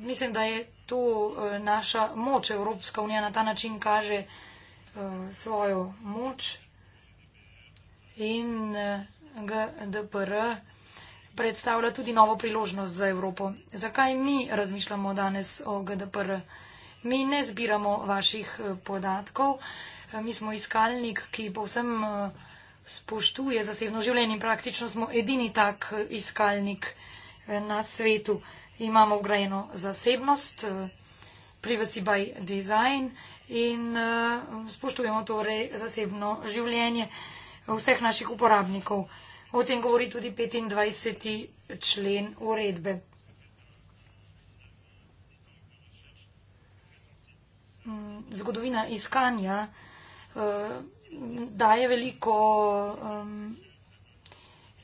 Mislim, da je to eh, naša moč. Evropska unija na ta način kaže eh, svojo moč in eh, GDPR predstavlja tudi novo priložnost za Evropo. Zakaj mi razmišljamo danes o GDPR? Mi ne zbiramo vaših podatkov. Mi smo iskalnik, ki povsem spoštuje zasebno življenje in praktično smo edini tak iskalnik na svetu imamo ugrajeno zasebnost, eh, privacy by design in eh, spoštujemo torej zasebno življenje vseh naših uporabnikov. O tem govori tudi 25. člen uredbe. Mm, zgodovina iskanja eh, daje veliko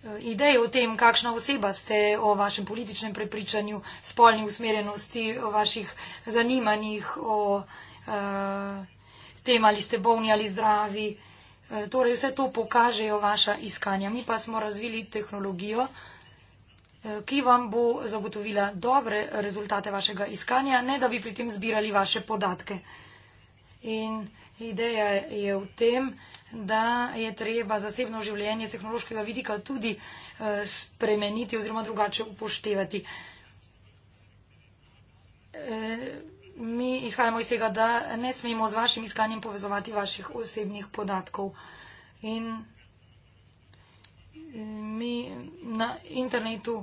Eh, ideje o tem, kakšna oseba ste, o vašem političnem prepričanju, spolni usmerjenosti, o vaših zanimanjih, o uh, tem, ali ste bolni ali zdravi. Eh, torej, vse to pokažejo vaša iskanja. Mi pa smo razvili tehnologijo, ki vam bo zagotovila dobre rezultate vašega iskanja, ne da bi pri tem zbirali vaše podatke. In ideja je v tem, da da je treba zasebno življenje z tehnološkega vidika tudi eh, spremeniti oziroma drugače upoštevati. Eh, mi izhajamo iz tega, da ne smemo z vašim iskanjem povezovati vaših osebnih podatkov. In eh, mi na internetu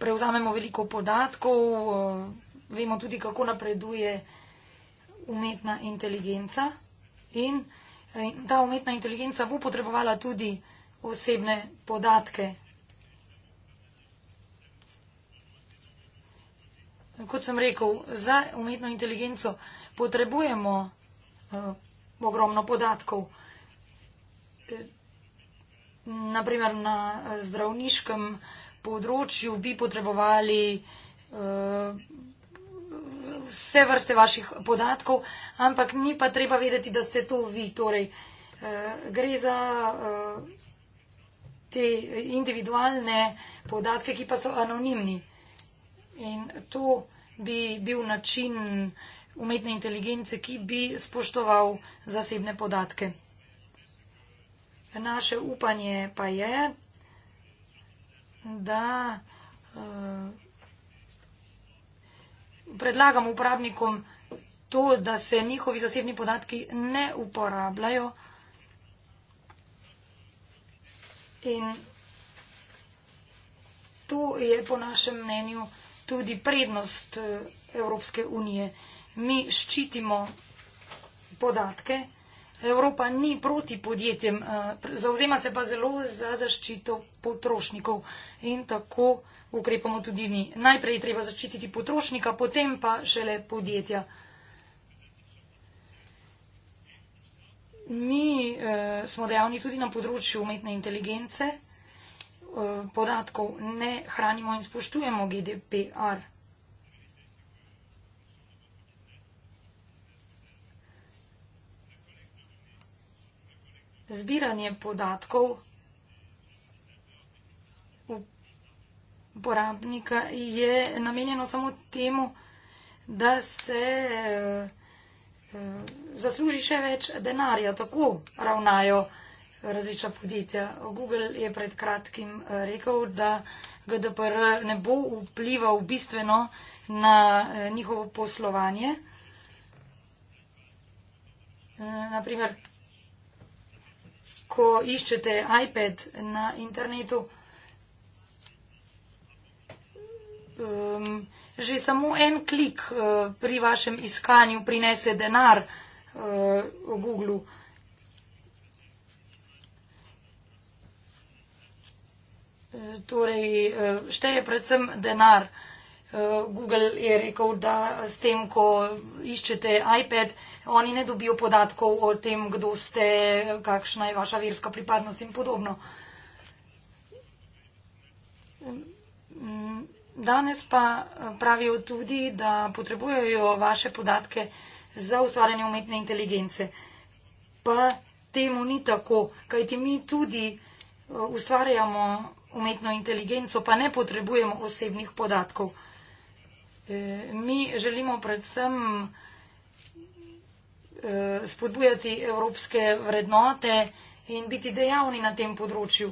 prevzamemo veliko podatkov, vemo tudi, kako napreduje umetna inteligenca. In uh, In ta umetna inteligenca bo potrebovala tudi osebne podatke. Kot sem rekel, za umetno inteligenco potrebujemo uh, ogromno podatkov. E, eh, naprimer, na eh, zdravniškem področju bi potrebovali uh, vse vrste vaših podatkov, ampak ni pa treba vedeti, da ste to vi. Torej, eh, gre za eh, te individualne podatke, ki pa so anonimni. In to bi bil način umetne inteligence, ki bi spoštoval zasebne podatke. Naše upanje pa je, da. Eh, predlagam uporabnikom to, da se njihovi zasebni podatki ne uporabljajo. In to je po našem mnenju tudi prednost eh, Evropske unije. Mi ščitimo podatke. Evropa ni proti podjetjem, eh, zauzema se pa zelo za zaščito potrošnikov in tako naprej ukrepamo tudi mi. Najprej je treba zaščititi potrošnika, potem pa šele podjetja. Mi eh, smo dejavni tudi na področju umetne inteligence. Eh, podatkov ne hranimo in spoštujemo GDPR. Zbiranje podatkov uporabnika je namenjeno samo temu, da se eh, eh, zasluži še več denarja. Tako ravnajo različna podjetja. Google je pred kratkim eh, rekel, da GDPR ne bo vplival bistveno na njihovo poslovanje. Naprimer, ko iščete iPad na internetu, um, že samo en klik uh, pri vašem iskanju prinese denar uh, eh, v Google. Eh, torej, šteje predvsem denar. Google je rekel, da s tem, ko iščete iPad, oni ne dobijo podatkov o tem, kdo ste, kakšna je vaša verska pripadnost in podobno. Danes pa eh, pravijo tudi, da potrebujejo vaše podatke za ustvarjanje umetne inteligence. Pa temu ni tako, kajti mi tudi eh, ustvarjamo umetno inteligenco, pa ne potrebujemo osebnih podatkov. Eh, mi želimo predvsem spodbujati evropske vrednote in biti dejavni na tem področju.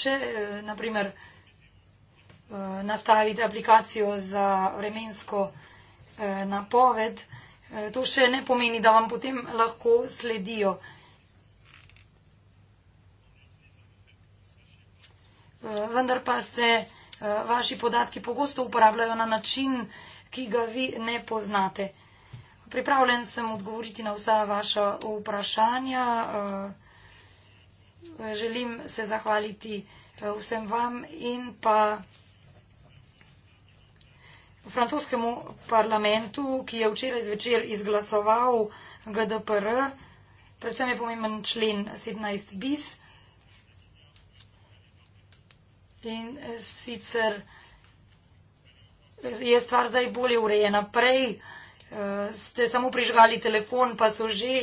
Če, eh, na primer, eh, nastavite aplikacijo za vremensko eh, napoved, to še ne pomeni, da vam potem lahko sledijo. Vendar pa se vaši podatki pogosto uporabljajo na način, ki ga vi ne poznate. Pripravljen sem odgovoriti na vsa vaša vprašanja želim se zahvaliti eh, vsem vam in pa francoskemu parlamentu, ki je včeraj zvečer izglasoval GDPR, predvsem je pomemben člen 17 bis. In eh, sicer eh, je stvar zdaj bolje urejena. Prej ste samo prižgali telefon, pa so že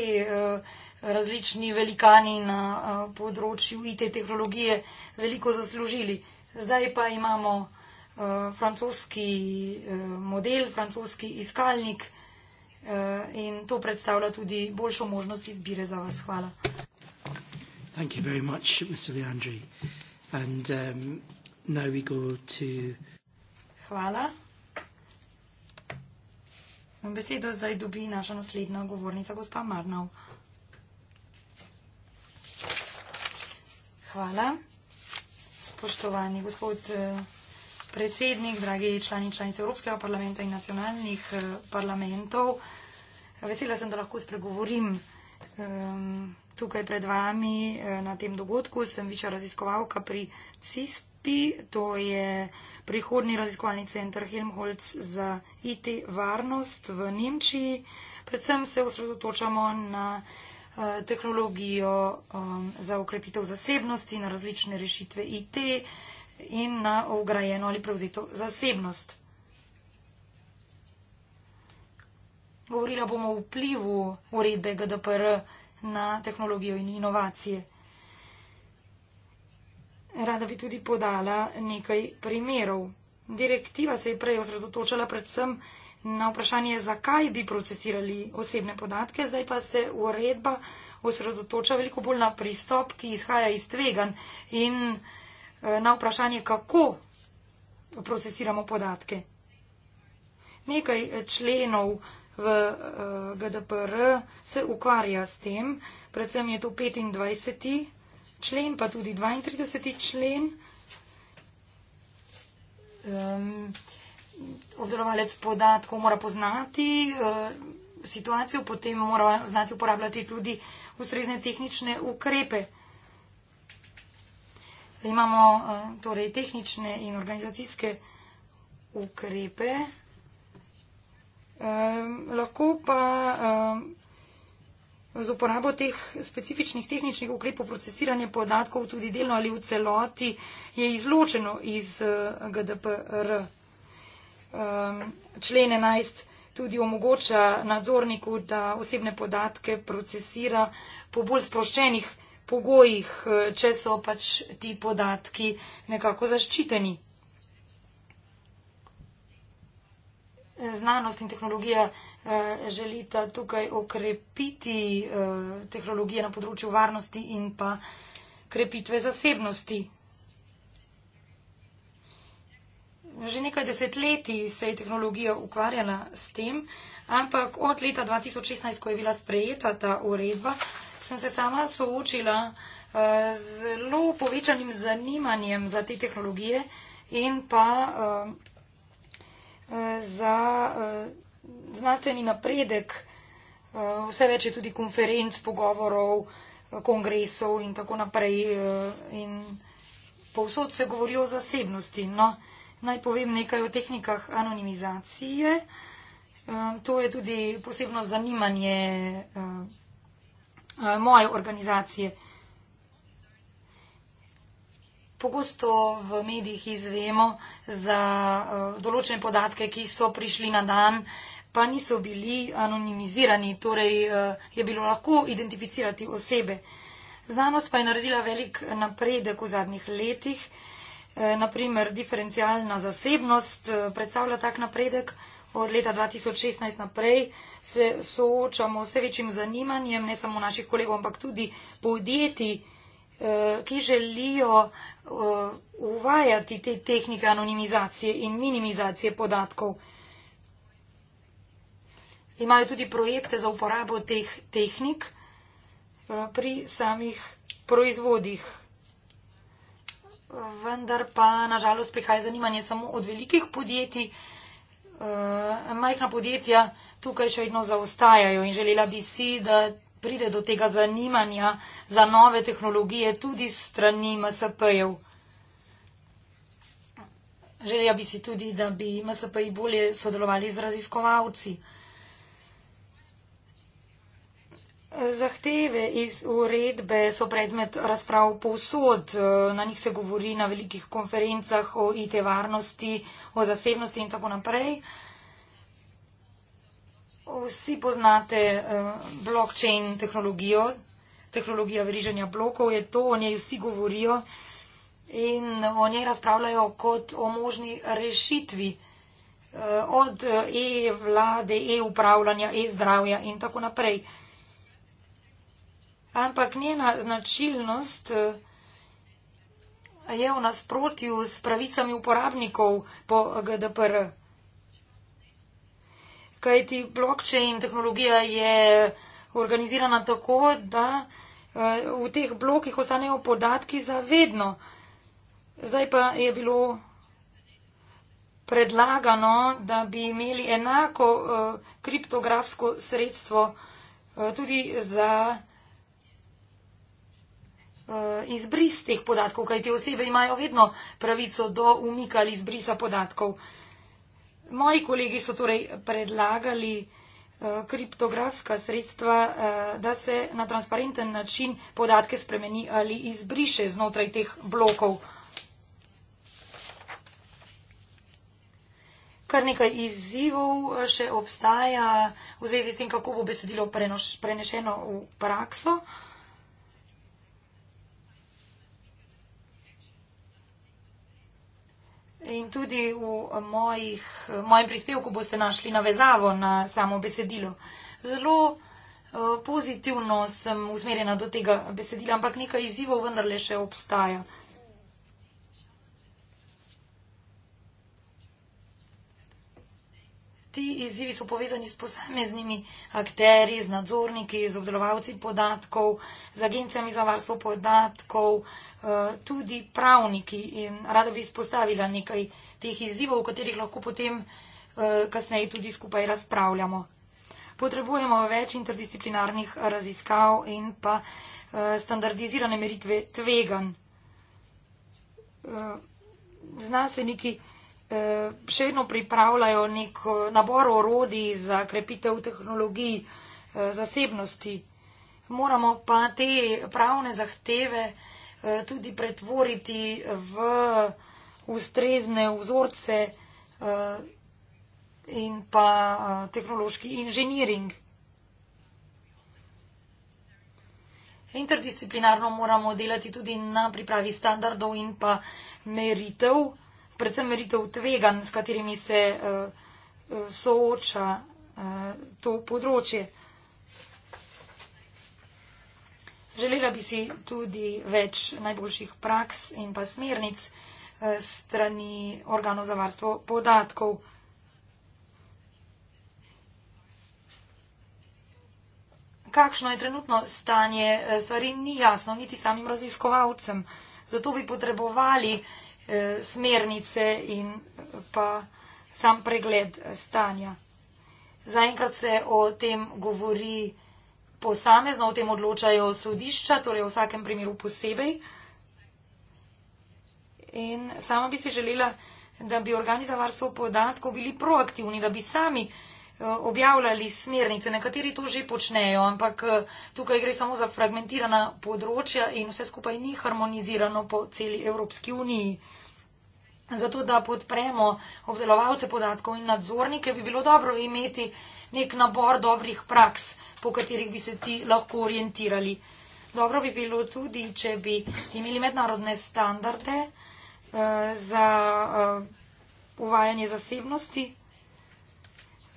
različni velikani na eh, področju IT tehnologije veliko zaslužili. Zdaj pa imamo eh, francoski eh, model, francoski iskalnik in to predstavlja tudi boljšo možnost izbire za vas. Hvala. Thank you very much, Mr. Leandri. And um, now we go to... Hvala. Besedo zdaj dobi naša naslednja govornica, gospa Marnov. Hvala. Spoštovani gospod eh, predsednik, dragi člani in članice Evropskega parlamenta in nacionalnih eh, parlamentov, vesela sem, da lahko spregovorim ehm, tukaj pred vami eh, na tem dogodku. Sem viča raziskovalka pri CISPI, to je prihodni raziskovalni center Helmholtz za IT varnost v Nemčiji. Predvsem se osredotočamo na Eh, tehnologijo um, za ukrepitev zasebnosti, na različne rešitve IT in na ograjeno ali prevzeto zasebnost. Govorila bomo o vplivu uredbe GDPR na tehnologijo in inovacije. Rada bi tudi podala nekaj primerov. Direktiva se je prej osredotočala predvsem na vprašanje, zakaj bi procesirali osebne podatke, zdaj pa se uredba osredotoča veliko bolj na pristop, ki izhaja iz tvegan in eh, na vprašanje, kako procesiramo podatke. Nekaj eh, členov v eh, GDPR se ukvarja s tem, predvsem je to 25. člen, pa tudi 32. člen. Um, obdelovalec podatkov mora poznati eh, situacijo, potem mora znati uporabljati tudi ustrezne tehnične ukrepe. Imamo eh, torej tehnične in organizacijske ukrepe. Eh, lahko pa eh, z uporabo teh specifičnih tehničnih ukrepov procesiranje podatkov tudi delno ali v celoti je izločeno iz eh, GDPR. -a. Ehm, člen 11 tudi omogoča nadzorniku, da osebne podatke procesira po bolj sproščenih pogojih, eh, če so pač ti podatki nekako zaščiteni. Znanost in tehnologija eh, želita tukaj okrepiti eh, tehnologije na področju varnosti in pa krepitve zasebnosti. že nekaj desetletij se je tehnologija ukvarjala s tem, ampak od leta 2016, ko je bila sprejeta ta uredba, sem se sama soočila eh, z zelo povečanim zanimanjem za te tehnologije in pa eh, eh, za znanstveni napredek. Vse več je tudi konferenc, pogovorov, kongresov in tako naprej. In povsod se govori o zasebnosti. No? Naj povem nekaj o tehnikah anonimizacije. Ehm, to je tudi posebno zanimanje ehm, eh, moje organizacije. Pogosto v medijih izvemo za eh, določene podatke, ki so prišli na dan, pa niso bili anonimizirani, torej eh, je bilo lahko identificirati osebe. Znanost pa je naredila velik napredek v zadnjih letih. Eh, naprimer diferencialna zasebnost eh, predstavlja tak napredek. Od leta 2016 naprej se soočamo s vse večjim zanimanjem, ne samo naših kolegov, ampak tudi podjetij, eh, ki želijo uvajati te tehnike anonimizacije in minimizacije podatkov. Imajo tudi projekte za uporabo teh tehnik pri samih proizvodih vendar pa nažalost prihaja zanimanje samo od velikih podjetij. Eh, majhna podjetja tukaj še vedno zaostajajo in želela bi si, da pride do tega zanimanja za nove tehnologije tudi strani MSP-jev. Želela bi si tudi, da bi MSP-ji bolje sodelovali z raziskovalci. Zahteve iz uredbe so predmet razprav povsod. Na njih se govori na velikih konferencah o IT varnosti, o zasebnosti in tako naprej. Vsi poznate eh, blockchain tehnologijo, tehnologija veriženja blokov je to, o njej vsi govorijo in o njej razpravljajo kot o možni rešitvi eh, od e-vlade, e-upravljanja, e-zdravja in tako naprej ampak njena značilnost eh, je v nasprotju s pravicami uporabnikov po GDPR. Kaj ti blokčejn tehnologija je organizirana tako, da eh, v teh blokih ostanejo podatki za vedno. Zdaj pa je bilo predlagano, da bi imeli enako eh, kriptografsko sredstvo tudi za Eh, izbris teh podatkov, kaj te osebe imajo vedno pravico do umika ali izbrisa podatkov. Moji kolegi so torej predlagali eh, kriptografska sredstva, eh, da se na transparenten način podatke spremeni ali izbriše znotraj teh blokov. Kar nekaj izzivov še obstaja v zvezi s tem, kako bo besedilo prenešeno v prakso. In tudi v mojih, mojem prispevku boste našli navezavo na samo besedilo. Zelo eh, pozitivno sem usmerjena do tega besedila, ampak nekaj izzivov vendarle še obstaja. ti izzivi so povezani s posameznimi akteri, z nadzorniki, z obdelovalci podatkov, z agencijami za varstvo podatkov, eh, tudi pravniki. In rada bi izpostavila nekaj teh izzivov, o katerih lahko potem eh, kasneje tudi skupaj razpravljamo. Potrebujemo več interdisciplinarnih raziskav in pa eh, standardizirane meritve tvegan. Znanstveniki Eh, še vedno pripravljajo nek eh, nabor orodij za krepitev tehnologij eh, zasebnosti. Moramo pa te pravne zahteve tudi pretvoriti v ustrezne vzorce in pa tehnološki inženiring. Interdisciplinarno moramo delati tudi na pripravi standardov in pa meritev predvsem meritev tveganj, s katerimi se uh, sooča uh, to področje. Želela bi si tudi več najboljših praks in pa smernic uh, strani organov za varstvo podatkov. Kakšno je trenutno stanje stvari, ni jasno, niti samim raziskovalcem. Zato bi potrebovali uh, Eh, smernice in eh, pa sam pregled eh, stanja. Zaenkrat se o tem govori posamezno, o tem odločajo sodišča, torej o vsakem primeru posebej. In sama bi si želela, da bi organi za varstvo podatkov bili proaktivni, da bi sami objavljali smernice. Nekateri to že počnejo, ampak tukaj gre samo za fragmentirana področja in vse skupaj ni harmonizirano po celi Evropski uniji. Zato, da podpremo obdelovalce podatkov in nadzornike, bi bilo dobro imeti nek nabor dobrih praks, po katerih bi se ti lahko orientirali. Dobro bi bilo tudi, če bi imeli mednarodne standarde uh, za uh, uvajanje zasebnosti,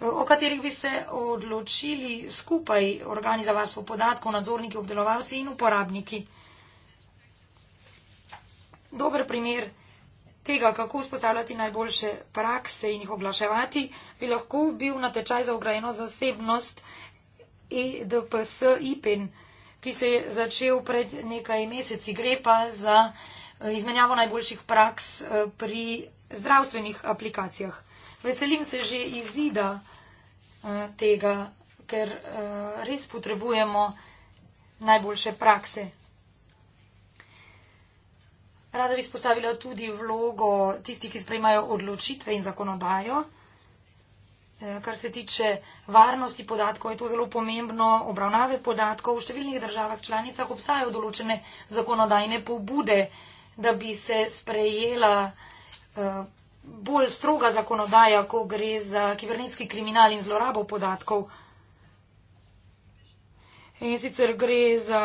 uh, o katerih bi se odločili skupaj organi za varstvo podatkov, nadzorniki, obdelovalci in uporabniki. Dober primer tega, kako vzpostavljati najboljše prakse in jih oglaševati, bi lahko bil natečaj za ograjeno zasebnost EDPS IPEN, ki se je začel pred nekaj meseci. Gre pa za eh, izmenjavo najboljših praks eh, pri zdravstvenih aplikacijah. Veselim se že izida eh, tega, ker res potrebujemo najboljše prakse. Rada bi spostavila tudi vlogo tistih, ki sprejmajo odločitve in zakonodajo. E, kar se tiče varnosti podatkov, je to zelo pomembno. Obravnave podatkov v številnih državah članicah obstajajo določene zakonodajne pobude, da bi se sprejela e, bolj stroga zakonodaja, ko gre za kibernetski kriminal in zlorabo podatkov. In sicer gre za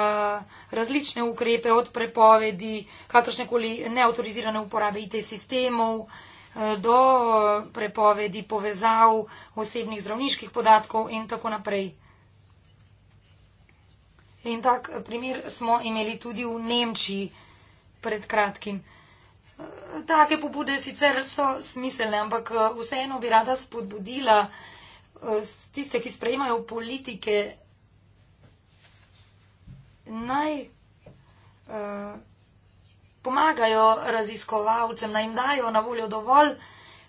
različne ukrepe od prepovedi kakršnekoli neautorizirane uporabe IT sistemov eh, do eh, prepovedi povezav osebnih zdravniških podatkov in tako naprej. In tak eh, primer smo imeli tudi v Nemčiji pred kratkim. Take pobude sicer so smiselne, ampak vseeno bi rada spodbudila tiste, ki sprejemajo politike naj uh, pomagajo raziskovalcem, naj jim dajo na voljo dovolj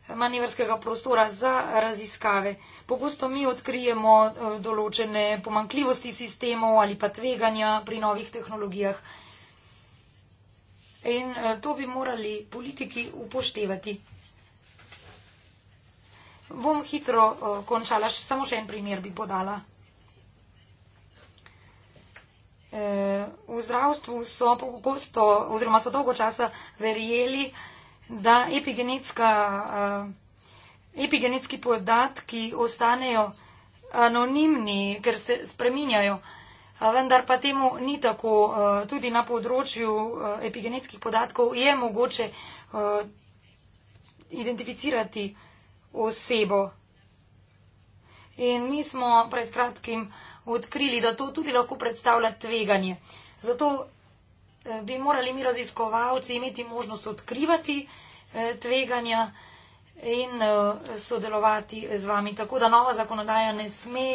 manevrskega prostora za raziskave. Pogosto mi odkrijemo eh, določene pomankljivosti sistemov ali pa tveganja pri novih tehnologijah. In eh, to bi morali politiki upoštevati. Bom hitro končala, samo še en primer bi podala. Eh, v zdravstvu so pogosto oziroma so dolgo časa verjeli, da eh, epigenetski podatki ostanejo anonimni, ker se spreminjajo. Vendar pa temu ni tako. Eh, tudi na področju epigenetskih podatkov je mogoče identificirati osebo. In mi smo pred kratkim odkrili, da to tudi lahko predstavlja tveganje. Zato eh, bi morali mi raziskovalci imeti možnost odkrivati eh, tveganja in eh, sodelovati z vami. Tako da nova zakonodaja ne sme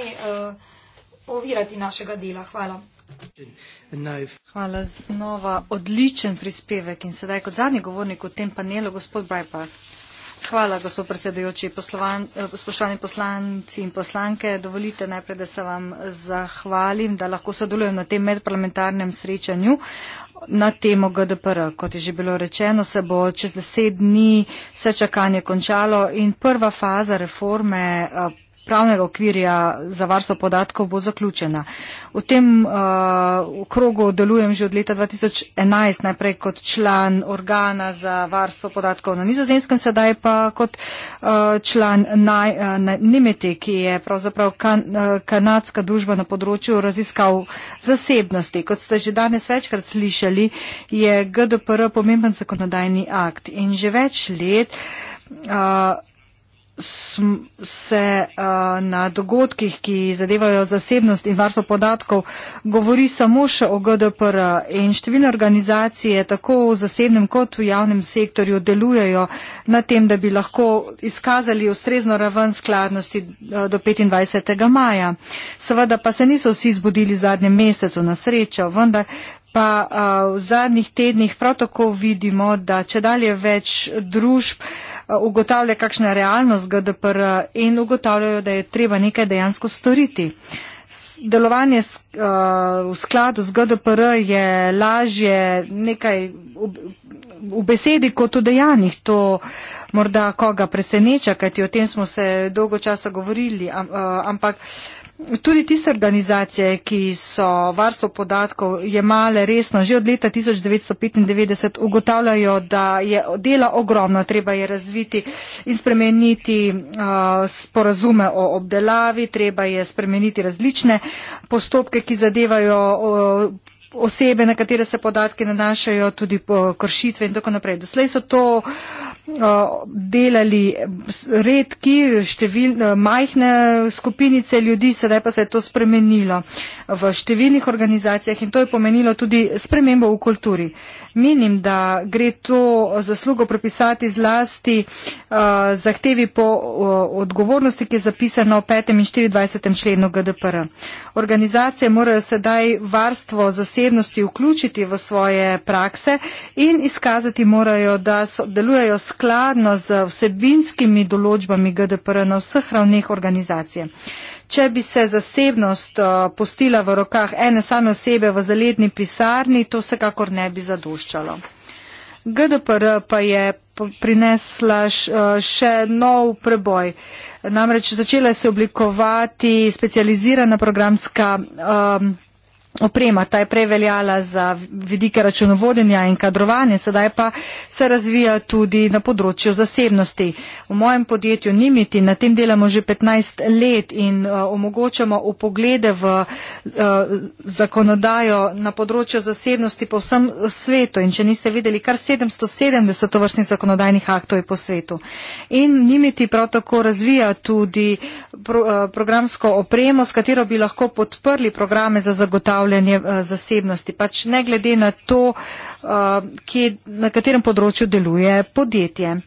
ovirati našega dela. Hvala. Hvala znova. Odličen prispevek. In sedaj kot zadnji govornik v tem panelu, gospod Bajpar. Hvala, gospod predsedujoči. Poslovan, eh, spoštovani poslanci in poslanke, dovolite najprej, da se vam zahvalim, da lahko sodelujem na tem medparlamentarnem srečanju na temo GDPR. Kot je že bilo rečeno, se bo čez deset dni vse čakanje končalo in prva faza reforme. Uh, pravnega okvirja za varstvo podatkov bo zaključena. V tem uh, krogu delujem že od leta 2011, najprej kot član organa za varstvo podatkov na nizozemskem, sedaj pa kot uh, član naj, uh, na Nimeti, ki je pravzaprav kan, uh, kanadska družba na področju raziskav zasebnosti. Kot ste že danes večkrat slišali, je GDPR pomemben zakonodajni akt in že več let uh, se uh, na dogodkih, ki zadevajo zasebnost in varstvo podatkov, govori samo še o GDPR in številne organizacije tako v zasebnem kot v javnem sektorju delujejo na tem, da bi lahko izkazali ustrezno raven skladnosti eh, do 25. maja. Seveda pa se niso vsi zbudili v zadnjem mesecu na srečo, vendar pa a, v zadnjih tednih prav tako vidimo, da če dalje več družb a, ugotavlja kakšna realnost GDPR in ugotavljajo, da je treba nekaj dejansko storiti. Delovanje s, a, v skladu z GDPR je lažje nekaj v, v besedi kot v dejanjih. To morda koga preseneča, kajti o tem smo se dolgo časa govorili, a, a, ampak. Tudi tiste organizacije, ki so varstvo podatkov jemale resno že od leta 1995, ugotavljajo, da je dela ogromno, treba je razviti in spremeniti uh, sporazume o obdelavi, treba je spremeniti različne postopke, ki zadevajo. Uh, osebe, na katere se podatke nanašajo, tudi uh, kršitve in tako naprej. Doslej so to uh, delali redki, števil, majhne skupinice ljudi, sedaj pa se je to spremenilo v številnih organizacijah in to je pomenilo tudi spremembo v kulturi. Uh, Menim, da gre to zaslugo pripisati zlasti uh, zahtevi po uh, odgovornosti, ki je zapisana v 5. in 24. členu GDPR. Organizacije morajo sedaj varstvo zasebnosti vključiti v svoje prakse in izkazati morajo, da so, delujejo skladno z vsebinskimi določbami GDPR na vseh ravneh organizacije. Če bi se zasebnost uh, postila v rokah ene same osebe v zaledni pisarni, to vsekakor ne bi zadošlo dopuščalo. GDPR pa je prinesla eh, še nov preboj. Namreč začela se oblikovati specializirana programska. Um, oprema. Ta je prej veljala za vidike računovodenja in kadrovanja, sedaj pa se razvija tudi na področju zasebnosti. V mojem podjetju Nimiti na tem delamo že 15 let in uh, omogočamo upoglede v uh, zakonodajo na področju zasebnosti po vsem svetu in če niste videli, kar 770 vrstnih zakonodajnih aktov je po svetu. In Nimiti prav tako razvija tudi pro, uh, programsko opremo, s katero bi lahko podprli programe za zagotavljanje upravljanje eh, zasebnosti, pač ne glede na to, eh, kje, na katerem področju deluje podjetje.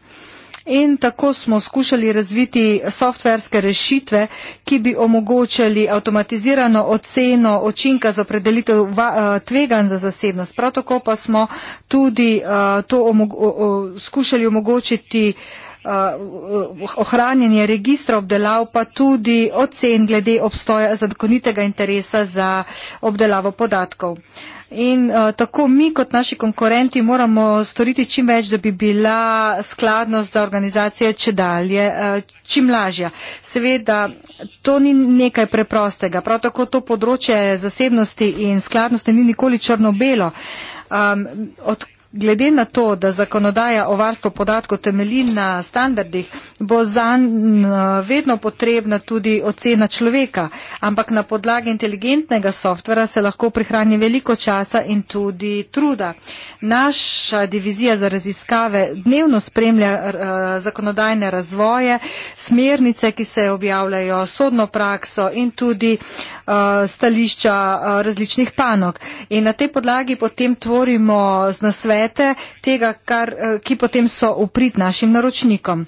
In tako smo skušali razviti softverske rešitve, ki bi omogočali avtomatizirano oceno očinka za opredelitev eh, tvegan za zasebnost. Prav tako pa smo tudi to omog skušali omogočiti uh, Eh, ohranjanje registra obdelav, pa tudi ocen glede obstoja zakonitega interesa za obdelavo podatkov. In uh, tako mi kot naši konkurenti moramo storiti čim več, da bi bila skladnost za organizacije če dalje uh, čim lažja. Seveda, to ni nekaj preprostega. Prav tako to področje zasebnosti in skladnosti ni nikoli črno-belo. Um, Glede na to, da zakonodaja o varstvu podatkov temelji na standardih, bo zanj eh, vedno potrebna tudi ocena človeka, ampak na podlagi inteligentnega softvera se lahko prihrani veliko časa in tudi truda. Naša divizija za raziskave dnevno spremlja eh, zakonodajne razvoje, smernice, ki se objavljajo, sodno prakso in tudi eh, stališča različnih panog. In na tej podlagi potem tvorimo z nasvetom, klevete tega, kar, eh, ki potem so uprit našim naročnikom.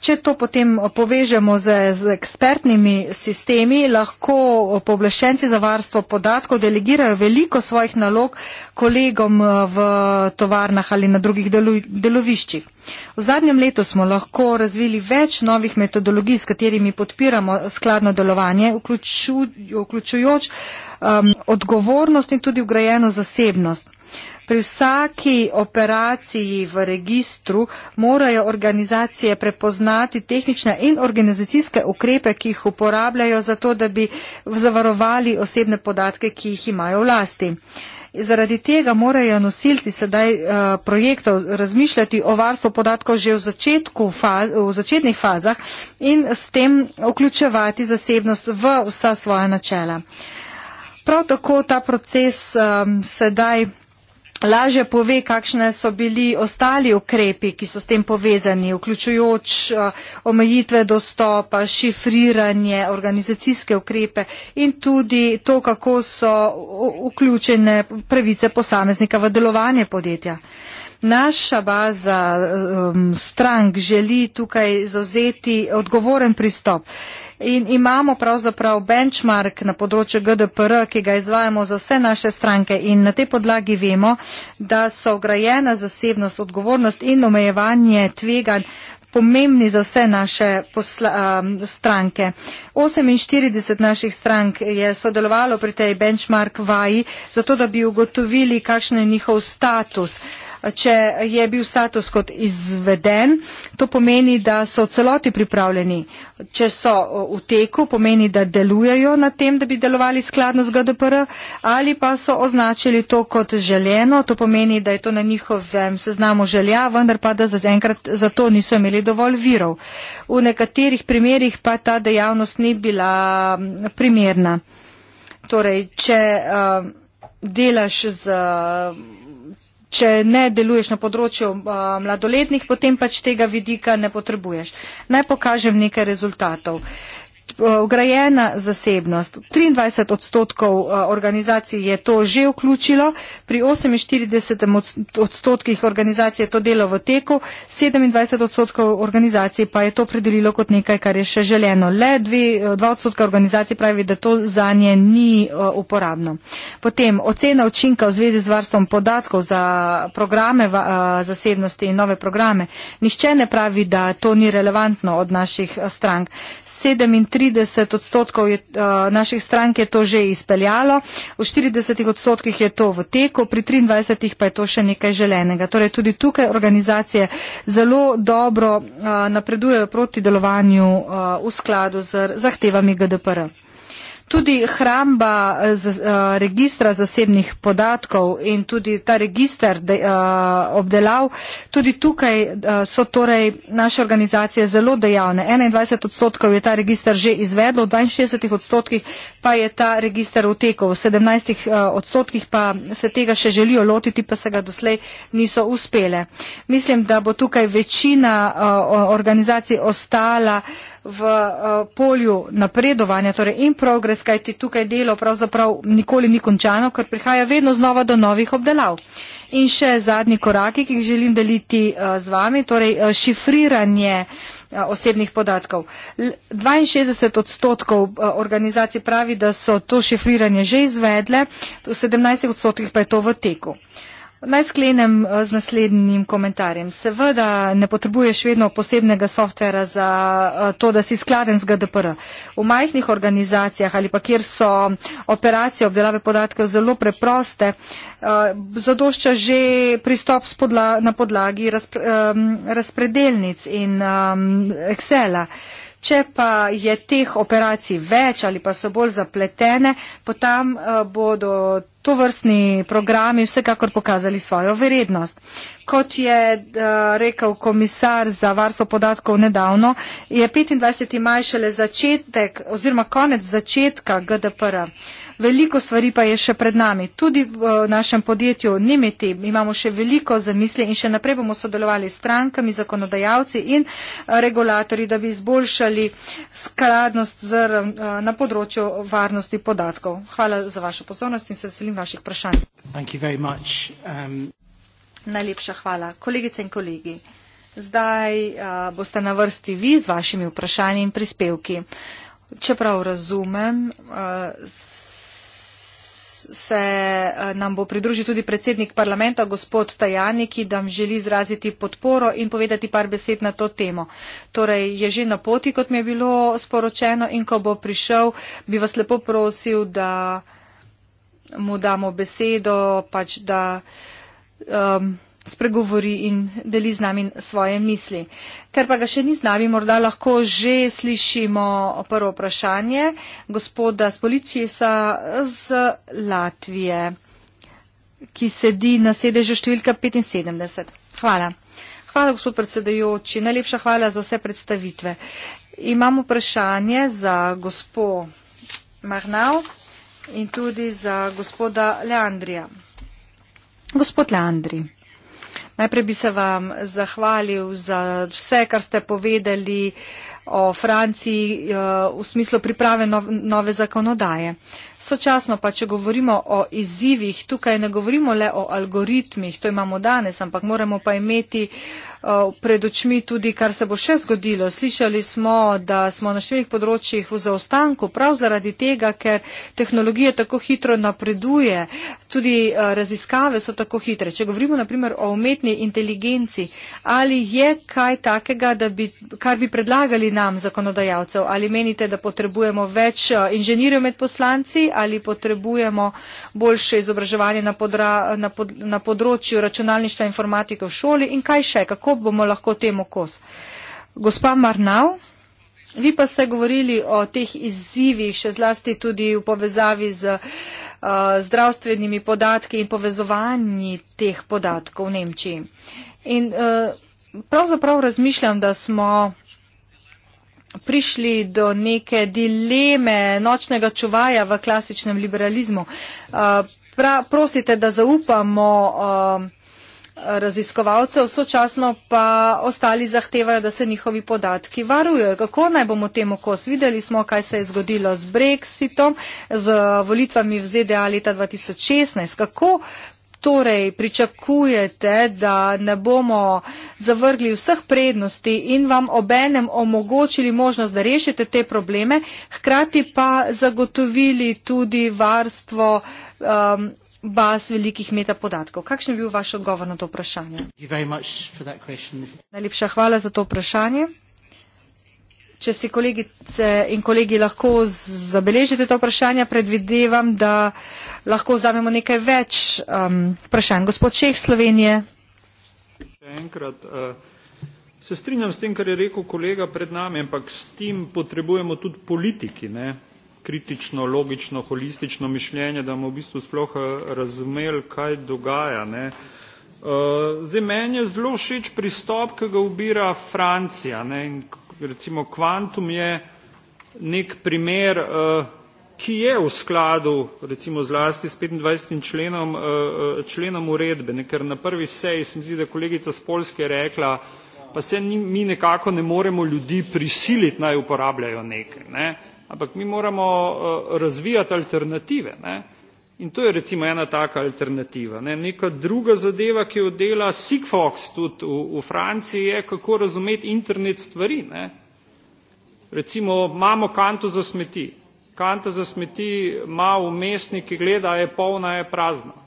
Če to potem povežemo z, z ekspertnimi sistemi, lahko poblešenci za varstvo podatkov delegirajo veliko svojih nalog kolegom eh, v tovarnah ali na drugih delu, deloviščih. V zadnjem letu smo lahko razvili več novih metodologij, s katerimi podpiramo skladno delovanje, vključuj, vključujoč um, odgovornost in tudi ugrajeno zasebnost. Pri vsaki operaciji v registru morajo organizacije prepoznati tehnične in organizacijske ukrepe, ki jih uporabljajo za to, da bi zavarovali osebne podatke, ki jih imajo vlasti. Zaradi tega morajo nosilci sedaj uh, projektov razmišljati o varstvu podatkov že v, faz, v začetnih fazah in s tem vključevati zasebnost v vsa svoja načela. Prav tako ta proces um, sedaj lažje pove, kakšne so bili ostali ukrepi, ki so s tem povezani, vključujoč eh, omejitve dostopa, šifriranje, organizacijske ukrepe in tudi to, kako so vključene pravice posameznika v delovanje podjetja. Naša baza eh, um, strank želi tukaj zauzeti odgovoren pristop in imamo pravzaprav benchmark na področju GDPR, ki ga izvajamo za vse naše stranke in na tej podlagi vemo, da so ograjena zasebnost, odgovornost in omejevanje tveganj pomembni za vse naše posla, um, stranke. 48 naših strank je sodelovalo pri tej benchmark vaji, zato da bi ugotovili, kakšen je njihov status. Uh, če je bil status kot izveden, to pomeni, da so celoti pripravljeni. Če so v teku, pomeni, da delujejo na tem, da bi delovali skladno z GDPR ali pa so označili to kot želeno, to pomeni, da je to na njihovem seznamu želja, vendar pa da zaenkrat za to niso imeli dovolj virov. V nekaterih primerjih pa ta dejavnost ni bila primerna. Torej, če uh, delaš z. Uh, če ne deluješ na področju uh, mladoletnih, potem pač tega vidika ne potrebuješ. Naj pokažem nekaj rezultatov ugrajena eh, zasebnost. 23 odstotkov eh, organizacij je to že vključilo, pri 48 odstotkih organizacij je to delo v teku, 27 odstotkov organizacij pa je to predelilo kot nekaj, kar je še želeno. Le 2 eh, odstotka organizacij pravi, da to za nje ni uporabno. Potem ocena učinka v zvezi z varstvom podatkov za programe zasebnosti in nove programe. Nihče ne pravi, da to ni relevantno od naših strank. 37 30 odstotkov je, uh, naših strank je to že izpeljalo, v 40 odstotkih je to v teku, pri 23 pa je to še nekaj želenega. Torej tudi tukaj organizacije zelo dobro uh, napredujejo proti delovanju uh, v skladu z zahtevami GDPR. -a tudi hramba eh, z, uh, registra zasebnih podatkov in tudi ta registr uh, eh, obdelav, tudi tukaj uh, so torej naše organizacije zelo dejavne. 21 odstotkov je ta registr že izvedlo, v 62 odstotkih pa je ta registr utekel, v 17 uh, odstotkih pa se tega še želijo lotiti, pa se ga doslej niso uspele. Mislim, da bo tukaj večina uh, organizacij ostala uh, v uh, polju napredovanja, torej in progres, kajti tukaj delo pravzaprav nikoli ni končano, ker prihaja vedno znova do novih obdelav. In še zadnji koraki, ki jih želim deliti uh, z vami, torej uh, šifriranje osebnih podatkov. 62 odstotkov organizacij pravi, da so to šifriranje že izvedle, v 17 odstotkih pa je to v teku. Uh, Naj sklenem eh, z naslednjim komentarjem. Seveda ne potrebuješ vedno posebnega softvera za eh, to, da si skladen z GDPR. V majhnih organizacijah ali pa kjer so operacije obdelave podatkov zelo preproste, eh, zadošča že pristop spodla, na podlagi razpredelnic in Excela. Če pa je teh operacij več ali pa so bolj zapletene, potem bodo to vrstni programi vsekakor pokazali svojo vrednost. Kot je uh, rekel komisar za varstvo podatkov nedavno, je 25. maj šele začetek oziroma konec začetka GDPR. Veliko stvari pa je še pred nami. Tudi v eh, našem podjetju Nimeti imamo še veliko zamisli in še naprej bomo sodelovali s strankami, zakonodajalci in eh, regulatorji, da bi izboljšali skladnost z, na področju varnosti podatkov. Hvala za vašo pozornost in se veselim vaših vprašanj. Um, Najlepša hvala. Kolegice in kolegi, zdaj uh, boste na vrsti vi z vašimi vprašanji in prispevki. Čeprav razumem, uh, se uh, nam bo pridružil tudi predsednik parlamenta, gospod Tajani, ki nam želi izraziti podporo in povedati par besed na to temo. Torej, je že na poti, kot mi je bilo sporočeno in ko bo prišel, bi vas lepo prosil, da. Uh, mu damo besedo, pač da um, spregovori in deli z nami svoje misli. Ker pa ga še ni z nami, morda lahko že slišimo prvo vprašanje gospoda Spoličisa z Latvije, ki sedi na sedežu številka 75. Hvala. Hvala, gospod predsedajoči. Najlepša hvala za vse predstavitve. Imam vprašanje za gospod Marnau in tudi za gospoda Leandrija. Gospod Leandri, najprej bi se vam zahvalil za vse, kar ste povedali o Franciji eh, v smislu priprave nove zakonodaje. Sočasno pa, če govorimo o izzivih, tukaj ne govorimo le o algoritmih, to imamo danes, ampak moramo pa imeti uh, Eh, pred očmi tudi, kar se bo še zgodilo. Slišali smo, da smo na številnih področjih v zaostanku, prav zaradi tega, ker tehnologija tako hitro napreduje, tudi eh, raziskave so tako hitre. Če govorimo naprimer o umetni inteligenci, ali je kaj takega, bi, kar bi predlagali nam zakonodajalcev, ali menite, da potrebujemo več eh, inženirjev med poslanci, ali potrebujemo boljše izobraževanje na, podra, na, pod, na področju računalništva informatike v šoli in kaj še, kako kako bomo lahko temu kos. Gospa Marnau, vi pa ste govorili o teh izzivih, še zlasti tudi v povezavi z uh, zdravstvenimi podatki in povezovanji teh podatkov v Nemčiji. In uh, pravzaprav razmišljam, da smo prišli do neke dileme nočnega čuvaja v klasičnem liberalizmu. Uh, pra, prosite, da zaupamo. Uh, raziskovalcev, sočasno pa ostali zahtevajo, da se njihovi podatki varujejo. Kako naj bomo temu kos? Videli smo, kaj se je zgodilo z Brexitom, z volitvami v ZDA leta 2016. Kako torej pričakujete, da ne bomo zavrgli vseh prednosti in vam obenem omogočili možnost, da rešite te probleme, hkrati pa zagotovili tudi varstvo. Um, baz velikih metapodatkov. Kakšen je bil vaš odgovor na to vprašanje? Najlepša hvala za to vprašanje. Če si kolegice in kolegi lahko zabeležite to vprašanje, predvidevam, da lahko vzamemo nekaj več um, vprašanj. Gospod Čeh Slovenije. Še enkrat. Uh, se strinjam s tem, kar je rekel kolega pred nami, ampak s tem potrebujemo tudi politiki. Ne? kritično, logično, holistično mišljenje, da bomo v bistvu sploh eh, razumeli, kaj dogaja. Ne. Eh, zdaj, meni je zelo všeč pristop, ki ga ubira Francija. Ne. In recimo kvantum je nek primer, eh, ki je v skladu recimo zlasti s 25. členom, členom uredbe. Ne. Ker na prvi seji se mi zdi, da kolegica z Poljske rekla, pa se mi nekako ne moremo ljudi prisiliti, naj uporabljajo nekaj. Ne ampak mi moramo eh, razvijati alternative. Ne? In to je recimo ena taka alternativa. Ne? Neka druga zadeva, ki jo dela Sigfox tudi v, v Franciji, je kako razumeti internet stvari. Ne? Recimo imamo kanto za smeti. Kanta za smeti ima vmesnik, ki gleda, je polna, je prazna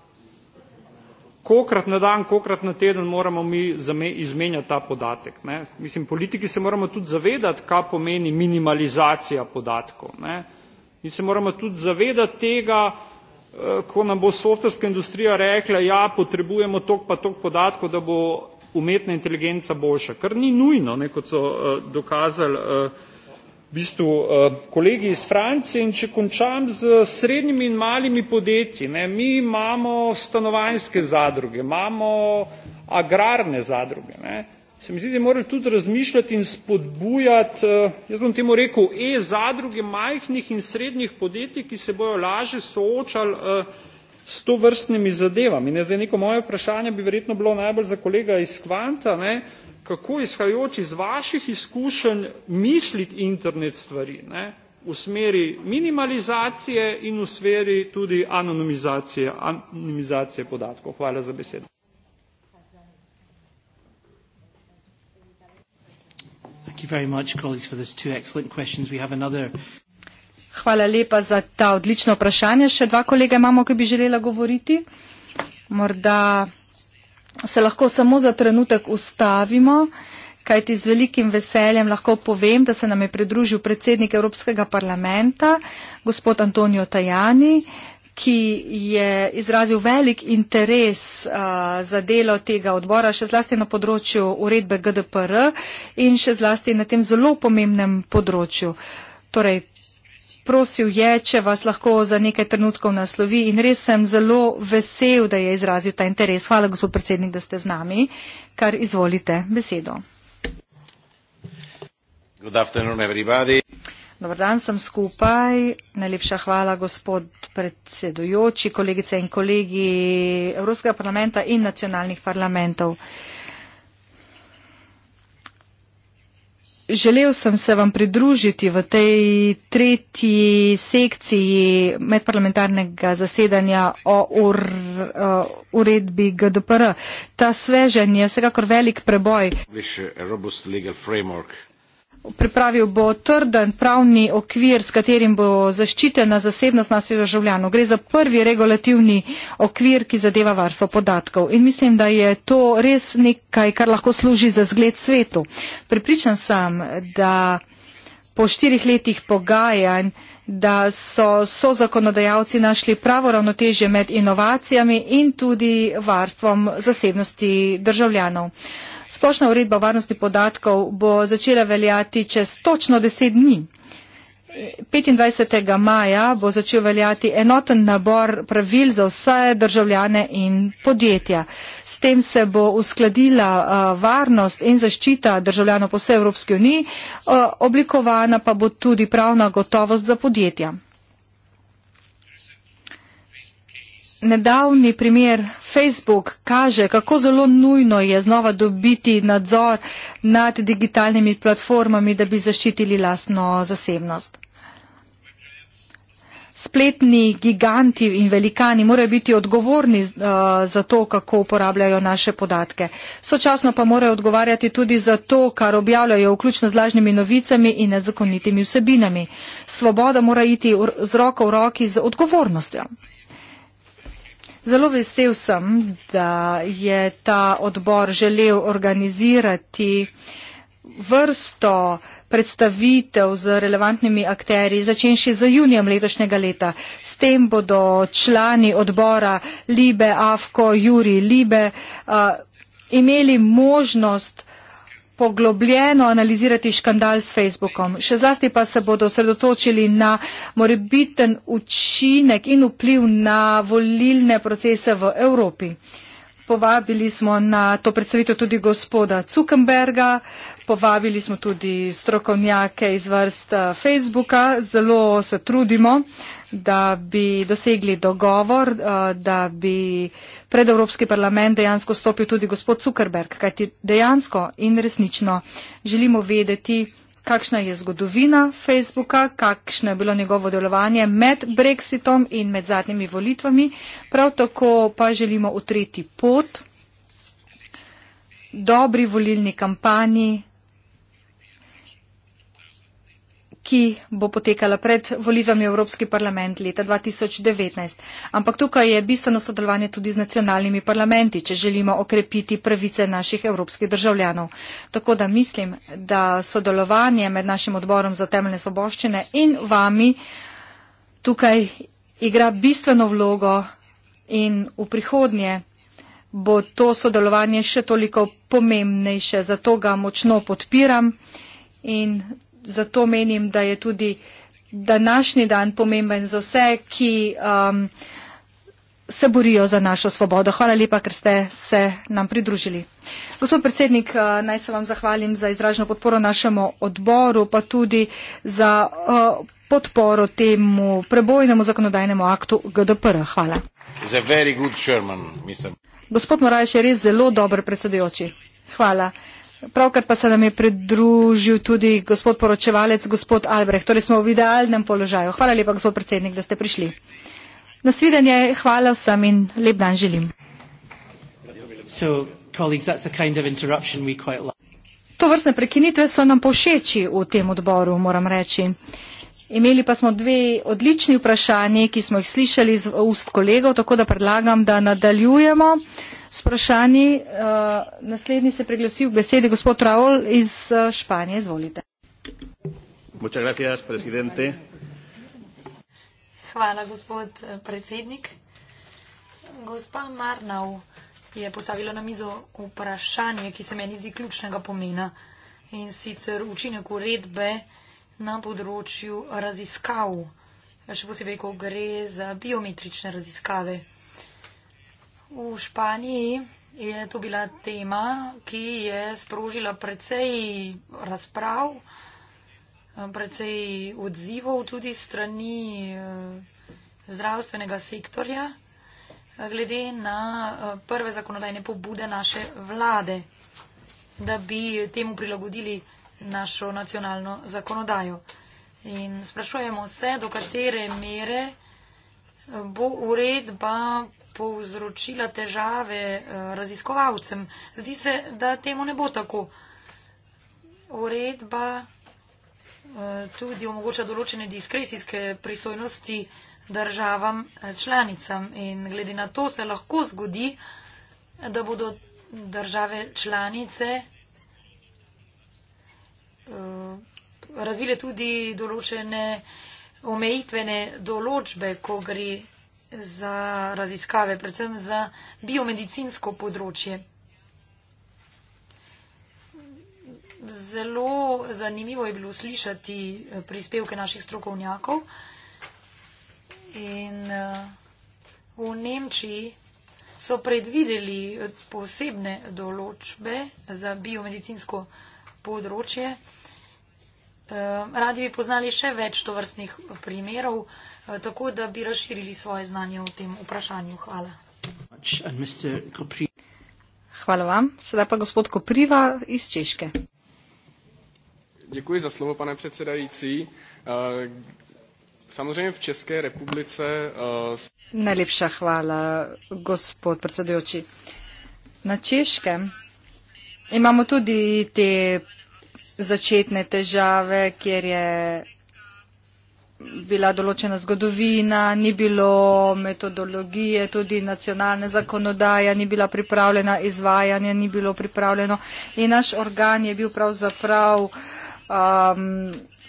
kokrat na dan, kokrat na teden moramo mi izmenjati ta podatek. Ne? Mislim, politiki se moramo tudi zavedati, kaj pomeni minimalizacija podatkov. Ne? Mi se moramo tudi zavedati tega, eh, ko nam bo softverska industrija rekla, ja, potrebujemo tok pa tok podatkov, da bo umetna inteligenca boljša, kar ni nujno, ne, kot so uh, dokazali uh, v bistvu eh, kolegi iz Francije in če končam z srednjimi in malimi podjetji, ne, mi imamo stanovanjske zadruge, imamo agrarne zadruge, ne. Se mi zdi, da morali tudi razmišljati in spodbujati, eh, jaz bom temu rekel, e-zadruge majhnih in srednjih podjetij, ki se bojo lažje soočali eh, s to vrstnimi zadevami. In je zdaj neko moje vprašanje bi verjetno bilo najbolj za kolega iz Kvanta, ne, kako izhajajoč iz vaših izkušenj misliti internet stvari, ne, v smeri minimalizacije in v smeri tudi anonimizacije, anonimizacije podatkov. Hvala za besedo. Hvala lepa za ta odlična vprašanja. Še dva kolega imamo, ki bi želela govoriti. Morda se lahko samo za trenutek ustavimo, kajti z velikim veseljem lahko povem, da se nam je pridružil predsednik Evropskega parlamenta, gospod Antonio Tajani, ki je izrazil velik interes uh, za delo tega odbora, še zlasti na področju uredbe GDPR in še zlasti na tem zelo pomembnem področju. Torej, prosil je, če vas lahko za nekaj trenutkov naslovi in res sem zelo vesel, da je izrazil ta interes. Hvala, gospod predsednik, da ste z nami. Kar izvolite besedo. Dobar dan, sem skupaj. Najlepša hvala, gospod predsedujoči, kolegice in kolegi Evropskega parlamenta in nacionalnih parlamentov. Uh, Želel sem se vam pridružiti v tej tretji sekciji medparlamentarnega zasedanja o ur, uh, uredbi GDPR. Ta svežen je vsekakor velik preboj pripravil bo trden pravni okvir, s katerim bo zaščitena zasebnost naših državljanov. Gre za prvi regulativni okvir, ki zadeva varstvo podatkov. In mislim, da je to res nekaj, kar lahko služi za zgled svetu. Pripričan sem, da po štirih letih pogajanj, da so, so zakonodajalci našli pravo ravnotežje med inovacijami in tudi varstvom zasebnosti državljanov. Uh, Splošna uredba o varnosti podatkov bo začela veljati čez točno deset dni. 25. maja bo začel veljati enoten nabor pravil za vse državljane in podjetja. S tem se bo uskladila varnost in zaščita državljanov po vsej Evropski uniji, oblikovana pa bo tudi pravna gotovost za podjetja. nedavni primer Facebook kaže, kako zelo nujno je znova dobiti nadzor nad digitalnimi platformami, da bi zaščitili lastno zasebnost. Spletni giganti in velikani morajo biti odgovorni uh, za to, kako uporabljajo naše podatke. Sočasno pa morajo odgovarjati tudi za to, kar objavljajo, vključno z lažnimi novicami in nezakonitimi vsebinami. Svoboda mora iti z roko v roki z odgovornostjo. Zelo vesel sem, da je ta odbor želel organizirati vrsto predstavitev z relevantnimi akteri, začenši z junijem letošnjega leta. S tem bodo člani odbora Libe, Avko, Juri, Libe uh, imeli možnost poglobljeno analizirati škandal s Facebookom. Še zlasti pa se bodo sredotočili na morebiten učinek in vpliv na volilne procese v Evropi. Povabili smo na to predstavitev tudi gospoda Zuckerberga, povabili smo tudi strokovnjake iz vrst eh, Facebooka, zelo se trudimo, da bi dosegli dogovor, eh, da bi pred Evropski parlament dejansko stopil tudi gospod Zuckerberg, kajti dejansko in resnično želimo vedeti, kakšna je zgodovina Facebooka, kakšno je bilo njegovo delovanje med Brexitom in med zadnjimi volitvami. Prav tako pa želimo utreti pot dobri volilni kampanji ki bo potekala pred volitvami v Evropski parlament leta 2019. Ampak tukaj je bistveno sodelovanje tudi z nacionalnimi parlamenti, če želimo okrepiti pravice naših evropskih državljanov. Tako da mislim, da sodelovanje med našim odborom za temeljne soboščine in vami tukaj igra bistveno vlogo in v prihodnje bo to sodelovanje še toliko pomembnejše, zato ga močno podpiram in zato menim, da je tudi današnji dan pomemben za vse, ki um, se borijo za našo svobodo. Hvala lepa, ker ste se nam pridružili. Gospod predsednik, uh, naj se vam zahvalim za izraženo podporo našemu odboru, pa tudi za uh, podporo temu prebojnemu zakonodajnemu aktu GDPR. Hvala. German, gospod Moraj je res zelo dober predsedujoči. Hvala. Pravkar pa se nam je pridružil tudi gospod poročevalec, gospod Albreh. Torej smo v idealnem položaju. Hvala lepa, gospod predsednik, da ste prišli. Nasvidenje, hvala vsem in lep dan želim. So, colleagues, kind of like. To vrstne prekinitve so nam povšeči v tem odboru, moram reči. Imeli pa smo dve odlični vprašanje, ki smo jih slišali iz ust kolegov, tako da predlagam, da nadaljujemo z vprašanji. Uh, naslednji se preglasil k besedi gospod Raul iz uh, Španije. Izvolite. Gracias, Hvala, gospod eh, predsednik. Gospa Marnau je postavila na mizo vprašanje, ki se meni zdi ključnega pomena in sicer učinek uredbe na področju raziskav, še posebej, ko gre za biometrične raziskave. V Španiji je to bila tema, ki je sprožila precej razprav, precej odzivov tudi strani eh, zdravstvenega sektorja eh, glede na eh, prve zakonodajne pobude naše vlade, da bi temu prilagodili našo nacionalno zakonodajo. In sprašujemo se, do katere mere bo uredba povzročila težave eh, raziskovalcem. Zdi se, da temu ne bo tako. Uredba eh, tudi omogoča določene diskrecijske pristojnosti državam eh, članicam in glede na to se lahko zgodi, da bodo države članice razvile tudi določene omejitvene določbe, ko gre za raziskave, predvsem za biomedicinsko področje. Zelo zanimivo je bilo slišati eh, prispevke naših strokovnjakov in eh, v Nemčiji so predvideli eh, posebne določbe za biomedicinsko področje. Radi bi poznali še več tovrstnih primerov. Eh, tako da bi razširili svoje znanje o tem vprašanju. Hvala. Hvala vam. Sedaj pa gospod Kopriva iz Češke. Děkuji za slovo, pane předsedající. Eh, samozřejmě v České republice. Eh, Najlepša hvala, gospod predsedujoči. Na Češkem imamo tudi te začetne težave, kjer je bila določena zgodovina, ni bilo metodologije, tudi nacionalne zakonodaje, ni bila pripravljena izvajanje, ni bilo pripravljeno. In naš organ je bil pravzaprav um,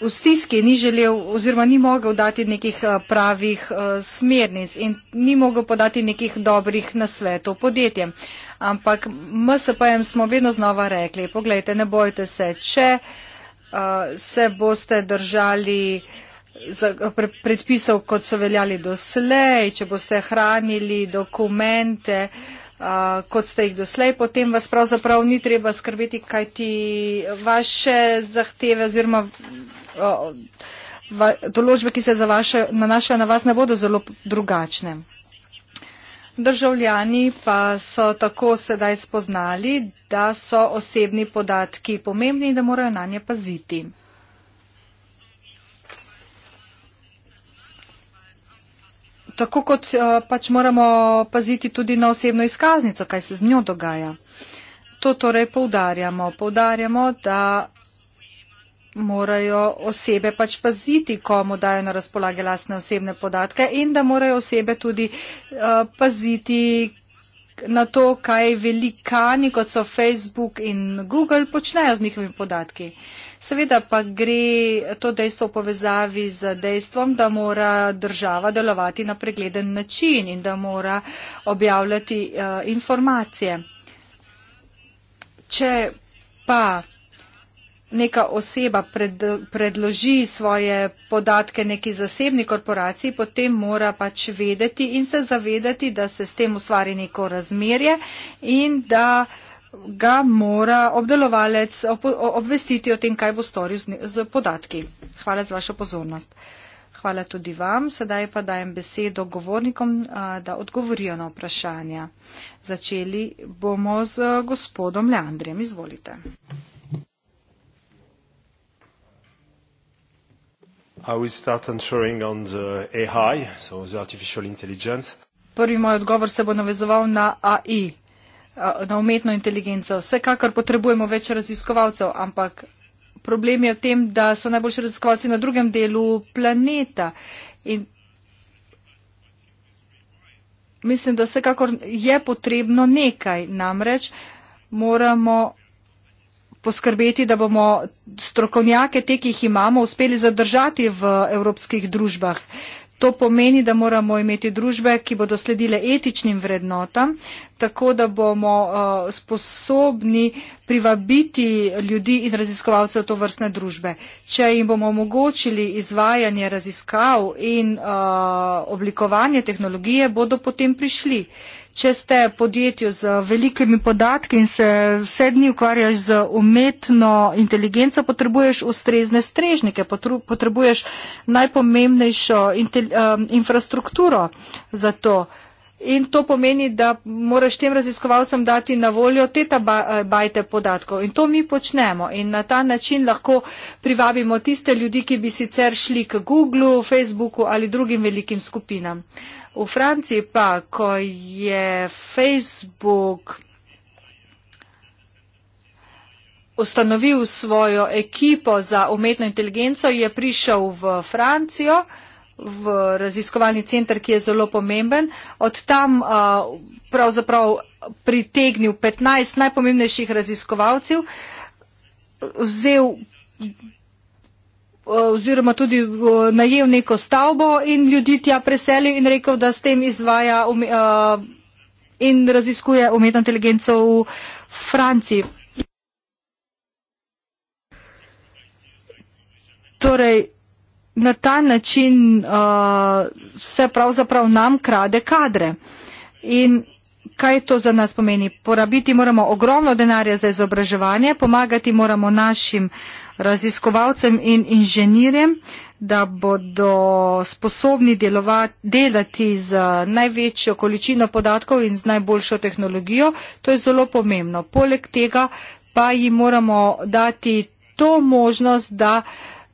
v stiski, ni želel oziroma ni mogel dati nekih eh, pravih uh, smernic in ni mogel podati nekih dobrih nasvetov podjetjem. Ampak MSP-jem smo vedno znova rekli, poglejte, ne bojte se, če uh, se boste držali uh, predpisov, kot so veljali doslej, če boste hranili dokumente, kot ste jih doslej, potem vas pravzaprav ni treba skrbeti, kaj ti vaše zahteve oziroma določbe, ki se nanašajo na vas, ne bodo zelo drugačne. Državljani pa so tako sedaj spoznali, da so osebni podatki pomembni in da morajo na nje paziti. tako kot eh, pač moramo paziti tudi na osebno izkaznico, kaj se z njo dogaja. To torej poudarjamo. Poudarjamo, da morajo osebe pač paziti, komu dajo na razpolage lastne osebne podatke in da morajo osebe tudi eh, paziti na to, kaj velikani, kot so Facebook in Google, počnejo z njihovimi podatki. Seveda pa gre to dejstvo v povezavi z dejstvom, da mora država delovati na pregleden način in da mora objavljati uh, informacije. Če pa neka oseba pred, predloži svoje podatke neki zasebni korporaciji, potem mora pač vedeti in se zavedati, da se s tem ustvari neko razmerje in da uh, ga mora obdelovalec obvestiti o tem, kaj bo storil z podatki. Hvala za vašo pozornost. Hvala tudi vam. Sedaj pa dajem besedo govornikom, da odgovorijo na vprašanja. Začeli bomo z gospodom Leandrijem. Izvolite. AI, so Prvi moj odgovor se bo navezoval na AI, na umetno inteligenco. Vsekakor potrebujemo več raziskovalcev, ampak problem je v tem, da so najboljši raziskovalci na drugem delu planeta. In mislim, da vsekakor je potrebno nekaj, namreč moramo poskrbeti, da bomo strokovnjake, te, ki jih imamo, uspeli zadržati v evropskih družbah. To pomeni, da moramo imeti družbe, ki bodo sledile etičnim vrednotam, tako da bomo uh, sposobni privabiti ljudi in raziskovalce v to vrstne družbe. Če jim bomo omogočili izvajanje raziskav in uh, oblikovanje tehnologije, bodo potem prišli. Uh, če ste podjetju z velikimi podatki in se vse dni ukvarjaš z umetno inteligenco, potrebuješ ustrezne strežnike, potrebuješ najpomembnejšo infrastrukturo za to. In to pomeni, da moraš tem raziskovalcem dati na voljo te eh, bajte podatkov. In to mi počnemo. In na ta način lahko privabimo tiste ljudi, ki bi sicer šli k Google, Facebooku ali drugim velikim skupinam. Uh, V Franciji pa, ko je Facebook ustanovil svojo ekipo za umetno inteligenco, je prišel v Francijo, v raziskovalni center, ki je zelo pomemben. Od tam uh, pravzaprav pritegnil 15 najpomembnejših raziskovalcev, vzel oziroma tudi najel neko stavbo in ljudi tja preselil in rekel, da s tem izvaja um, uh, in raziskuje umetno inteligenco v Franciji. Torej, na ta način uh, se pravzaprav nam krade kadre. In kaj to za nas pomeni? Porabiti moramo ogromno denarja za izobraževanje, pomagati moramo našim uh, raziskovalcem in inženirjem, da bodo sposobni delovati, delati z največjo količino podatkov in z najboljšo tehnologijo. To je zelo pomembno. Poleg tega pa jim moramo dati to možnost, da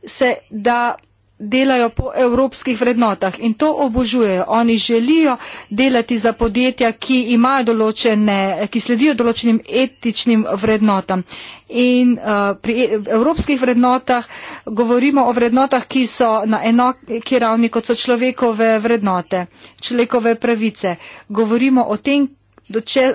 se da delajo po evropskih vrednotah in to obožujejo. Oni želijo delati za podjetja, ki, določene, ki sledijo določenim etičnim vrednotam. In uh, pri e, evropskih vrednotah govorimo o vrednotah, ki so na enaki ravni kot so človekove vrednote, človekove pravice. Govorimo o tem, do če,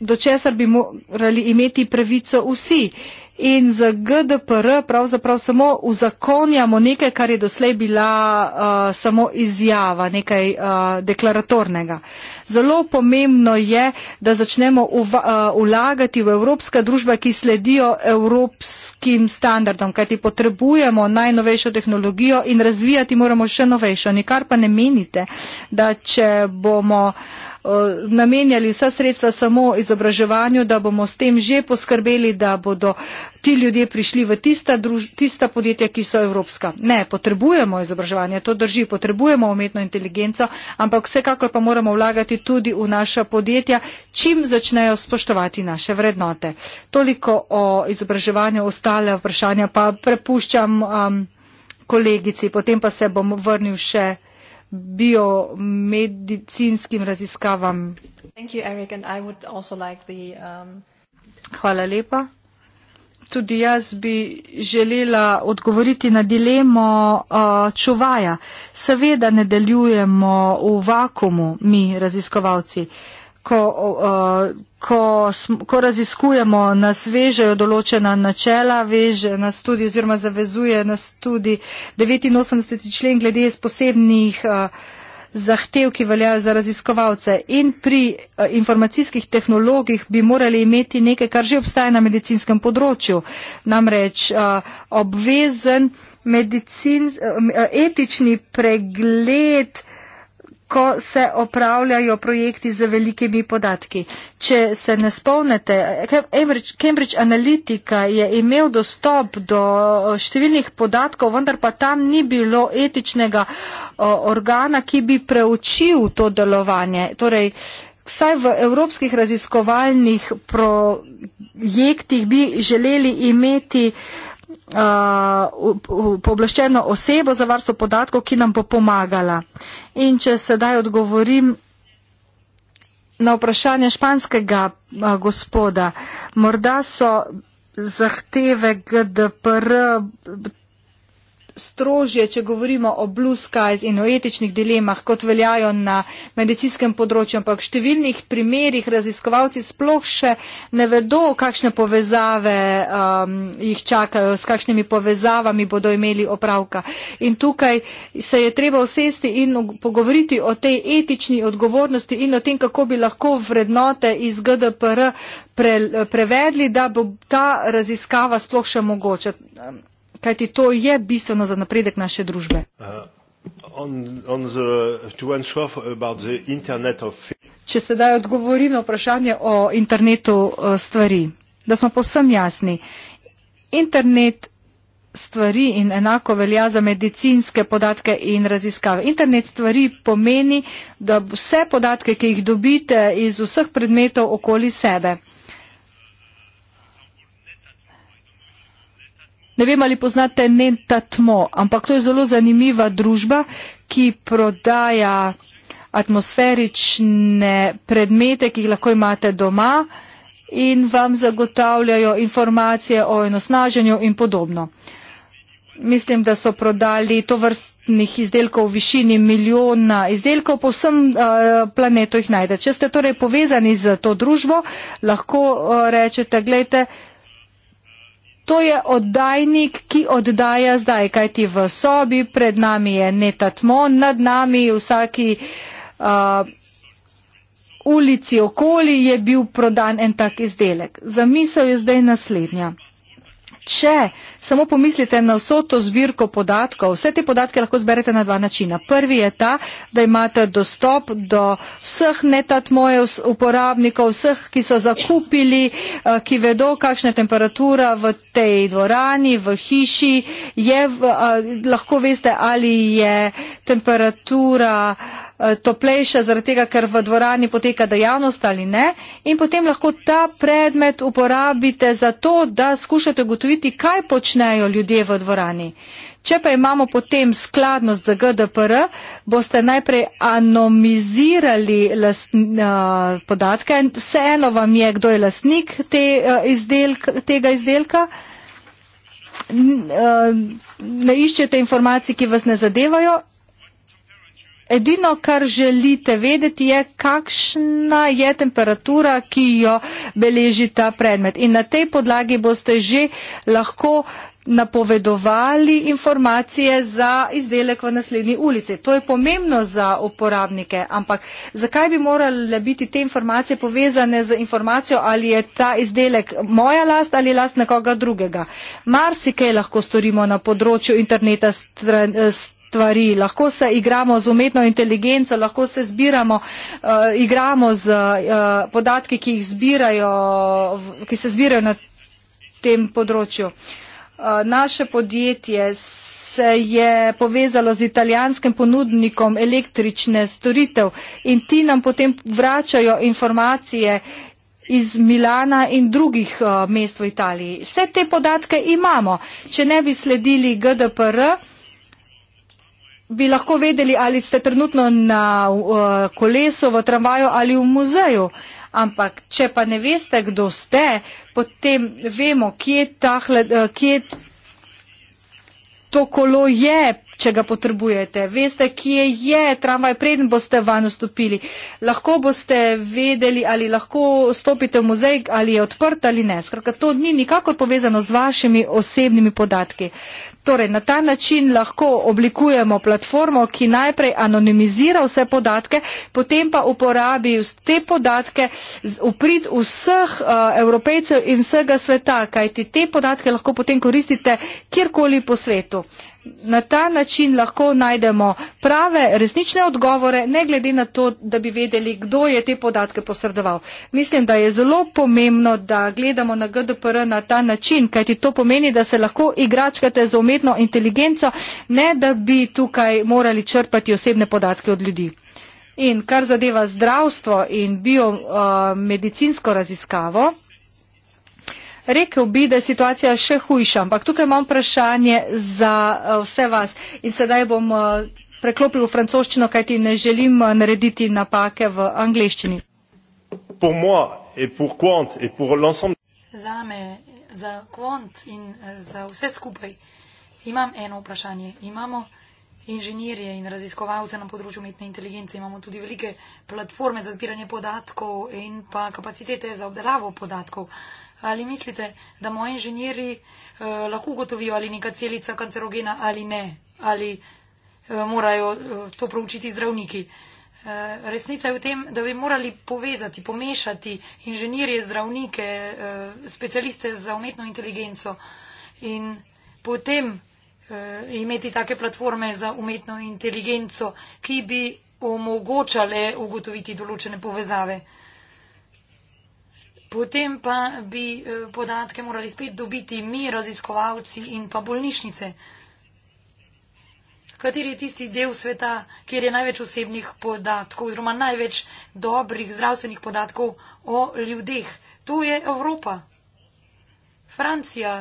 do česar bi morali imeti pravico vsi. In z GDPR pravzaprav samo uzakonjamo nekaj, kar je doslej bila uh, samo izjava, nekaj uh, deklaratornega. Zelo pomembno je, da začnemo ulagati uh, v evropska družba, ki sledijo evropskim standardom, kajti potrebujemo najnovejšo tehnologijo in razvijati moramo še novejšo. Nikar pa ne menite, da če bomo uh, Eh, namenjali vsa sredstva samo izobraževanju, da bomo s tem že poskrbeli, da bodo ti ljudje prišli v tista, druž, tista podjetja, ki so evropska. Ne, potrebujemo izobraževanje, to drži, potrebujemo umetno inteligenco, ampak vsekakor pa moramo vlagati tudi v naša podjetja, čim začnejo spoštovati naše vrednote. Toliko o izobraževanju, ostale vprašanja pa prepuščam um, kolegici, potem pa se bom vrnil še biomedicinskim raziskavam. You, Eric, like the, um... Hvala lepa. Tudi jaz bi želela odgovoriti na dilemo uh, čuvaja. Seveda ne delujemo v vakumu, mi raziskovalci. Uh, ko, ko, ko raziskujemo nas vežejo določena načela, veže nas tudi oziroma zavezuje nas tudi 89. člen glede posebnih zahtev, ki veljajo za raziskovalce. In pri informacijskih tehnologijah bi morali imeti nekaj, kar že obstaja na medicinskem področju, namreč obvezen medicin, etični pregled, ko se opravljajo projekti z velikimi podatki. Če se ne spomnite, Cambridge Analytica je imel dostop do številnih podatkov, vendar pa tam ni bilo etičnega organa, ki bi preučil to delovanje. Torej, vsaj v evropskih raziskovalnih projektih bi želeli imeti uh, uh, pooblaščeno osebo za varstvo podatkov, ki nam bo pomagala. In če sedaj odgovorim na vprašanje španskega uh, gospoda, morda so zahteve GDPR. Uh, strožje, če govorimo o blue skies in o etičnih dilemah, kot veljajo na medicinskem področju, ampak v številnih primerjih raziskovalci sploh še ne vedo, kakšne povezave um, jih čakajo, s kakšnimi povezavami bodo imeli opravka. In tukaj se je treba usesti in pogovoriti o tej etični odgovornosti in o tem, kako bi lahko vrednote iz GDPR pre, prevedli, da bo ta raziskava sploh še mogoče kajti to je bistveno za napredek naše družbe. Uh, Če sedaj odgovorim na vprašanje o internetu uh, stvari, da smo povsem jasni. Internet stvari in enako velja za medicinske podatke in raziskave. Internet stvari pomeni, da vse podatke, ki jih dobite iz vseh predmetov okoli sebe. Ne vem, ali poznate Nenta Tmo, ampak to je zelo zanimiva družba, ki prodaja atmosferične predmete, ki jih lahko imate doma in vam zagotavljajo informacije o enosnaženju in podobno. Mislim, da so prodali to vrstnih izdelkov v višini milijona izdelkov, po vsem uh, planetu jih najde. Če ste torej povezani z to družbo, lahko uh, rečete, gledajte, To je oddajnik, ki oddaja zdaj, kaj ti v sobi, pred nami je netatmo, nad nami vsaki uh, ulici okoli je bil prodan en tak izdelek. Zamisel je zdaj naslednja. Če Samo pomislite na vso to zbirko podatkov. Vse te podatke lahko zberete na dva načina. Prvi je ta, da imate dostop do vseh netatmojev uporabnikov, vseh, ki so zakupili, eh, ki vedo, kakšna je temperatura v tej dvorani, v hiši. Je, eh, lahko veste, ali je temperatura eh, toplejša zaradi tega, ker v dvorani poteka dejavnost ali ne. In potem lahko ta predmet uporabite za to, da skušate ugotoviti, kaj počnete počnejo ljudje v dvorani. Če pa imamo potem skladnost za GDPR, boste najprej anomizirali las, na, podatke, vseeno vam je, kdo je lasnik te, izdelk, tega izdelka. Ne iščete informacij, ki vas ne zadevajo. Edino, kar želite vedeti, je, kakšna je temperatura, ki jo beleži ta predmet. In na tej podlagi boste že lahko uh, napovedovali informacije za izdelek v naslednji ulici. To je pomembno za uporabnike, ampak zakaj bi morale biti te informacije povezane z informacijo, ali je ta izdelek moja last ali last nekoga drugega? Marsikaj lahko storimo na področju interneta. Stvari. Lahko se igramo z umetno inteligenco, lahko se zbiramo, uh, igramo z uh, podatki, ki, zbirajo, ki se zbirajo na tem področju. Uh, Eh, naše podjetje se je povezalo z italijanskim ponudnikom električne storitev in ti nam potem vračajo informacije iz Milana in drugih eh, mest v Italiji. Vse te podatke imamo. Če ne bi sledili GDPR, bi lahko vedeli, ali ste trenutno na uh, kolesu, v tramvaju ali v muzeju. Ampak, če pa ne veste, kdo ste, potem vemo, kje, tahle, uh, kje to kolo je, če ga potrebujete. Veste, kje je tramvaj, preden boste van vstopili. Lahko boste vedeli, ali lahko stopite v muzej, ali je odprt ali ne. Skratka, to ni nikakor povezano z vašimi osebnimi podatki. Torej, na ta način lahko oblikujemo platformo, ki najprej anonimizira vse podatke, potem pa uporabi te podatke v prid vseh uh, evropejcev in vsega sveta, kajti te podatke lahko potem koristite kjerkoli po svetu. Uh, na ta način lahko najdemo prave, resnične odgovore, ne glede na to, da bi vedeli, kdo je te podatke posredoval. Mislim, da je zelo pomembno, da gledamo na GDPR na ta način, kajti to pomeni, da se lahko igračkate z umetno inteligenco, ne da bi tukaj morali črpati osebne podatke od ljudi. In kar zadeva zdravstvo in biomedicinsko uh, raziskavo, Rekel bi, da je situacija še hujša, ampak tukaj imam vprašanje za eh, vse vas in sedaj bom eh, preklopil v francoščino, kajti ne želim eh, narediti napake v angleščini. Za me, za Quant in za vse skupaj imam eno vprašanje. Imamo inženirje in raziskovalce na področju umetne inteligence, imamo tudi velike platforme za zbiranje podatkov in pa kapacitete za obdelavo podatkov. Ali mislite, da moji inženjeri eh, lahko ugotovijo, ali je neka celica kancerogena ali ne, ali eh, morajo eh, to proučiti zdravniki? Eh, resnica je v tem, da bi morali povezati, pomešati inženirje, zdravnike, eh, specialiste za umetno inteligenco in potem eh, imeti take platforme za umetno inteligenco, ki bi omogočale ugotoviti določene povezave. Potem pa bi eh, podatke morali spet dobiti mi, raziskovalci in pa bolnišnice. Kateri je tisti del sveta, kjer je največ osebnih podatkov oziroma največ dobrih zdravstvenih podatkov o ljudeh? To je Evropa. Francija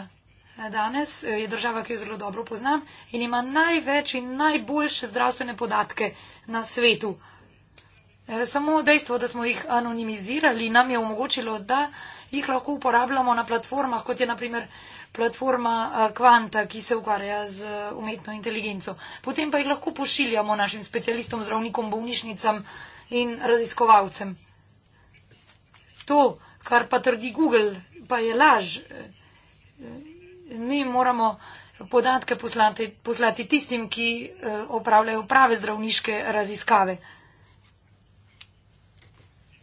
eh, danes eh, je država, ki jo zelo dobro poznam in ima največ in najboljše zdravstvene podatke na svetu. Eh, samo dejstvo, da smo jih anonimizirali, nam je omogočilo, da jih lahko uporabljamo na platformah, kot je naprimer platforma eh, Kvanta, ki se ukvarja z eh, umetno inteligenco. Potem pa jih lahko pošiljamo našim specialistom, zdravnikom, bolnišnicam in raziskovalcem. To, kar pa trdi Google, pa je laž. Mi moramo podatke poslati, poslati tistim, ki opravljajo prave zdravniške raziskave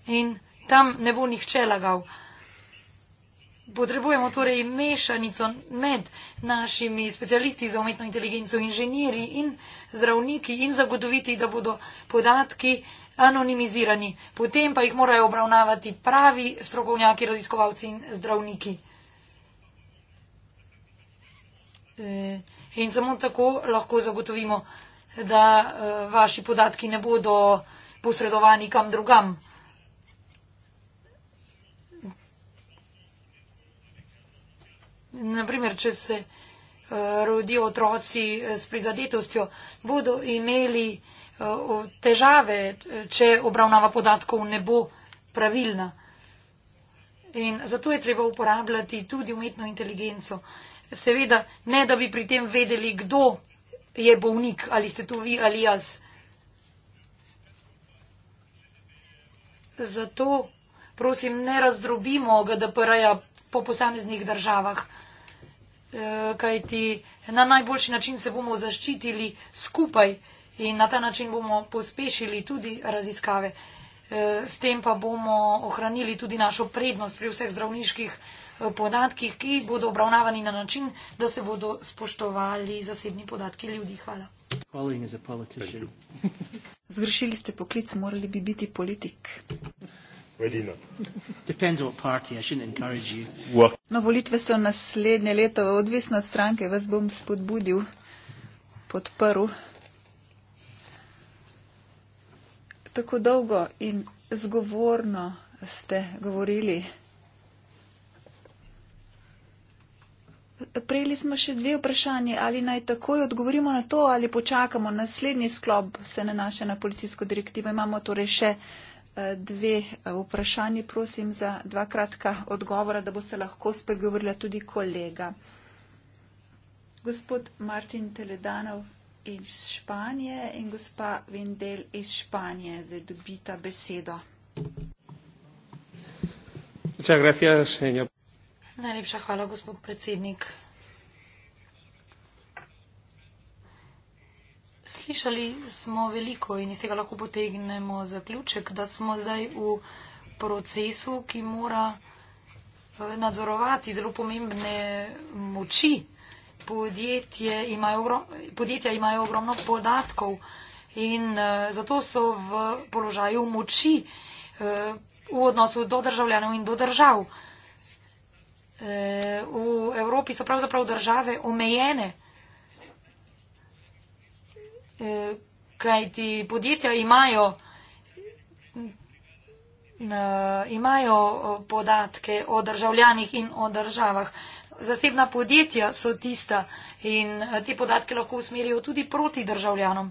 in tam ne bo nihče lagal. Potrebujemo torej mešanico med našimi specialisti za umetno inteligenco, inženirji in zdravniki in zagotoviti, da bodo podatki anonimizirani. Potem pa jih morajo obravnavati pravi strokovnjaki, raziskovalci in zdravniki. Eh, in samo tako lahko zagotovimo, da eh, vaši podatki ne bodo posredovani kam drugam. Naprimer, če se eh, rodijo otroci eh, s prizadetostjo, bodo imeli eh, težave, če obravnava podatkov ne bo pravilna. In zato je treba uporabljati tudi umetno inteligenco. Seveda, ne da bi pri tem vedeli, kdo je bolnik, ali ste to vi ali jaz. Zato, prosim, ne razdrobimo GDPR-ja po posameznih državah. Eh, kaj ti na najboljši način se bomo zaščitili skupaj in na ta način bomo pospešili tudi raziskave. Eh, s tem pa bomo ohranili tudi našo prednost pri vseh zdravniških eh, podatkih, ki bodo obravnavani na način, da se bodo spoštovali zasebni podatki ljudi. Hvala. Hvala in za politično. Zgrešili ste poklic, morali bi biti politik edino. No, volitve so naslednje leto odvisno od stranke, vas bom spodbudil, podprl. Tako dolgo in zgovorno ste govorili. Prejeli smo še dve vprašanje, ali naj takoj odgovorimo na to, ali počakamo. Naslednji sklop se nanaša na policijsko direktivo. Imamo torej še Eh, dve eh, vprašanji, prosim za dva kratka odgovora, da boste lahko spregovorila tudi kolega. Gospod Martin Teledanov iz Španije in gospa Vendel iz Španije, zdaj dobita besedo. Najlepša hvala, gospod predsednik. Slišali smo veliko in iz tega lahko potegnemo zaključek, da smo zdaj v procesu, ki mora eh, nadzorovati zelo pomembne moči. Podjetje imajo, podjetja imajo ogromno podatkov in eh, zato so v položaju moči eh, v odnosu do državljanov in do držav. V Evropi so pravzaprav države omejene kajti podjetja imajo, imajo podatke o državljanih in o državah. Zasebna podjetja so tista in eh, te podatke lahko usmerijo tudi proti državljanom.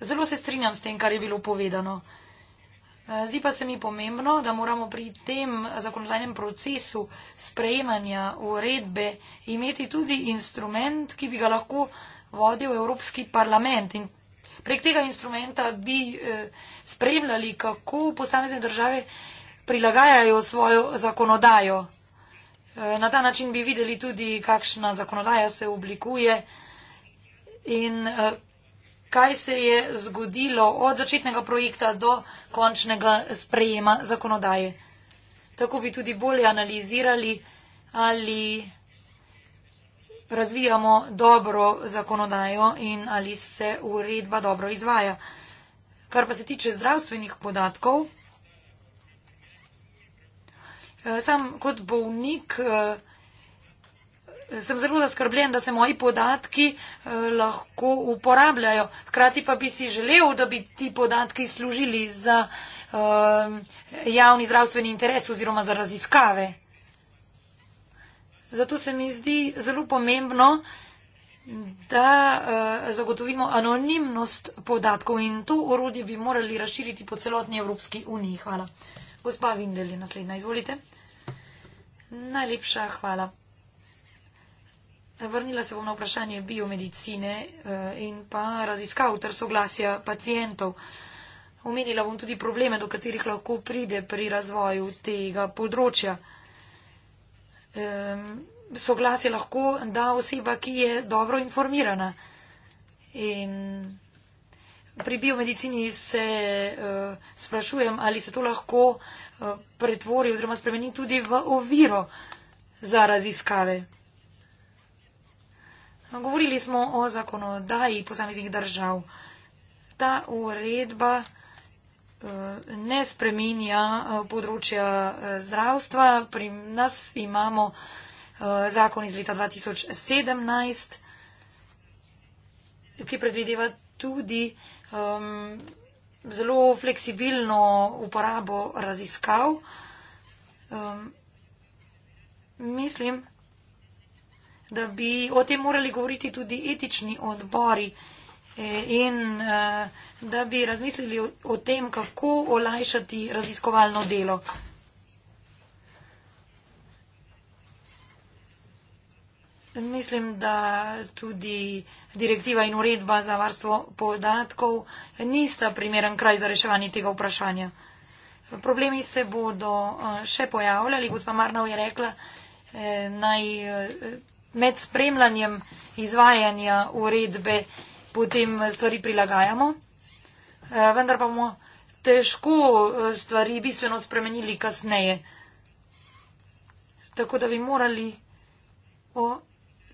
Zelo se strinjam s tem, kar je bilo povedano. Eh, zdi pa se mi pomembno, da moramo pri tem zakonodajnem procesu sprejemanja uredbe imeti tudi instrument, ki bi ga lahko uh, vodil Evropski parlament in prek tega instrumenta bi eh, spremljali, kako posamezne države prilagajajo svojo zakonodajo. Eh, na ta način bi videli tudi, kakšna zakonodaja se oblikuje in eh, kaj se je zgodilo od začetnega projekta do končnega sprejema zakonodaje. Tako bi tudi bolje analizirali ali razvijamo dobro zakonodajo in ali se uredba dobro izvaja. Kar pa se tiče zdravstvenih podatkov, eh, sam kot bolnik eh, sem zelo zaskrbljen, da se moji podatki eh, lahko uporabljajo. Hkrati pa bi si želel, da bi ti podatki služili za javni zdravstveni interes oziroma za raziskave. Zato se mi zdi zelo pomembno, da eh, zagotovimo anonimnost podatkov in to orodje bi morali razširiti po celotni Evropski uniji. Hvala. Gospa Vindel je naslednja. Izvolite. Najlepša hvala. Vrnila se bom na vprašanje biomedicine eh, in pa raziskav ter soglasja pacijentov. Omenila bom tudi probleme, do katerih lahko pride pri razvoju tega področja um, soglasje lahko da oseba, ki je dobro informirana. In pri biomedicini se uh, sprašujem, ali se to lahko uh, pretvori oziroma spremeni tudi v oviro za raziskave. Govorili smo o zakonodaji posameznih držav. Ta uredba. Eh, ne spreminja eh, področja eh, zdravstva. Pri nas imamo zakon iz leta 2017, ki predvideva tudi ehm, zelo fleksibilno uporabo raziskav. Ehm, mislim, da bi o tem morali govoriti tudi etični odbori in uh, da bi razmislili o, o tem, kako olajšati raziskovalno delo. Mislim, da tudi direktiva in uredba za varstvo podatkov nista primeren kraj za reševanje tega vprašanja. Problemi se bodo eh, še pojavljali. Gospa Marnov je rekla, eh, naj eh, med spremljanjem izvajanja uredbe potem stvari prilagajamo. Eh, vendar pa bomo težko eh, stvari bistveno spremenili kasneje. Tako da bi morali o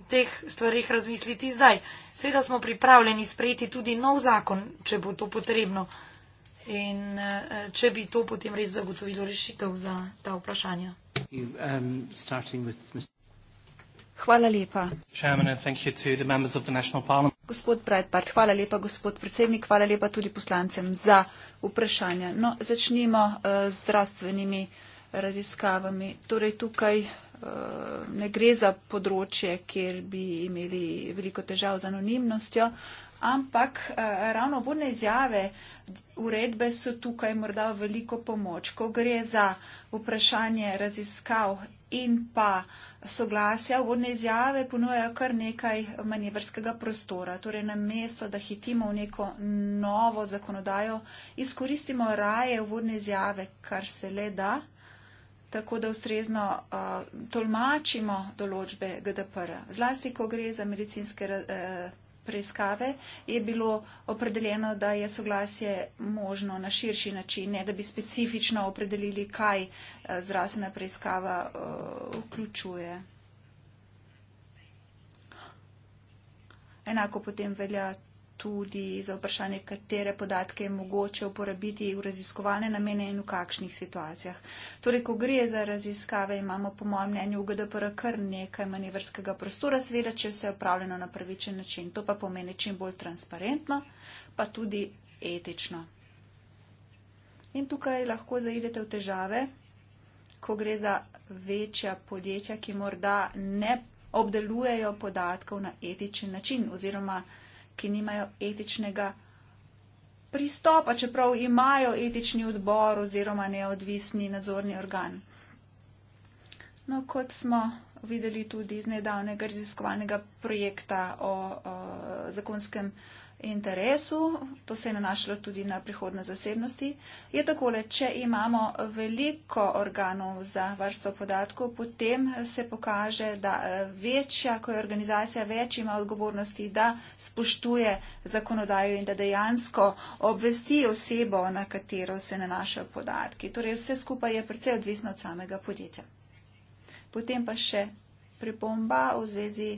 teh stvarih razmisliti zdaj. Sveda smo pripravljeni sprejeti tudi nov zakon, če bo to potrebno in eh, če bi to potem res zagotovilo rešitev za ta vprašanja. Um, Hvala lepa. Chairman, Gospod Breitbart, hvala lepa, gospod predsednik, hvala lepa tudi poslancem za vprašanja. No, začnimo uh, z zdravstvenimi raziskavami. Torej, tukaj uh, ne gre za področje, kjer bi imeli veliko težav z anonimnostjo, Ampak eh, ravno vodne izjave uredbe so tukaj morda veliko pomoč. Ko gre za vprašanje raziskav in pa soglasja, vodne izjave ponujajo kar nekaj manevrskega prostora. Torej, namesto, da hitimo v neko novo zakonodajo, izkoristimo raje vodne izjave, kar se le da, tako da ustrezno uh, tolmačimo določbe GDPR. Zlasti, ko gre za medicinske. Uh, preiskave, je bilo opredeljeno, da je soglasje možno na širši način, ne da bi specifično opredelili, kaj eh, zdravstvena preiskava eh, vključuje. Enako potem velja tudi za vprašanje, katere podatke je mogoče uporabiti v raziskovalne namene in v kakšnih situacijah. Torej, ko gre za raziskave, imamo po mojem mnenju v GDPR kar nekaj manevrskega prostora, seveda, če se je upravljeno na pravičen način. To pa pomeni čim bolj transparentno, pa tudi etično. In tukaj lahko zaidete v težave, ko gre za večja podjetja, ki morda ne obdelujejo podatkov na etičen način oziroma ki nimajo etičnega pristopa, čeprav imajo etični odbor oziroma neodvisni nadzorni organ. No, kot smo videli tudi iz nedavnega raziskovalnega projekta o, o zakonskem pristopu, interesu, to se je nanašalo tudi na prihodne zasebnosti, je takole, če imamo veliko organov za varstvo podatkov, potem se pokaže, da eh, večja, ko je organizacija več, ima odgovornosti, da spoštuje zakonodajo in da dejansko obvesti osebo, na katero se nanašajo podatki. Torej, vse skupaj je precej odvisno od samega podjetja. Potem pa še pripomba v zvezi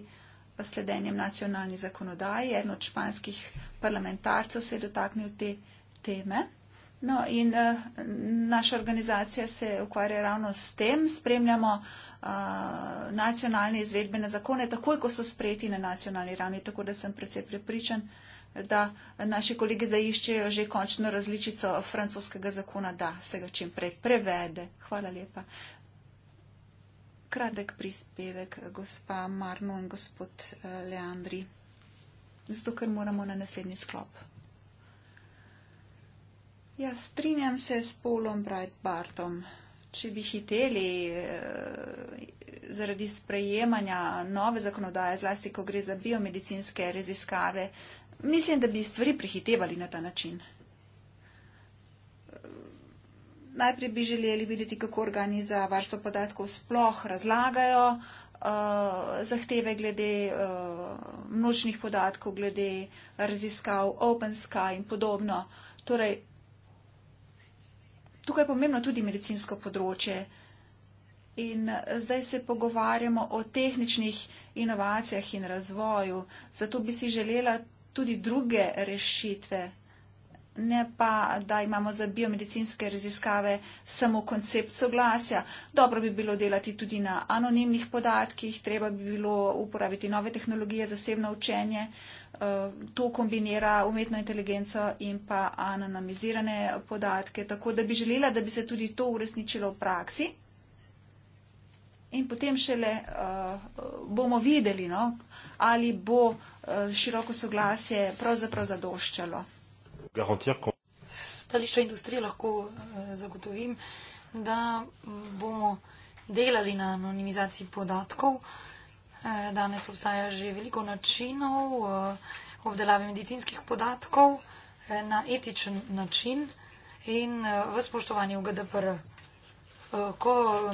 sledenjem nacionalni zakonodaji. En od španskih parlamentarcev se je dotaknil te teme. No, in uh, naša organizacija se ukvarja ravno s tem, spremljamo uh, nacionalne izvedbene zakone, takoj ko so sprejeti na nacionalni ravni, tako da sem predvsej prepričan, da naši kolegi zaiščejo že končno različico francoskega zakona, da se ga čim prej prevede. Hvala lepa. Uh, kratek prispevek, gospa Marno in gospod eh, Leandri, zato ker moramo na naslednji sklop. Ja, strinjam se s Polom Breitbartom. Če bi hiteli eh, zaradi sprejemanja nove zakonodaje, zlasti ko gre za biomedicinske raziskave, mislim, da bi stvari prihitevali na ta način najprej bi želeli videti, kako organi za varstvo podatkov sploh razlagajo uh, zahteve glede uh, eh, množnih podatkov, glede raziskav OpenSky in podobno. Torej, tukaj je pomembno tudi medicinsko področje. In eh, zdaj se pogovarjamo o tehničnih inovacijah in razvoju. Zato bi si želela tudi druge rešitve ne pa, da imamo za biomedicinske raziskave samo koncept soglasja. Dobro bi bilo delati tudi na anonimnih podatkih, treba bi bilo uporabiti nove tehnologije, zasebno učenje. Eh, to kombinira umetno inteligenco in pa anonimizirane podatke, tako da bi želela, da bi se tudi to uresničilo v praksi. In potem šele uh, bomo videli, no, ali bo uh, široko soglasje pravzaprav zadoščalo garantir kon. Stališče industrije lahko eh, zagotovim, da bomo delali na anonimizaciji podatkov. Eh, danes obstaja že veliko načinov eh, obdelave medicinskih podatkov na etičen način in v spoštovanju GDPR. Ko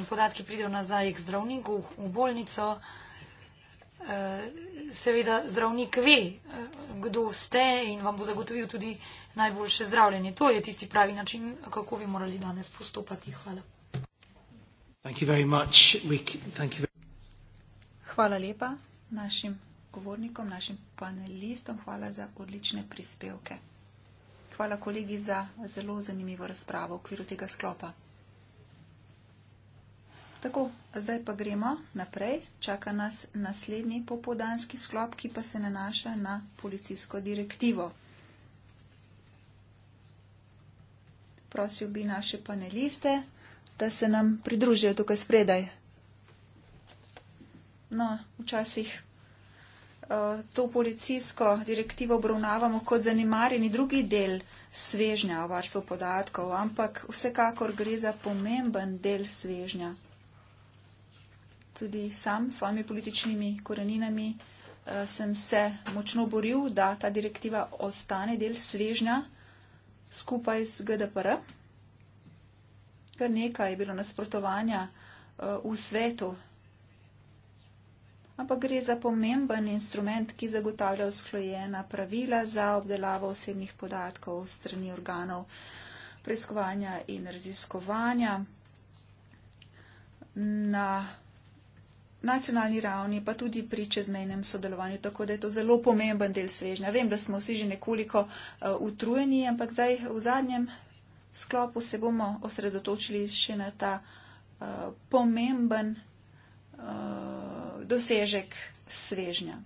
podatki pridejo nazaj k zdravniku v bolnico, seveda zdravnik ve, kdo ste in vam bo zagotovil tudi najboljše zdravljenje. To je tisti pravi način, kako bi morali danes postopati. Hvala. Hvala lepa našim govornikom, našim panelistom. Hvala za odlične prispevke. Hvala kolegi za zelo zanimivo razpravo v okviru tega sklopa. Tako, zdaj pa gremo naprej. Čaka nas naslednji popodanski sklop, ki pa se nanaša na policijsko direktivo. prosil bi naše paneliste, da se nam pridružijo tukaj spredaj. No, včasih uh, to policijsko direktivo obravnavamo kot zanimarjeni drugi del svežnja o varstvu podatkov, ampak vsekakor gre za pomemben del svežnja. Tudi sam s svojimi političnimi koreninami uh, sem se močno boril, da ta direktiva ostane del svežnja skupaj z GDPR. Kar nekaj je bilo nasprotovanja eh, v svetu. Ampak gre za pomemben instrument, ki zagotavlja usklojena pravila za obdelavo osebnih podatkov strani organov preiskovanja in raziskovanja. Na nacionalni ravni, pa tudi pri čezmejnem sodelovanju. Tako da je to zelo pomemben del svežnja. Vem, da smo vsi že nekoliko uh, utrujeni, ampak zdaj v zadnjem sklopu se bomo osredotočili še na ta uh, pomemben uh, dosežek svežnja.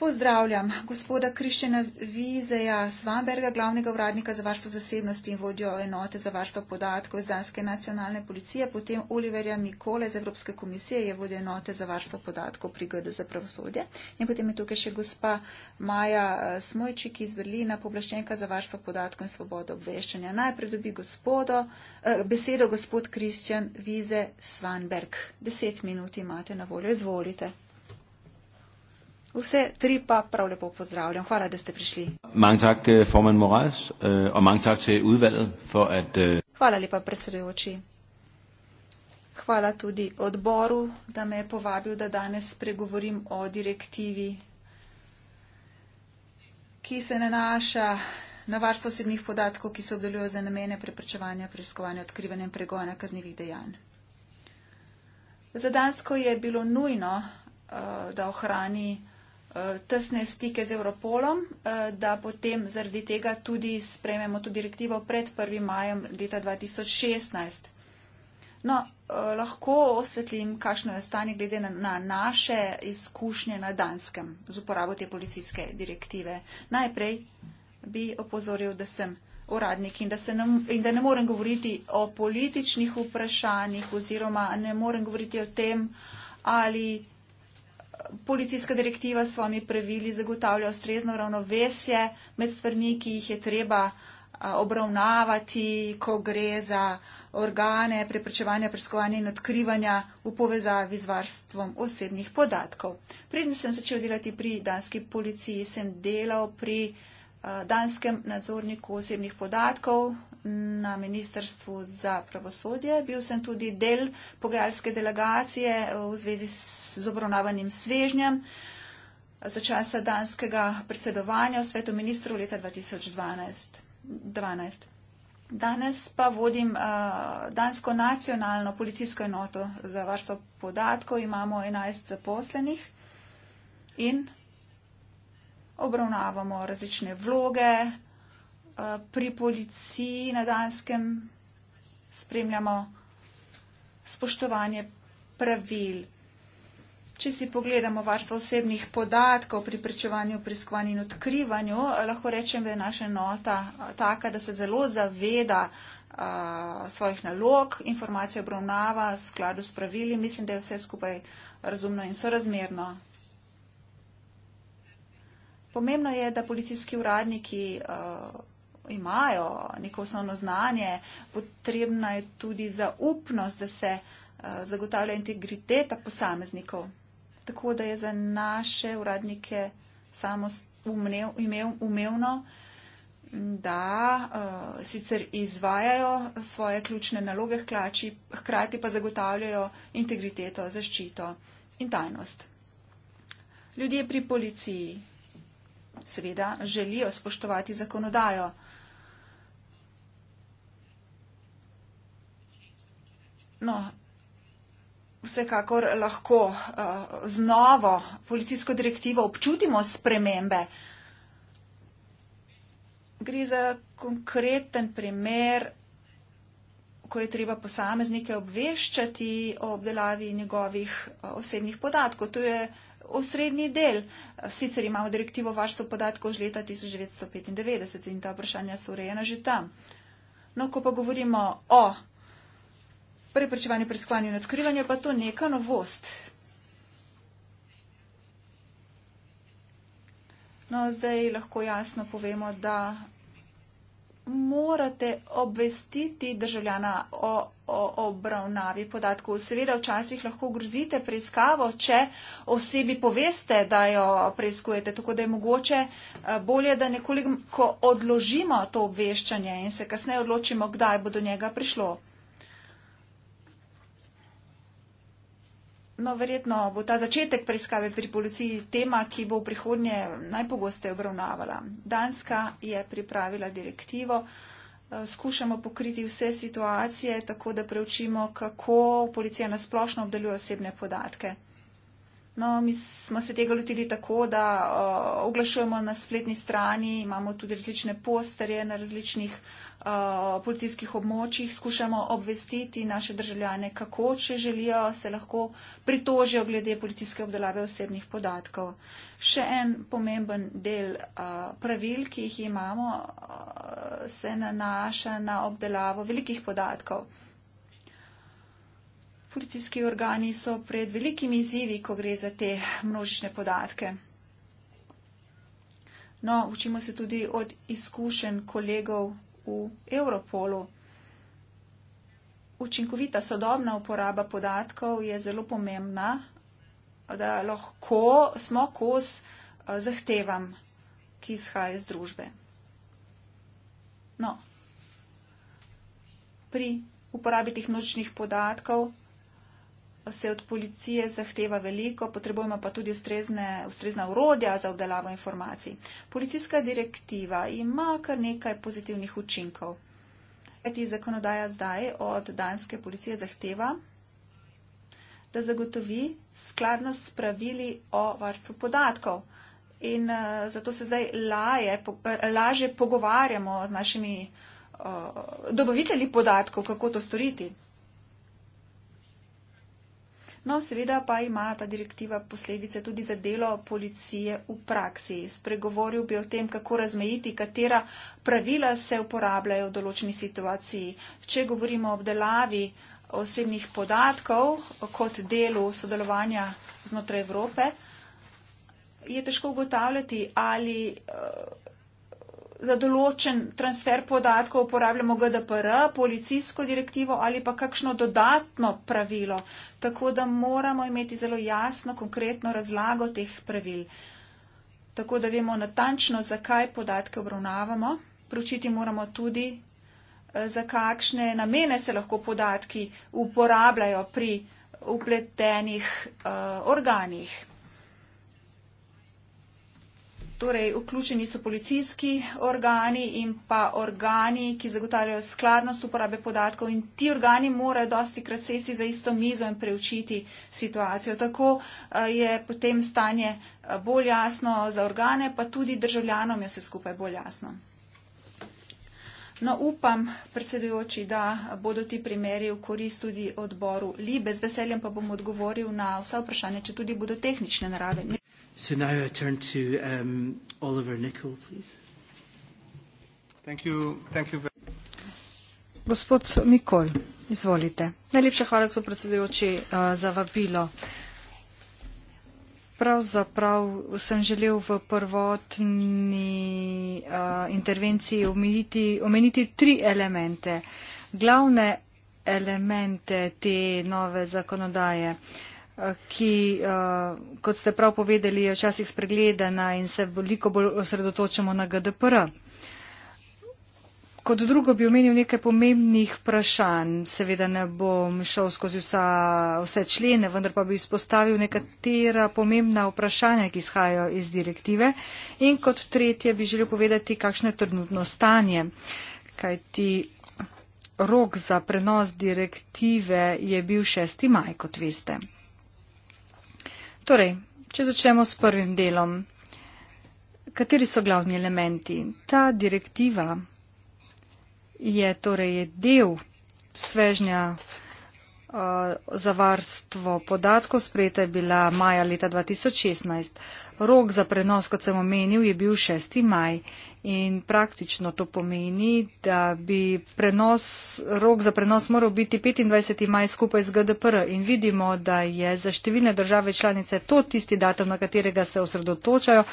Pozdravljam gospoda Krišena Vizeja Svamberga, glavnega uradnika za varstvo zasebnosti in vodjo enote za varstvo podatkov iz Danske nacionalne policije, potem Oliverja Mikole iz Evropske komisije, je vodja enote za varstvo podatkov pri GD za pravosodje. In potem je tukaj še gospa Maja eh, Smojčik iz Berlina, poblaščenka za varstvo podatkov in svobodo obveščanja. Najprej dobi gospodo, eh, besedo gospod Krišen Vize Svamberg. Deset minut imate na voljo, izvolite. Vse tri pa prav lepo pozdravljam. Hvala, da ste prišli. Tak, eh, Moraes, eh, tak, for at... Eh, Hvala lepa, predsedujoči. Hvala tudi odboru, da me je povabil, da danes pregovorim o direktivi, ki se nanaša na varstvo osebnih podatkov, ki se obdelujejo za namene preprečevanja, preiskovanja, odkrivanja in pregona kaznjivih dejanj. Za Dansko je bilo nujno, da ohrani Eh, tesne stike z Europolom, eh, da potem zaradi tega tudi sprejmemo to direktivo pred 1. majem leta 2016. No, eh, lahko osvetlim, kakšno je stanje glede na naše izkušnje na Danskem z uporabo te policijske direktive. Najprej bi opozoril, da sem uradnik in da, ne, in da ne morem govoriti o političnih vprašanjih oziroma ne morem govoriti o tem, ali policijska direktiva s svojimi pravili zagotavlja ustrezno ravnovesje med stvarmi, ki jih je treba obravnavati, ko gre za organe preprečevanja, preskovanja in odkrivanja v povezavi z varstvom osebnih podatkov. Preden sem začel delati pri danski policiji, sem delal pri. Eh, danskem nadzorniku osebnih podatkov na Ministrstvu za pravosodje. Bil sem tudi del pogajalske delegacije eh, v zvezi z obravnavanim svežnjem eh, za časa danskega predsedovanja v svetu ministrov leta 2012. 12. Danes pa vodim uh, dansko nacionalno policijsko enoto za varstvo podatkov. Imamo 11 zaposlenih in obravnavamo različne vloge eh, pri policiji na Danskem, spremljamo spoštovanje pravil. Če si pogledamo varstvo osebnih podatkov pri pričevanju, preiskovanju in odkrivanju, eh, lahko rečem, da je naša nota eh, taka, da se zelo zaveda a, svojih nalog, informacije obravnava v skladu s pravili. Mislim, da je vse skupaj razumno in sorazmerno. Pomembno je, da policijski uradniki uh, imajo neko osnovno znanje, potrebna je tudi zaupnost, da se uh, zagotavlja integriteta posameznikov. Tako da je za naše uradnike samo umevno, da uh, sicer izvajajo svoje ključne naloge hklači, hkrati pa zagotavljajo integriteto, zaščito in tajnost. Ljudje pri policiji seveda želijo spoštovati zakonodajo. No, vsekakor lahko uh, z novo policijsko direktivo občutimo spremembe. Gre za konkreten primer, ko je treba posameznike obveščati o obdelavi njegovih eh, osebnih podatkov. To je osrednji del. Sicer imamo direktivo varstvo podatkov že leta 1995 in ta vprašanja so urejena že tam. No, ko pa govorimo o preprečevanju, preiskovanju in odkrivanju, pa to neka novost. No, zdaj lahko jasno povemo, da morate obvestiti državljana o, o, o obravnavi podatkov. Seveda včasih lahko grozite preiskavo, če osebi poveste, da jo preiskujete. Tako da je mogoče eh, bolje, da nekoliko odložimo to obveščanje in se kasneje odločimo, kdaj bo do njega prišlo. No, verjetno bo ta začetek preiskave pri policiji tema, ki bo v prihodnje najpogosteje obravnavala. Danska je pripravila direktivo. Eh, skušamo pokriti vse situacije, tako da preučimo, kako policija nasplošno obdeluje osebne podatke. No, mi smo se tega lotili tako, da uh, oglašujemo na spletni strani, imamo tudi različne posterje na različnih uh, uh, policijskih območjih, skušamo obvestiti naše državljane, kako, če želijo, se lahko pritožijo glede policijske obdelave osebnih podatkov. Še en pomemben del uh, pravil, ki jih imamo, uh, se nanaša na obdelavo velikih podatkov. Policijski organi so pred velikimi izzivi, ko gre za te množične podatke. No, učimo se tudi od izkušenj kolegov v Europolu. Učinkovita sodobna uporaba podatkov je zelo pomembna, da lahko smo kos eh, zahtevam, ki izhaja iz družbe. No, pri uporabi teh množičnih podatkov se od policije zahteva veliko, potrebujemo pa tudi ustrezne, ustrezna urodja za obdelavo informacij. Policijska direktiva ima kar nekaj pozitivnih učinkov. Kajti zakonodaja zdaj od danske policije zahteva, da zagotovi skladnost s pravili o varstvu podatkov. In uh, zato se zdaj laje, po, eh, laže pogovarjamo z našimi uh, dobavitelji podatkov, kako to storiti. No, seveda pa ima ta direktiva posledice tudi za delo policije v praksi. Spregovoril bi o tem, kako razmejiti, katera pravila se uporabljajo v določeni situaciji. Če govorimo o obdelavi osebnih podatkov kot delu sodelovanja znotraj Evrope, je težko ugotavljati, ali. Uh, za določen transfer podatkov uporabljamo GDPR, policijsko direktivo ali pa kakšno dodatno pravilo. Tako da moramo imeti zelo jasno, konkretno razlago teh pravil. Tako da vemo natančno, zakaj podatke obravnavamo. Pročiti moramo tudi, eh, za kakšne namene se lahko podatki uporabljajo pri upletenih uh, eh, organih. Torej, vključeni so policijski organi in pa organi, ki zagotavljajo skladnost uporabe podatkov in ti organi morajo dosti krat sesti za isto mizo in preučiti situacijo. Tako eh, je potem stanje eh, bolj jasno za organe, pa tudi državljanom je vse skupaj bolj jasno. No, upam, predsedujoči, da bodo ti primeri v korist tudi odboru Libe. Z veseljem pa bom odgovoril na vsa vprašanja, če tudi bodo tehnične narave. So now I turn to um, Oliver Nicol, please. Thank you. Thank you very Gospod Nikol, izvolite. Najlepša hvala, so predsedujoči, uh, za vabilo. Pravzaprav sem želel v prvotni uh, intervenciji omeniti, omeniti tri elemente, glavne elemente te nove zakonodaje ki, eh, kot ste prav povedali, je včasih spregledana in se veliko bolj osredotočamo na GDPR. Kot drugo bi omenil nekaj pomembnih vprašanj. Seveda ne bom šel skozi vsa, vse člene, vendar pa bi izpostavil nekatera pomembna vprašanja, ki izhajajo iz direktive. In kot tretje bi želel povedati, kakšno je trenutno stanje. Kaj ti rok za prenos direktive je bil 6. maj, kot veste. Torej, če začnemo s prvim delom, kateri so glavni elementi? Ta direktiva je, torej, je del svežnja uh, za varstvo podatkov, sprejeta je bila maja leta 2016. Rok za prenos, kot sem omenil, je bil 6. maj in praktično to pomeni, da bi prenos, rok za prenos moral biti 25. maj skupaj z GDPR in vidimo, da je za številne države članice to tisti datum, na katerega se osredotočajo,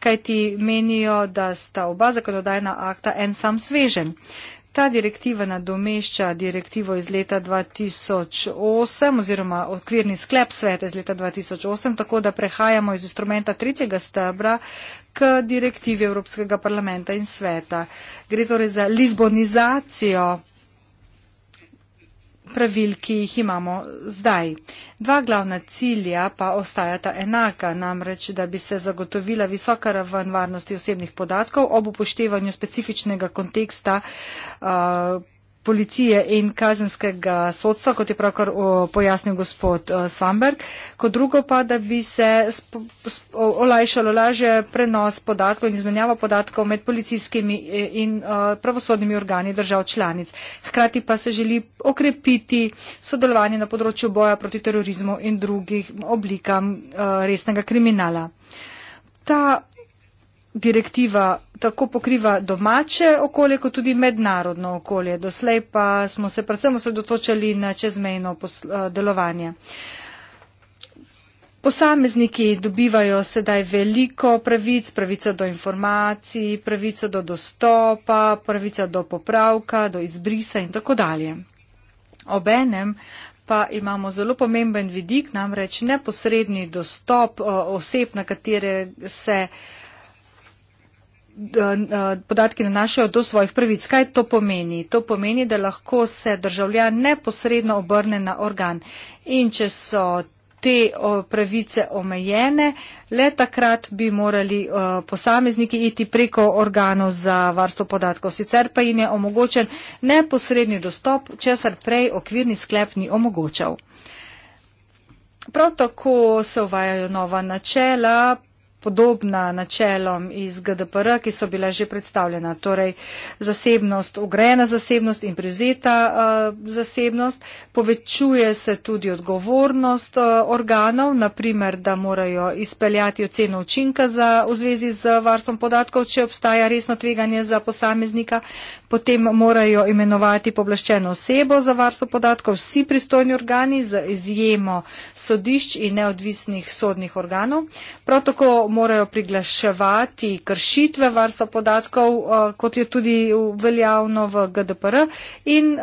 kaj ti menijo, da sta oba zakonodajna akta en sam svežen. Ta direktiva nadomešča direktivo iz leta 2008 oziroma okvirni sklep sveta iz leta 2008, tako da prehajamo iz instrumenta tretjega stebra k direktivi Evropskega parlamenta in sveta. Gre torej za lizbonizacijo pravil, ki jih imamo zdaj. Dva glavna cilja pa ostajata enaka, namreč, da bi se zagotovila visoka raven varnosti osebnih podatkov ob upoštevanju specifičnega konteksta. Uh, policije in kazenskega sodstva, kot je pravkar pojasnil gospod eh, Samberg. Kot drugo pa, da bi se olajšalo lažje prenos podatkov in izmenjava podatkov med policijskimi eh, in eh, pravosodnimi organi držav članic. Hkrati pa se želi okrepiti sodelovanje na področju boja proti terorizmu in drugih oblikam resnega kriminala. Ta direktiva tako pokriva domače okolje, kot tudi mednarodno okolje. Doslej pa smo se predvsem osredotočali na čezmejno eh, delovanje. Posamezniki dobivajo sedaj veliko pravic, pravico do informacij, pravico do dostopa, pravico do popravka, do izbrisa in tako dalje. Obenem pa imamo zelo pomemben vidik, namreč neposredni dostop eh, oseb, na katere se uh, podatki nanašajo do svojih prvic. Kaj to pomeni? To pomeni, da lahko se državljan neposredno obrne na organ. In če so te pravice omejene, le takrat bi morali posamezniki iti preko organov za varstvo podatkov. Sicer pa jim je omogočen neposredni dostop, česar prej okvirni sklep ni omogočal. Prav tako se uvajajo nova načela podobna načelom iz GDPR, ki so bila že predstavljena. Torej, zasebnost, ugrajena zasebnost in prevzeta uh, eh, zasebnost. Povečuje se tudi odgovornost uh, organov, naprimer, da morajo izpeljati oceno učinka za, v zvezi z varstvom podatkov, če obstaja resno tveganje za posameznika. Potem morajo imenovati poblaščeno osebo za varstvo podatkov vsi pristojni organi z izjemo sodišč in neodvisnih sodnih organov. Prav tako morajo priglaševati kršitve varstva podatkov, eh, kot je tudi veljavno v GDPR, in eh,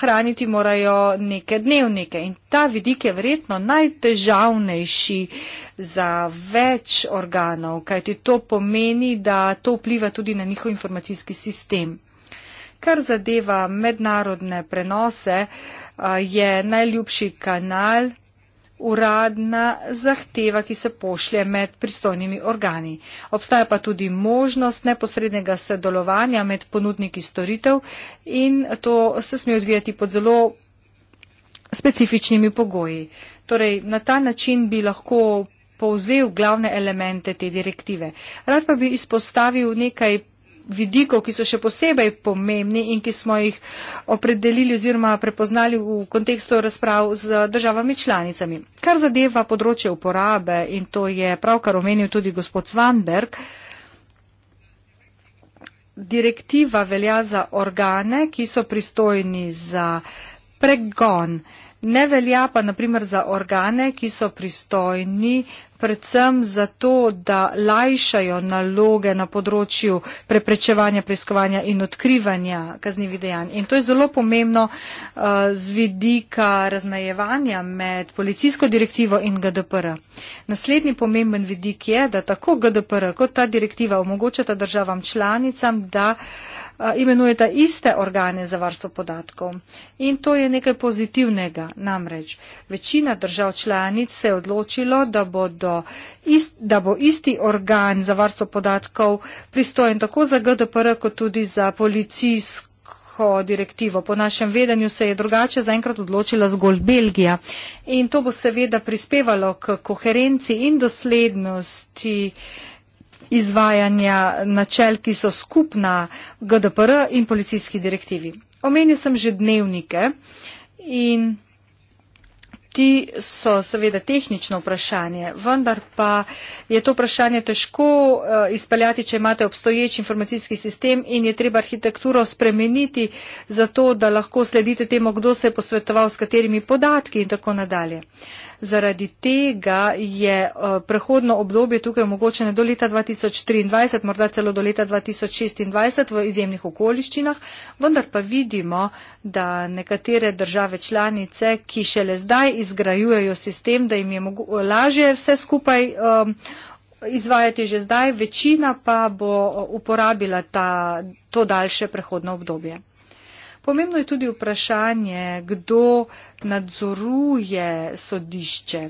hraniti morajo neke dnevnike. In ta vidik je verjetno najtežavnejši za več organov, kajti to pomeni, da to vpliva tudi na njihov informacijski sistem. Kar zadeva mednarodne prenose, eh, je najljubši kanal uradna zahteva, ki se pošlje med pristojnimi organi. Obstaja pa tudi možnost neposrednega sodelovanja med ponudniki storitev in to se sme odvijati pod zelo specifičnimi pogoji. Torej, na ta način bi lahko povzel glavne elemente te direktive. Rad pa bi izpostavil nekaj vidikov, ki so še posebej pomembni in ki smo jih opredelili oziroma prepoznali v kontekstu razprav z državami članicami. Kar zadeva področje uporabe in to je pravkar omenil tudi gospod Svanberg, direktiva velja za organe, ki so pristojni za pregon. Ne velja pa naprimer za organe, ki so pristojni predvsem zato, da lajšajo naloge na področju preprečevanja, preiskovanja in odkrivanja kaznjivih dejanj. In to je zelo pomembno uh, z vidika razmejevanja med policijsko direktivo in GDPR. Naslednji pomemben vidik je, da tako GDPR kot ta direktiva omogočata državam članicam, da uh, imenujeta iste organe za varstvo podatkov. In to je nekaj pozitivnega. Namreč večina držav članic se je odločilo, da, ist, da bo isti organ za varstvo podatkov pristojen tako za GDPR, kot tudi za policijsko. Direktivo. Po našem vedenju se je drugače zaenkrat odločila zgolj Belgija in to bo seveda prispevalo k koherenci in doslednosti uh, izvajanja načel, ki so skupna GDPR in policijski direktivi. Omenil sem že dnevnike in ti so seveda tehnično vprašanje, vendar pa je to vprašanje težko eh, izpeljati, če imate obstoječ informacijski sistem in je treba arhitekturo spremeniti za to, da lahko sledite temu, kdo se je posvetoval s katerimi podatki in tako nadalje. Zaradi tega je eh, prehodno obdobje tukaj omogočeno do leta 2023, morda celo do leta 2026 v izjemnih okoliščinah, vendar pa vidimo, da nekatere države članice, ki šele zdaj izgrajujejo sistem, da jim je lažje vse skupaj um, izvajati že zdaj, večina pa bo uh, uporabila ta, to daljše prehodno obdobje. Pomembno je tudi vprašanje, kdo nadzoruje sodišče.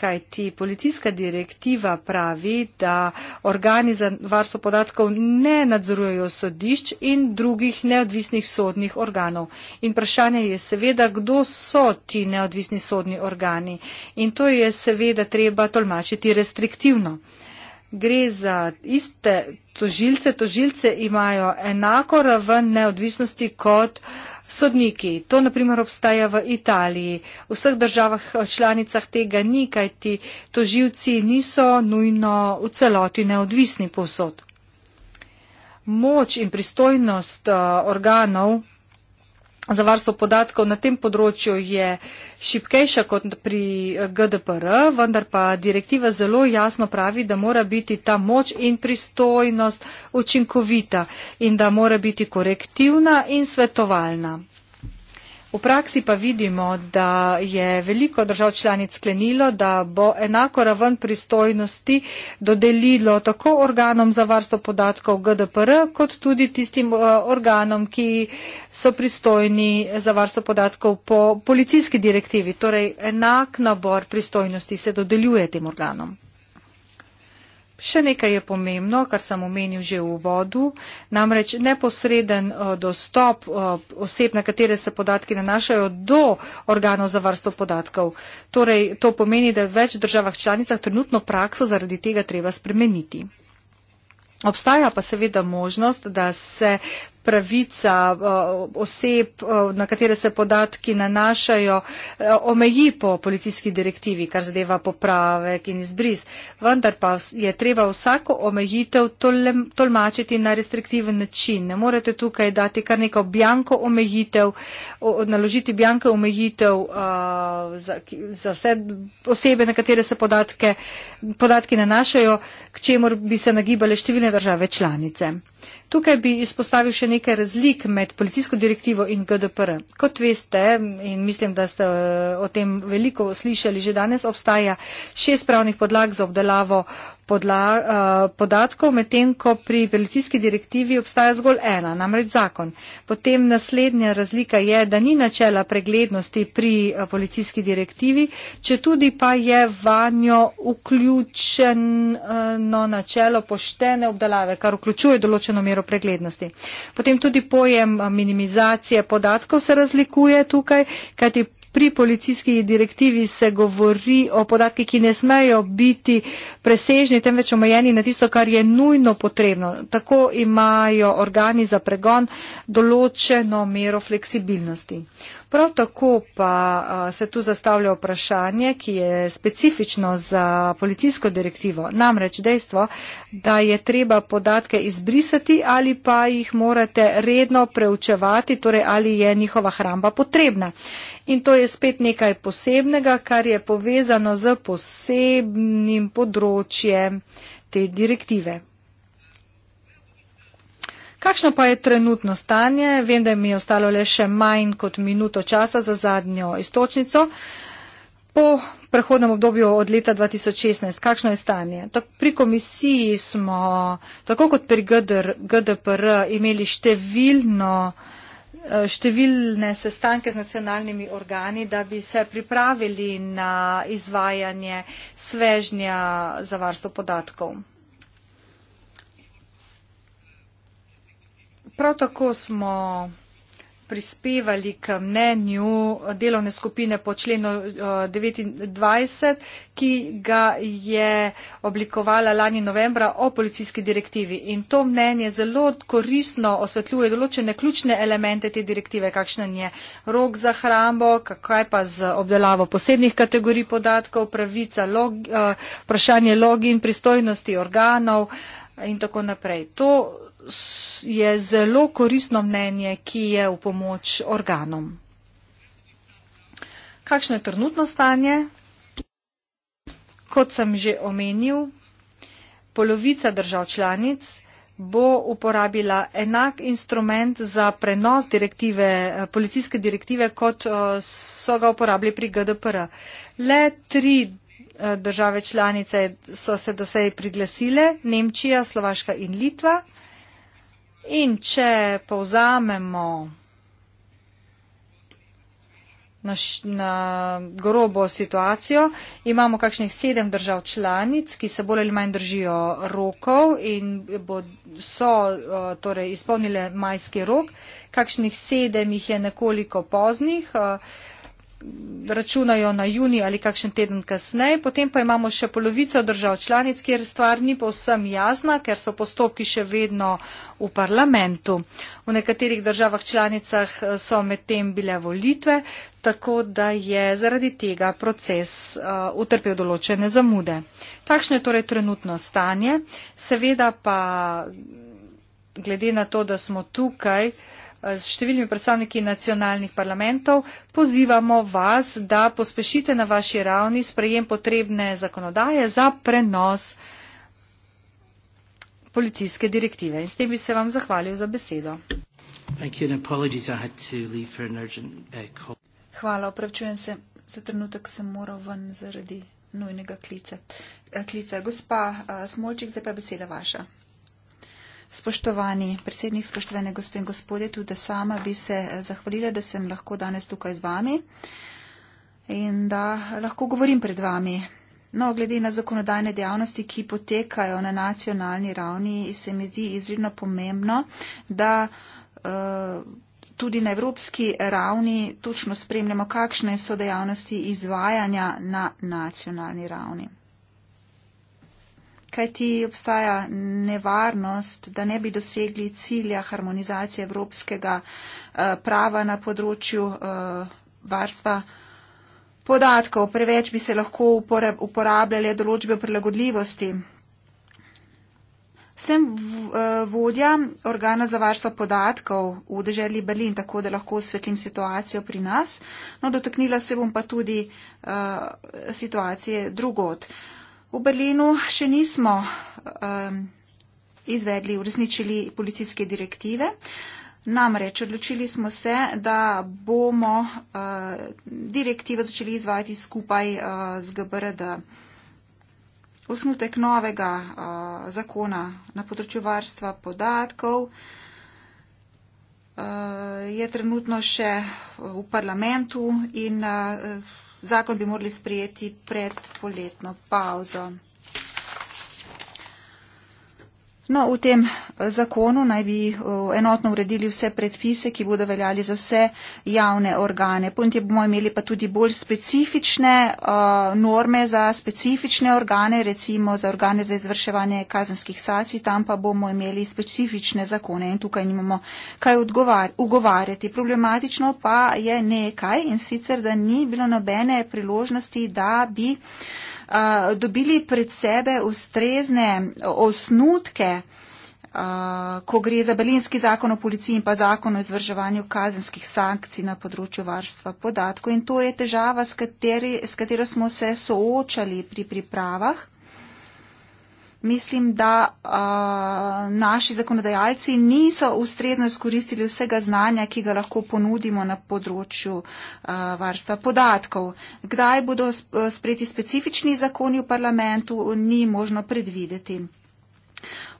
Kaj ti policijska direktiva pravi, da organi za varstvo podatkov ne nadzorujejo sodišč in drugih neodvisnih sodnih organov. In vprašanje je seveda, kdo so ti neodvisni sodni organi. In to je seveda treba tolmačiti restriktivno gre za iste tožilce, tožilce imajo enako raven neodvisnosti kot sodniki. To naprimer obstaja v Italiji. V vseh državah eh, članicah tega ni, kajti tožilci niso nujno v celoti neodvisni posod. Moč in pristojnost eh, organov za varstvo podatkov na tem področju je šipkejša kot pri eh, GDPR, vendar pa direktiva zelo jasno pravi, da mora biti ta moč in pristojnost učinkovita in da mora biti korektivna in svetovalna. V praksi pa vidimo, da je veliko držav članic sklenilo, da bo enako raven pristojnosti dodelilo tako organom za varstvo podatkov GDPR, kot tudi tistim eh, organom, ki so pristojni za varstvo podatkov po policijski direktivi. Torej, enak nabor pristojnosti se dodeljuje tem organom. Še nekaj je pomembno, kar sem omenil že v uvodu, namreč neposreden eh, dostop eh, oseb, na katere se podatki nanašajo, do organov za varstvo podatkov. Torej, to pomeni, da več državah članicah trenutno prakso zaradi tega treba spremeniti. Obstaja pa seveda možnost, da se pravica oseb, na katere se podatki nanašajo, omeji po policijski direktivi, kar zadeva popravek in izbris. Vendar pa je treba vsako omejitev tolmačiti na restriktiven način. Ne morete tukaj dati kar neko bjanko omejitev, naložiti bjanko omejitev za, za vse osebe, na katere se podatke podatki nanašajo, k čemur bi se nagibale številne države članice. Tukaj bi izpostavil še nekaj razlik med policijsko direktivo in GDPR. Kot veste in mislim, da ste eh, o tem veliko slišali že danes, obstaja šest pravnih podlag za obdelavo podla, uh, podatkov, medtem ko pri policijski direktivi obstaja zgolj ena, namreč zakon. Potem naslednja razlika je, da ni načela preglednosti pri uh, policijski direktivi, če tudi pa je vanjo vključeno uh, načelo poštene obdelave, kar vključuje določeno mero preglednosti. Potem tudi pojem uh, minimizacije podatkov se razlikuje tukaj, kajti Pri policijski direktivi se govori o podatkih, ki ne smejo biti presežni, temveč omejeni na tisto, kar je nujno potrebno. Tako imajo organi za pregon določeno mero fleksibilnosti. Prav tako pa se tu zastavlja vprašanje, ki je specifično za policijsko direktivo, namreč dejstvo, da je treba podatke izbrisati ali pa jih morate redno preučevati, torej ali je njihova hramba potrebna. In to je spet nekaj posebnega, kar je povezano z posebnim področjem te direktive. Kakšno pa je trenutno stanje? Vem, da mi je ostalo le še manj kot minuto časa za zadnjo istočnico. Po prehodnem obdobju od leta 2016, kakšno je stanje? Tak, pri komisiji smo, tako kot pri GDR, GDPR, imeli številno, eh, številne sestanke z nacionalnimi organi, da bi se pripravili na izvajanje svežnja za varstvo podatkov. Prav tako smo prispevali k mnenju delovne skupine po členu 29, eh, ki ga je oblikovala lani novembra o policijski direktivi. In to mnenje zelo koristno osvetljuje določene ključne elemente te direktive, kakšen je rok za hrambo, kaj pa z obdelavo posebnih kategorij podatkov, pravica, log, eh, vprašanje login, pristojnosti organov in tako naprej. To je zelo koristno mnenje, ki je v pomoč organom. Kakšno je trenutno stanje? Kot sem že omenil, polovica držav članic bo uporabila enak instrument za prenos direktive, eh, policijske direktive, kot eh, so ga uporabili pri GDPR. Le tri eh, države članice so se do sedaj priglasile, Nemčija, Slovaška in Litva. In če povzamemo na, š, na grobo situacijo, imamo kakšnih sedem držav članic, ki se bolj ali manj držijo rokov in bo, so eh, torej, izpolnile majski rok, kakšnih sedem jih je nekoliko poznih. Eh, računajo na juni ali kakšen teden kasneje. Potem pa imamo še polovico držav članic, kjer stvar ni povsem jasna, ker so postopki še vedno v parlamentu. V nekaterih državah članicah eh, so medtem bile volitve, tako da je zaradi tega proces uh, utrpel določene zamude. Takšno je torej trenutno stanje. Seveda pa glede na to, da smo tukaj, uh, Eh, s številnimi predstavniki nacionalnih parlamentov, pozivamo vas, da pospešite na vaši ravni sprejem potrebne zakonodaje za prenos policijske direktive. In s tem bi se vam zahvalil za besedo. Uh, Hvala, opravičujem se. Za trenutek sem moral ven zaradi nujnega klica. Eh, klica. Gospa eh, Smolčik, zdaj pa beseda vaša. Spoštovani predsednik, spoštovane gospe in gospode, tudi sama bi se eh, zahvalila, da sem lahko danes tukaj z vami in da lahko govorim pred vami. No, glede na zakonodajne dejavnosti, ki potekajo na nacionalni ravni, se mi zdi izredno pomembno, da eh, tudi na evropski ravni točno spremljamo, kakšne so dejavnosti izvajanja na nacionalni ravni kaj ti obstaja nevarnost, da ne bi dosegli cilja harmonizacije evropskega eh, prava na področju eh, varstva podatkov. Preveč bi se lahko uporabljale določbe o prilagodljivosti. Sem eh, vodja organa za varstvo podatkov v državi Berlin, tako da lahko osvetlim situacijo pri nas. No, dotaknila se bom pa tudi uh, situacije drugot. Uh, V Berlinu še nismo um, izvedli, uresničili policijske direktive. Namreč odločili smo se, da bomo uh, direktivo začeli izvajati skupaj uh, z GBRD. Osnutek novega uh, zakona na področju varstva podatkov uh, je trenutno še v parlamentu in uh, Zakon bi morali sprejeti pred poletno pauzo. No, v tem eh, zakonu naj bi eh, enotno uredili vse predpise, ki bodo veljali za vse javne organe. Ponti bomo imeli pa tudi bolj specifične uh, norme za specifične organe, recimo za organe za izvrševanje kazenskih sacij, tam pa bomo imeli specifične zakone in tukaj nimamo kaj ugovarjati. Problematično pa je nekaj in sicer, da ni bilo nobene priložnosti, da bi. Uh, dobili pred sebe ustrezne osnutke, ko gre za Berlinski zakon o policiji in pa zakon o izvrževanju kazenskih sankcij na področju varstva podatkov. In to je težava, s, kateri, s katero smo se soočali pri pripravah mislim, da uh, naši zakonodajalci niso ustrezno izkoristili vsega znanja, ki ga lahko ponudimo na področju uh, varstva podatkov. Kdaj bodo sprejeti specifični zakoni v parlamentu, ni možno predvideti.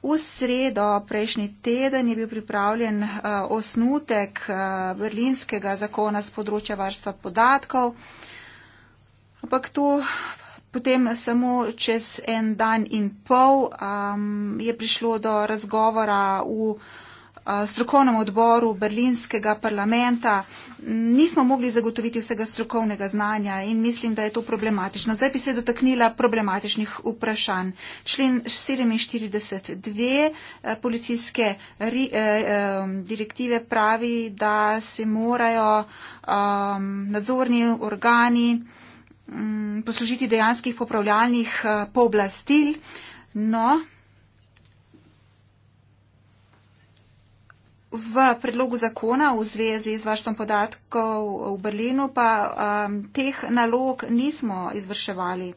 V sredo prejšnji teden je bil pripravljen uh, osnutek uh, berlinskega zakona z področja varstva podatkov, ampak to Potem samo čez en dan in pol um, je prišlo do razgovora v uh, strokovnem odboru berlinskega parlamenta. Nismo mogli zagotoviti vsega strokovnega znanja in mislim, da je to problematično. Zdaj bi se dotaknila problematičnih vprašanj. Člen 47.2 eh, policijske ri, eh, eh, direktive pravi, da se morajo eh, nadzorni organi eh, Mm, poslužiti dejanskih popravljalnih eh, pooblastil. No, v predlogu zakona v zvezi z varstvom podatkov v Berlinu pa um, teh nalog nismo izvrševali.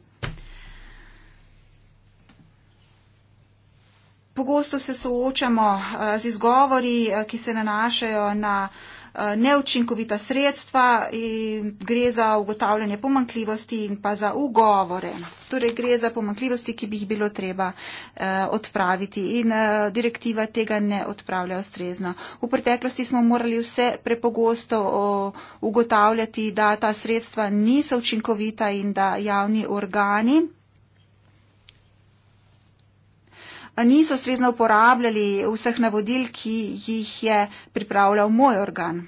Pogosto se soočamo eh, z izgovori, eh, ki se nanašajo na uh, Eh, neučinkovita sredstva, gre za ugotavljanje pomankljivosti in pa za ugovore. Torej gre za pomankljivosti, ki bi jih bilo treba eh, odpraviti in eh, direktiva tega ne odpravlja ustrezno. V preteklosti smo morali vse prepogosto ugotavljati, da ta sredstva niso učinkovita in da javni organi niso strezno uporabljali vseh navodil, ki jih je pripravljal moj organ.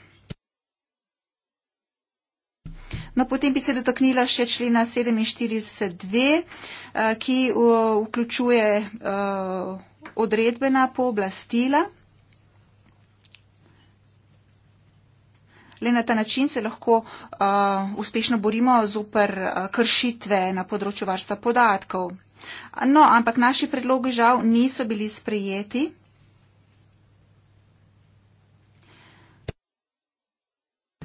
No, potem bi se dotaknila še člena 47.2, eh, ki eh, vključuje eh, odredbena pooblastila. Le na ta način se lahko uh, uspešno borimo zoper uh, kršitve na področju varstva podatkov. No, ampak naši predlogi žal niso bili sprejeti.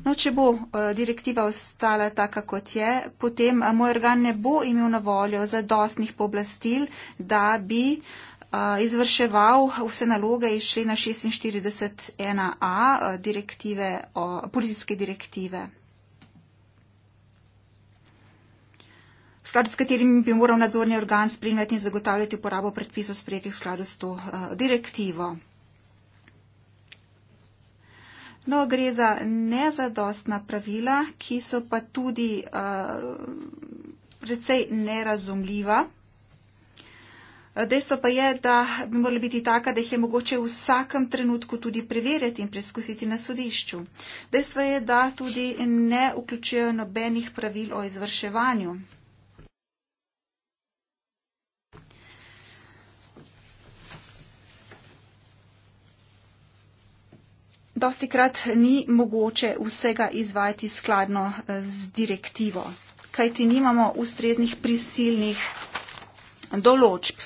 No, če bo eh, direktiva ostala taka, kot je, potem eh, moj organ ne bo imel na voljo zadostnih pooblastil, da bi eh, izvrševal vse naloge iz člena 46.1a direktive, policijske direktive. skladu s katerimi bi moral nadzorni organ spremljati in zagotavljati uporabo predpisov sprejetih v skladu s to uh, direktivo. No, gre za nezadostna pravila, ki so pa tudi uh, precej nerazumljiva. Dejstvo pa je, da bi morali biti taka, da jih je mogoče v vsakem trenutku tudi preveriti in preizkusiti na sodišču. Dejstvo je, da tudi ne vključujejo nobenih pravil o izvrševanju. dosti krat ni mogoče vsega izvajati skladno eh, z direktivo, kajti nimamo ustreznih prisilnih določb.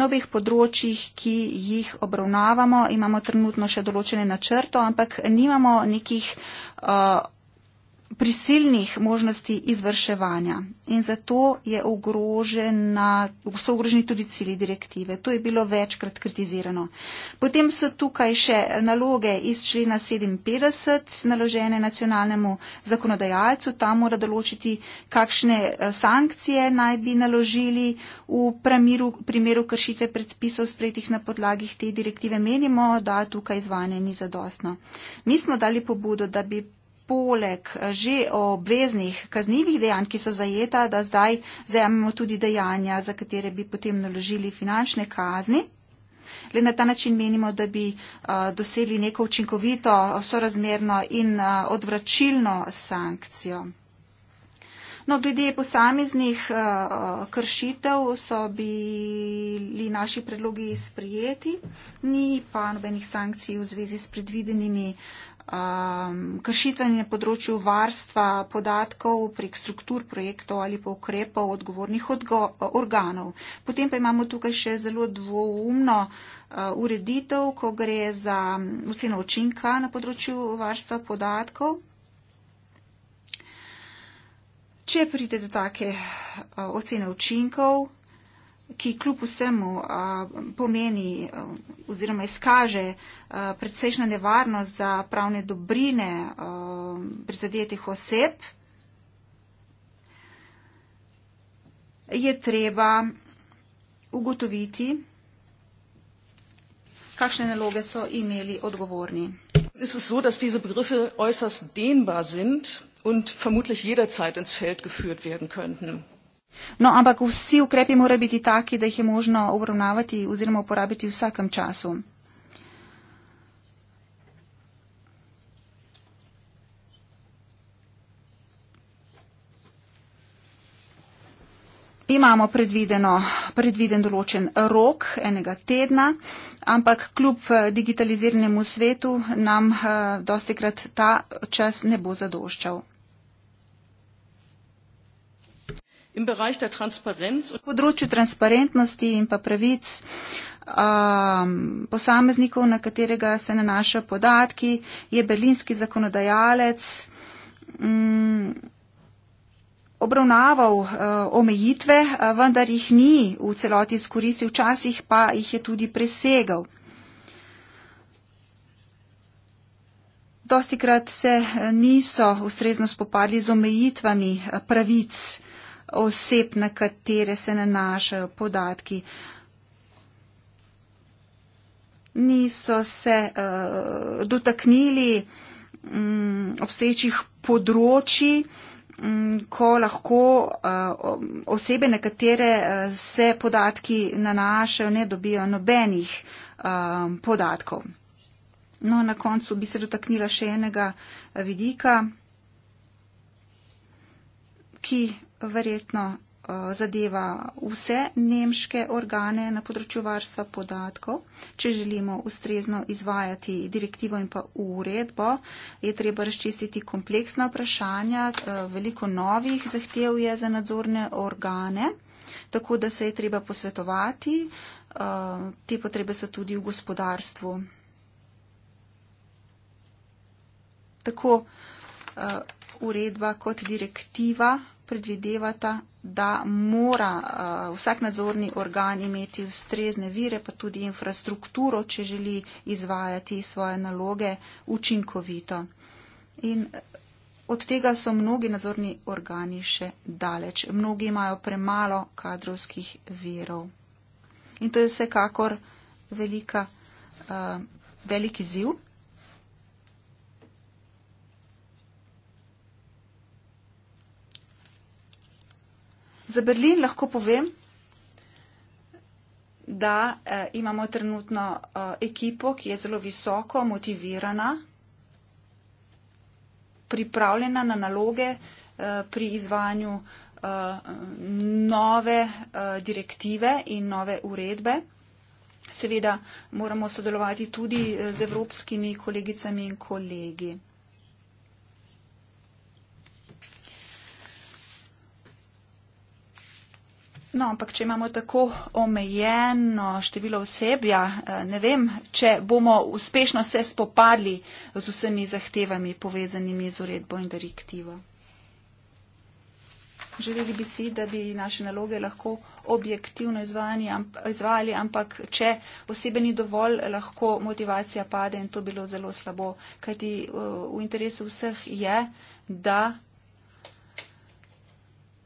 Novih področjih, ki jih obravnavamo, imamo trenutno še določene načrto, ampak nimamo nekih uh, prisilnih možnosti izvrševanja in zato je ogrožena, so ogroženi tudi cili direktive. To je bilo večkrat kritizirano. Potem so tukaj še naloge iz člena 57 naložene nacionalnemu zakonodajalcu. Ta mora določiti, kakšne eh, sankcije naj bi naložili v primeru, primeru kršitve predpisov sprejetih na podlagih te direktive. Menimo, da tukaj izvajanje ni zadostno. Mi smo dali pobudo, da bi poleg eh, že obveznih kaznjivih dejanj, ki so zajeta, da zdaj zajamemo tudi dejanja, za katere bi potem naložili finančne kazni. Le na ta način menimo, da bi eh, dosegli neko učinkovito, sorazmerno in eh, odvračilno sankcijo. No, glede posameznih uh, kršitev so bili naši predlogi sprijeti, ni pa nobenih sankcij v zvezi s predvidenimi uh, um, kršitve na področju varstva podatkov prek struktur projektov ali pa ukrepov odgovornih odgo organov. Potem pa imamo tukaj še zelo dvoumno uh, ureditev, ko gre za um, oceno učinka na področju varstva podatkov. Če pride do take uh, ocene učinkov, ki kljub vsemu a, pomeni a, oziroma izkaže precejšna nevarnost za pravne dobrine a, prizadetih oseb, je treba ugotoviti, kakšne naloge so imeli odgovorni. Es ist so, dass diese Begriffe äußerst dehnbar sind und vermutlich jederzeit ins Feld geführt werden könnten. No, ampak vsi ukrepi morajo biti taki, da jih je možno obravnavati oziroma uporabiti v vsakem času. Imamo predviden določen rok enega tedna, ampak kljub eh, digitaliziranemu svetu nam eh, dostikrat ta čas ne bo zadoščal. področju transparentnosti in pa pravic um, posameznikov, na katerega se nanaša podatki, je berlinski zakonodajalec um, obravnaval uh, omejitve, uh, vendar jih ni v celoti izkoristil, včasih pa jih je tudi presegal. Dostikrat se niso ustrezno spopadli z omejitvami uh, pravic oseb, na katere se nanašajo podatki, niso se uh, dotaknili um, obstoječih področji, um, mm, ko lahko uh, osebe, na katere eh, se podatki nanašajo, ne dobijo nobenih uh, podatkov. No, na koncu bi se dotaknila še enega vidika, ki verjetno eh, zadeva vse nemške organe na področju varstva podatkov. Če želimo ustrezno izvajati direktivo in pa uredbo, je treba razčistiti kompleksna vprašanja, eh, veliko novih zahtev je za nadzorne organe, tako da se je treba posvetovati. Eh, te potrebe so tudi v gospodarstvu. Tako uredba kot direktiva predvidevata, da mora uh, vsak nadzorni organ imeti ustrezne vire, pa tudi infrastrukturo, če želi izvajati svoje naloge učinkovito. In eh, od tega so mnogi nadzorni organi še daleč. Mnogi imajo premalo kadrovskih virov. In to je vsekakor velika, uh, eh, veliki ziv. Za Berlin lahko povem, da eh, imamo trenutno eh, ekipo, ki je zelo visoko motivirana, pripravljena na naloge eh, pri izvajanju eh, nove eh, direktive in nove uredbe. Seveda moramo sodelovati tudi eh, z evropskimi kolegicami in kolegi. No, ampak če imamo tako omejeno število osebja, eh, ne vem, če bomo uspešno se spopadli z vsemi zahtevami povezanimi z uredbo in direktivo. Želeli bi si, da bi naše naloge lahko objektivno izvajali, ampak če osebe ni dovolj, lahko motivacija pade in to bilo zelo slabo. Kajti eh, v interesu vseh je, da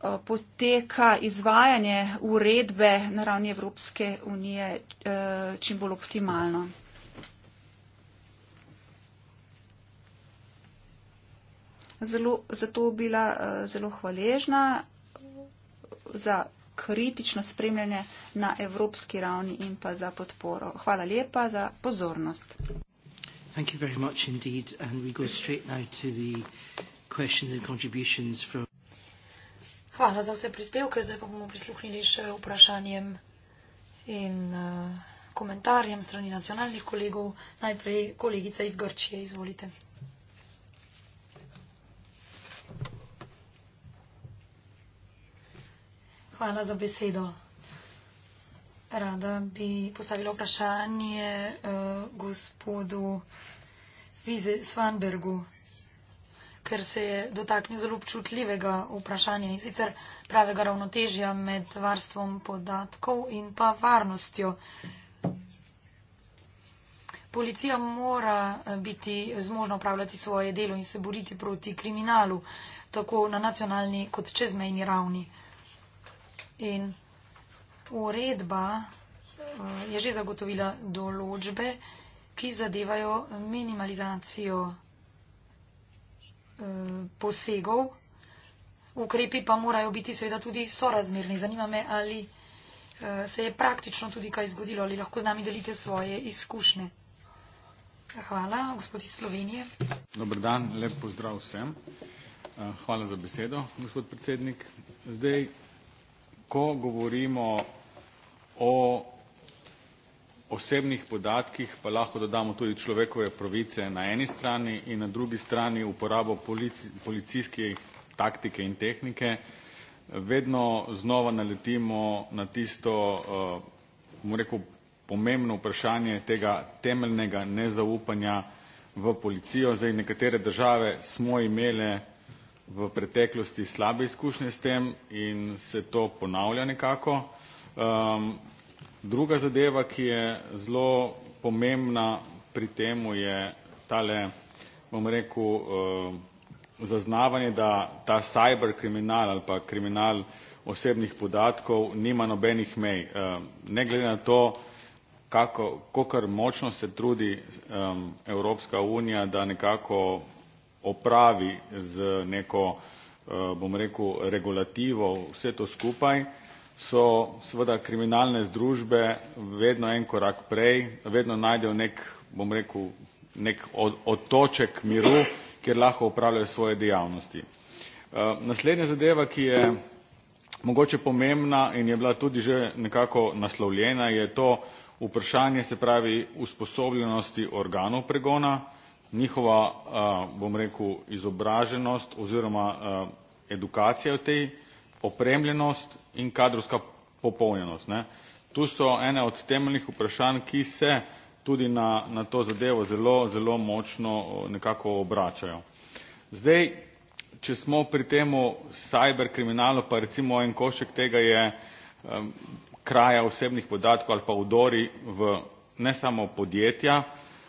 Eh, poteka izvajanje uredbe na ravni Evropske unije eh, čim bolj optimalno. Zelo, zato bila eh, zelo hvaležna za kritično spremljanje na evropski ravni in pa za podporo. Hvala lepa za pozornost. Thank you very much indeed and we go straight now to the questions and contributions from Hvala za vse prispevke, zdaj pa bomo prisluhnili še vprašanjem in uh, komentarjem strani nacionalnih kolegov. Najprej kolegica iz Grčije, izvolite. Hvala za besedo. Rada bi postavila vprašanje uh, gospodu Vize Svanbergu ker se je dotaknil zelo občutljivega vprašanja in sicer pravega ravnotežja med varstvom podatkov in pa varnostjo. Policija mora eh, biti zmožna upravljati svoje delo in se boriti proti kriminalu, tako na nacionalni kot čezmejni ravni. In uredba eh, je že zagotovila določbe, ki zadevajo minimalizacijo Eh, posegov. Ukrepi pa morajo biti seveda tudi sorazmerni. Zanima me, ali eh, se je praktično tudi kaj zgodilo, ali lahko z nami delite svoje izkušnje. Hvala, gospod iz Slovenije. Dobr dan, lep pozdrav vsem. Eh, hvala za besedo, gospod predsednik. Zdaj, ko govorimo o osebnih podatkih pa lahko dodamo tudi človekove pravice na eni strani in na drugi strani uporabo polici, policijske taktike in tehnike, vedno znova naletimo na tisto, eh, bom rekel, pomembno vprašanje tega temeljnega nezaupanja v policijo. Zdaj, nekatere države smo imele v preteklosti slabe izkušnje s tem in se to ponavlja nekako. Um, Druga zadeva, ki je zelo pomembna pri tem, je tale, bom rekel, eh, zaznavanje, da ta cyberkriminal ali pa kriminal osebnih podatkov nima nobenih mej. Eh, ne glede na to, kako kar močno se trudi eh, Evropska unija, da nekako opravi z neko, bom rekel, regulativo vse to skupaj, so seveda kriminalne združbe vedno en korak prej, vedno najdejo nek, bom rekel, nek od, otoček miru, kjer lahko upravljajo svoje dejavnosti. E, naslednja zadeva, ki je mogoče pomembna in je bila tudi že nekako naslovljena, je to vprašanje, se pravi, usposobljenosti organov pregona, njihova, eh, bom rekel, izobraženost oziroma eh, edukacija v tej opremljenost in kadrovska popolnjenost. Ne. Tu so ene od temeljnih vprašanj, ki se tudi na, na to zadevo zelo, zelo močno eh, nekako obračajo. Zdaj, če smo pri tem cyberkriminalu, pa recimo en košek tega je um, kraja osebnih podatkov ali pa vdori v ne samo podjetja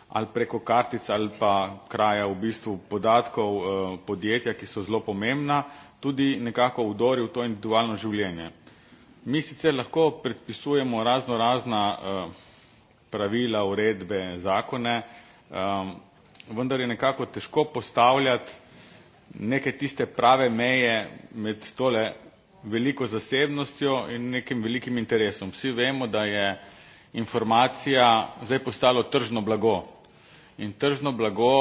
ali preko kartic ali pa kraja v bistvu podatkov uh, podjetja, ki so zelo pomembna, tudi nekako vdori v to individualno življenje. Mi sicer lahko predpisujemo razno razna eh, pravila, uredbe, zakone, ehm, vendar je nekako težko postavljati neke tiste prave meje med tole veliko zasebnostjo in nekim velikim interesom. Vsi vemo, da je informacija zdaj postalo tržno blago in tržno blago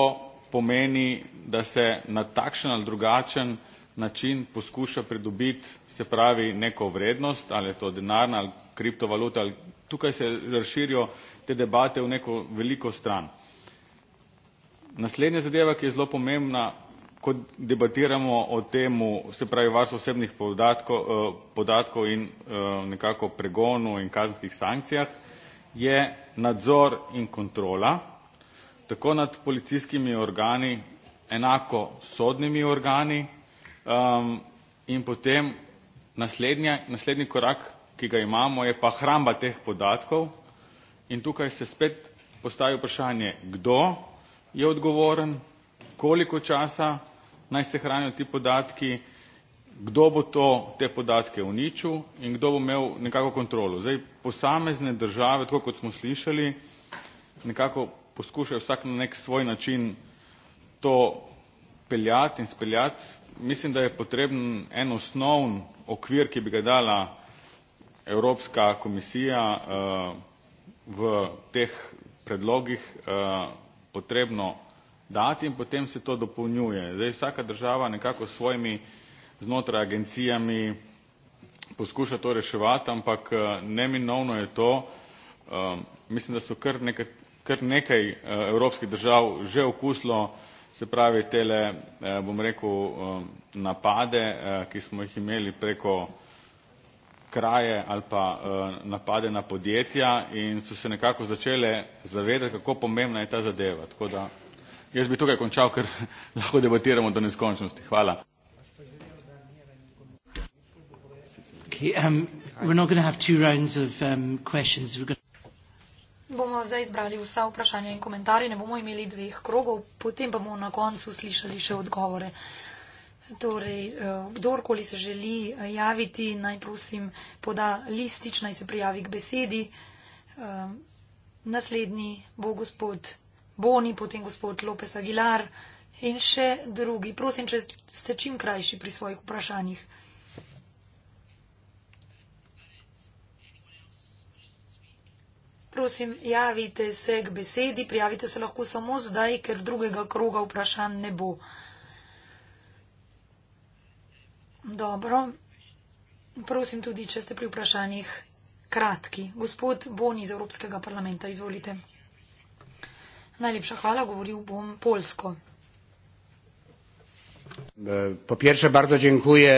pomeni, da se na takšen ali drugačen način poskuša pridobiti, se pravi, neko vrednost, ali je to denarna ali kriptovaluta, ali tukaj se razširijo te debate v neko veliko stran. Naslednja zadeva, ki je zelo pomembna, ko debatiramo o tem, se pravi, varstvo osebnih podatkov, eh, podatkov in eh, nekako pregonu in kazenskih sankcijah, je nadzor in kontrola, tako nad policijskimi organi, enako sodnimi organi, Um, in potem naslednja, naslednji korak, ki ga imamo, je pa hramba teh podatkov. In tukaj se spet postavi vprašanje, kdo je odgovoren, koliko časa naj se hranijo ti podatki, kdo bo to, te podatke uničil in kdo bo imel nekako kontrolo. Zdaj, posamezne države, tako kot smo slišali, nekako poskušajo vsak na nek svoj način to peljati in speljati mislim, da je potreben en osnovn okvir, ki bi ga dala Evropska komisija eh, v teh predlogih eh, potrebno dati in potem se to dopolnjuje. Zdaj vsaka država nekako s svojimi znotraj agencijami poskuša to reševati, ampak eh, neminovno je to, mislim, da so kar nekaj, kar nekaj evropskih držav že okuslo, se pravi, tele, eh, bom rekel, eh, napade, eh, ki smo jih imeli preko kraje ali pa napade na podjetja in so se nekako začele zavedati, kako pomembna je ta zadeva. Tako da jaz bi tukaj končal, ker lahko debatiramo do neskončnosti. Hvala. Okay, um, we're not going to have two rounds of um, questions. We're gonna bomo zdaj izbrali vsa vprašanja in komentarje, ne bomo imeli dveh krogov, potem pa bomo na koncu slišali še odgovore. Torej, eh, kdorkoli se želi eh, javiti, naj prosim poda listič, naj se prijavi k besedi. Eh, naslednji bo gospod Boni, potem gospod Lopes Aguilar in še drugi. Prosim, če ste čim krajši pri svojih vprašanjih. Prosim, javite se k besedi, prijavite se lahko samo zdaj, ker drugega kroga vprašanj ne bo. Dobro. Prosim tudi, če ste pri vprašanjih kratki. Gospod Boni iz Evropskega parlamenta, izvolite. Najlepša hvala, govoril bom polsko. Po pierwsze, bardzo dziękuję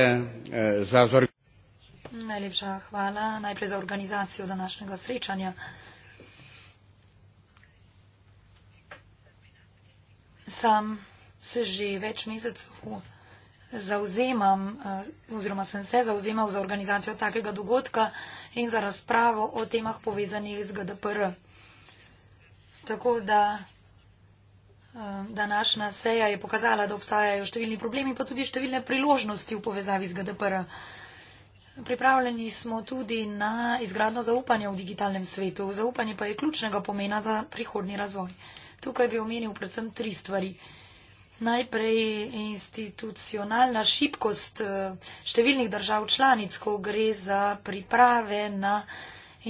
e, za zorganizację. Najlepsza chwała najpierw za organizację današnjega srečanja. sam se že več mesecev zauzemam eh, oziroma sem se zauzemal za organizacijo takega dogodka in za razpravo o temah povezanih z GDPR. Tako da eh, današnja seja je pokazala, da obstajajo številni problemi, pa tudi številne priložnosti v povezavi z GDPR. Pripravljeni smo tudi na izgradno zaupanje v digitalnem svetu. Zaupanje pa je ključnega pomena za prihodni razvoj. Tukaj bi omenil predvsem tri stvari. Najprej institucionalna šibkost eh, številnih držav članic, ko gre za priprave na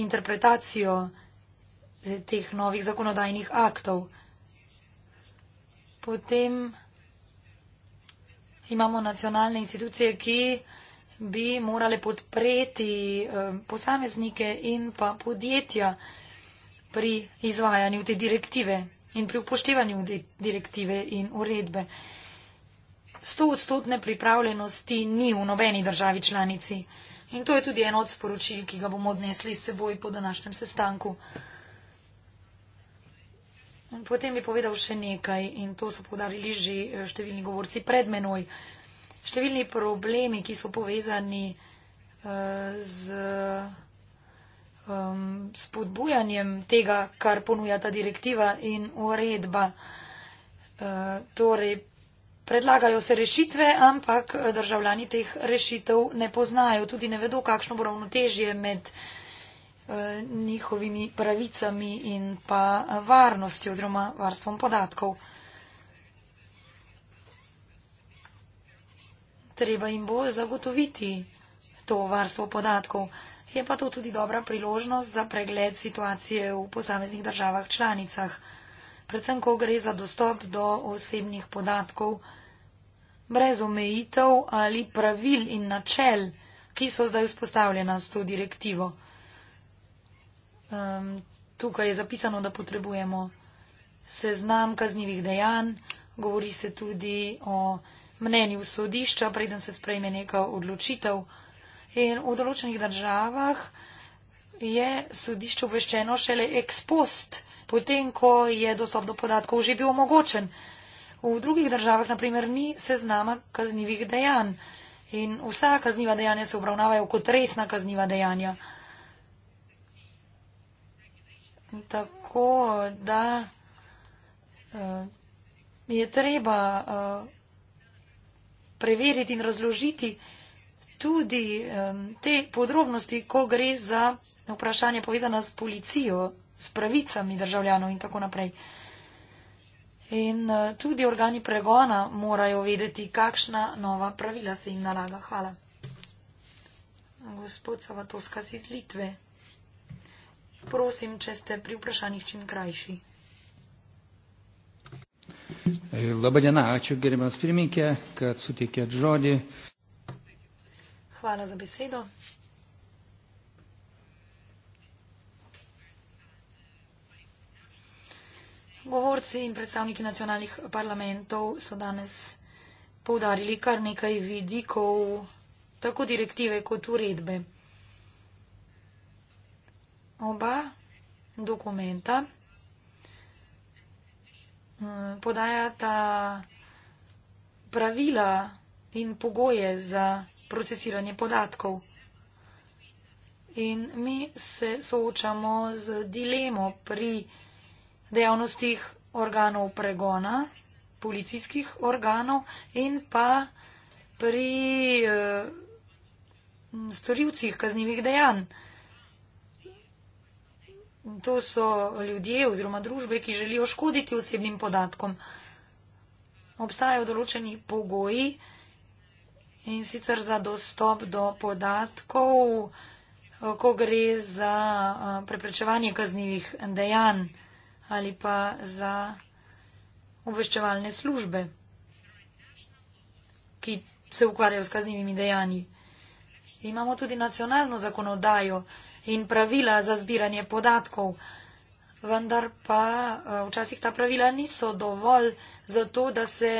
interpretacijo teh novih zakonodajnih aktov. Potem imamo nacionalne institucije, ki bi morale podpreti eh, posameznike in pa podjetja pri izvajanju te direktive in pri upoštevanju direktive in uredbe. Sto odstotne pripravljenosti ni v nobeni državi članici. In to je tudi eno od sporočil, ki ga bomo odnesli s seboj po današnjem sestanku. In potem bi povedal še nekaj in to so povdarili že eh, številni govorci pred menoj. Številni problemi, ki so povezani uh, z. Uh, um, spodbujanjem tega, kar ponuja ta direktiva in uredba. Uh, torej, predlagajo se rešitve, ampak državljani teh rešitev ne poznajo, tudi ne vedo, kakšno bo ravnotežje med uh, njihovimi pravicami in pa varnosti oziroma varstvom podatkov. Treba jim bo zagotoviti to varstvo podatkov. Je pa to tudi dobra priložnost za pregled situacije v posameznih državah članicah, predvsem ko gre za dostop do osebnih podatkov, brez omejitev ali pravil in načel, ki so zdaj vzpostavljena s to direktivo. Um, tukaj je zapisano, da potrebujemo seznam kaznjivih dejanj, govori se tudi o mnenju sodišča, preden se sprejme neka odločitev. In v določenih državah je sodišče obveščeno šele ex post, potem, ko je dostop do podatkov že bil omogočen. V drugih državah, naprimer, ni seznama kaznivih dejanj in vsa kazniva dejanja se obravnavajo kot resna kazniva dejanja. Tako da eh, je treba eh, preveriti in razložiti, tudi um, te podrobnosti, ko gre za vprašanje povezana s policijo, s pravicami državljanov in tako naprej. In uh, tudi organi pregona morajo vedeti, kakšna nova pravila se jim nalaga. Hvala. Gospod Savatoska iz Litve. Prosim, če ste pri vprašanjih čim krajši. Eh, Labadiena, ačiū gerbiamas pirmininkė, kad sutikėt žodį. Hvala za besedo. Govorci in predstavniki nacionalnih parlamentov so danes povdarili kar nekaj vidikov tako direktive kot uredbe. Oba dokumenta hm, podajata pravila in pogoje za procesiranje podatkov. In mi se soočamo z dilemo pri dejavnostih organov pregona, policijskih organov in pa pri uh, storilcih kaznjivih dejanj. To so ljudje oziroma družbe, ki želijo škoditi osebnim podatkom. Obstajajo določeni pogoji, uh, in sicer za dostop do podatkov, ko gre za preprečevanje kaznjivih dejanj ali pa za obveščevalne službe, ki se ukvarjajo s kaznjivimi dejanji. Imamo tudi nacionalno zakonodajo in pravila za zbiranje podatkov, vendar pa včasih ta pravila niso dovolj za to, da se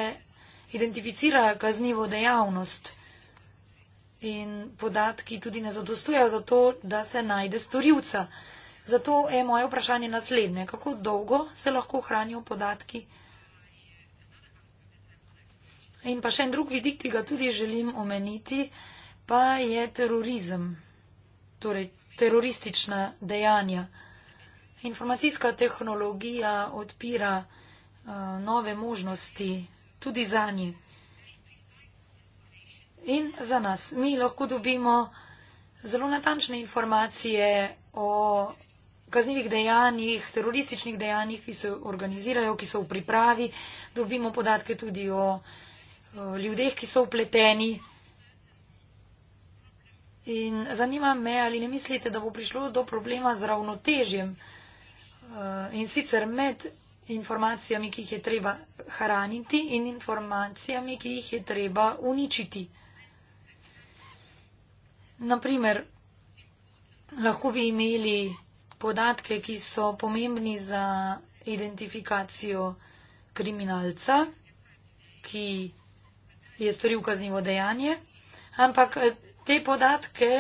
identificirajo kaznivo dejavnost in podatki tudi ne zadostujejo za to, da se najde storilca. Zato je moje vprašanje naslednje. Kako dolgo se lahko hranijo podatki? In pa še en drug vidik, ki ga tudi želim omeniti, pa je terorizem, torej teroristična dejanja. Informacijska tehnologija odpira uh, nove možnosti tudi za nje in za nas. Mi lahko dobimo zelo natančne informacije o kaznivih dejanjih, terorističnih dejanjih, ki se organizirajo, ki so v pripravi. Dobimo podatke tudi o ljudeh, ki so upleteni. In zanima me, ali ne mislite, da bo prišlo do problema z ravnotežjem e, in sicer med informacijami, ki jih je treba hraniti in informacijami, ki jih je treba uničiti. Naprimer, lahko bi imeli podatke, ki so pomembni za identifikacijo kriminalca, ki je storil kaznivo dejanje, ampak te podatke,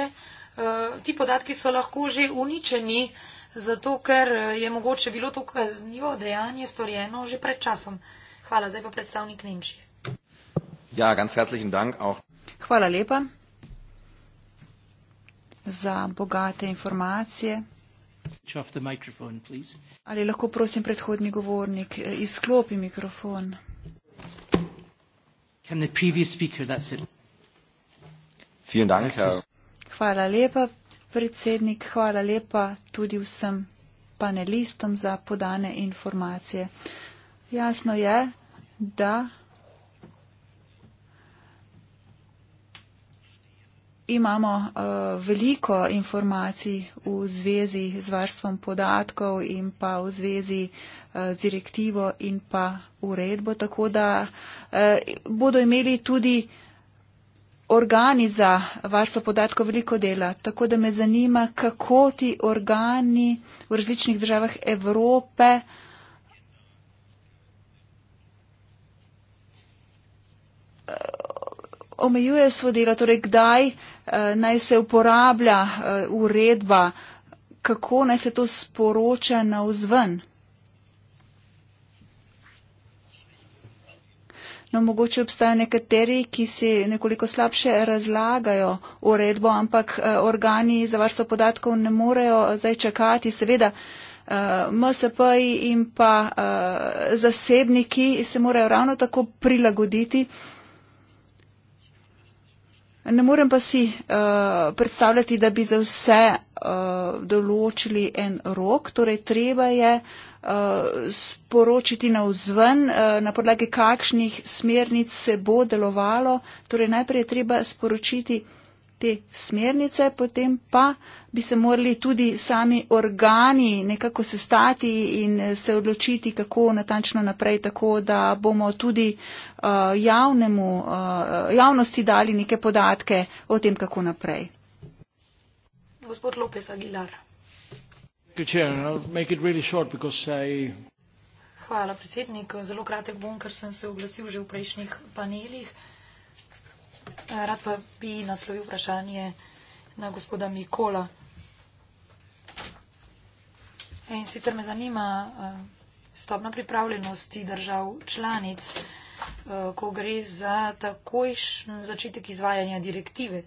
eh, ti podatki so lahko že uničeni, zato ker eh, je mogoče bilo to kaznivo dejanje storjeno že pred časom. Hvala, zdaj pa predstavnik Nemčije. Ja, ganz herzlichen Dank auch. Hvala lepa za bogate informacije. Ali lahko prosim predhodni govornik eh, izklopi mikrofon? Speaker, Dank, Hvala lepa, predsednik, hvala lepa tudi vsem panelistom za podane informacije. Jasno je, da imamo uh, veliko informacij v zvezi z varstvom podatkov in pa v zvezi uh, z direktivo in pa uredbo, tako da uh, bodo imeli tudi uh, organi za varstvo podatkov veliko dela, tako da me zanima, kako ti organi v različnih državah Evrope eh, omejuje svoje delo, torej kdaj eh, naj se uporablja eh, uredba, kako naj se to sporoča na vzven. No, mogoče obstajajo nekateri, ki si nekoliko slabše razlagajo uredbo, ampak eh, organi za varstvo podatkov ne morejo eh, zdaj čakati. Seveda, eh, MSP in pa zasebniki se morajo ravno tako prilagoditi. Ne morem pa si uh, predstavljati, da bi za vse uh, določili en rok, torej treba je uh, sporočiti na vzven, eh, na podlagi kakšnih smernic se bo delovalo. Torej najprej je treba sporočiti te smernice, potem pa bi se morali tudi sami organi nekako sestati in eh, se odločiti, kako natančno naprej, tako da bomo tudi eh, javnemu, javnosti dali neke podatke o tem, kako naprej. Gospod Lopes Aguilar. Hvala predsednik. Zelo kratek bom, ker sem se oglasil že v prejšnjih panelih. Rad pa bi naslovil vprašanje na gospoda Mikola. In sicer me zanima eh, stopna pripravljenosti držav članic, eh, ko gre za takojšen začetek izvajanja direktive.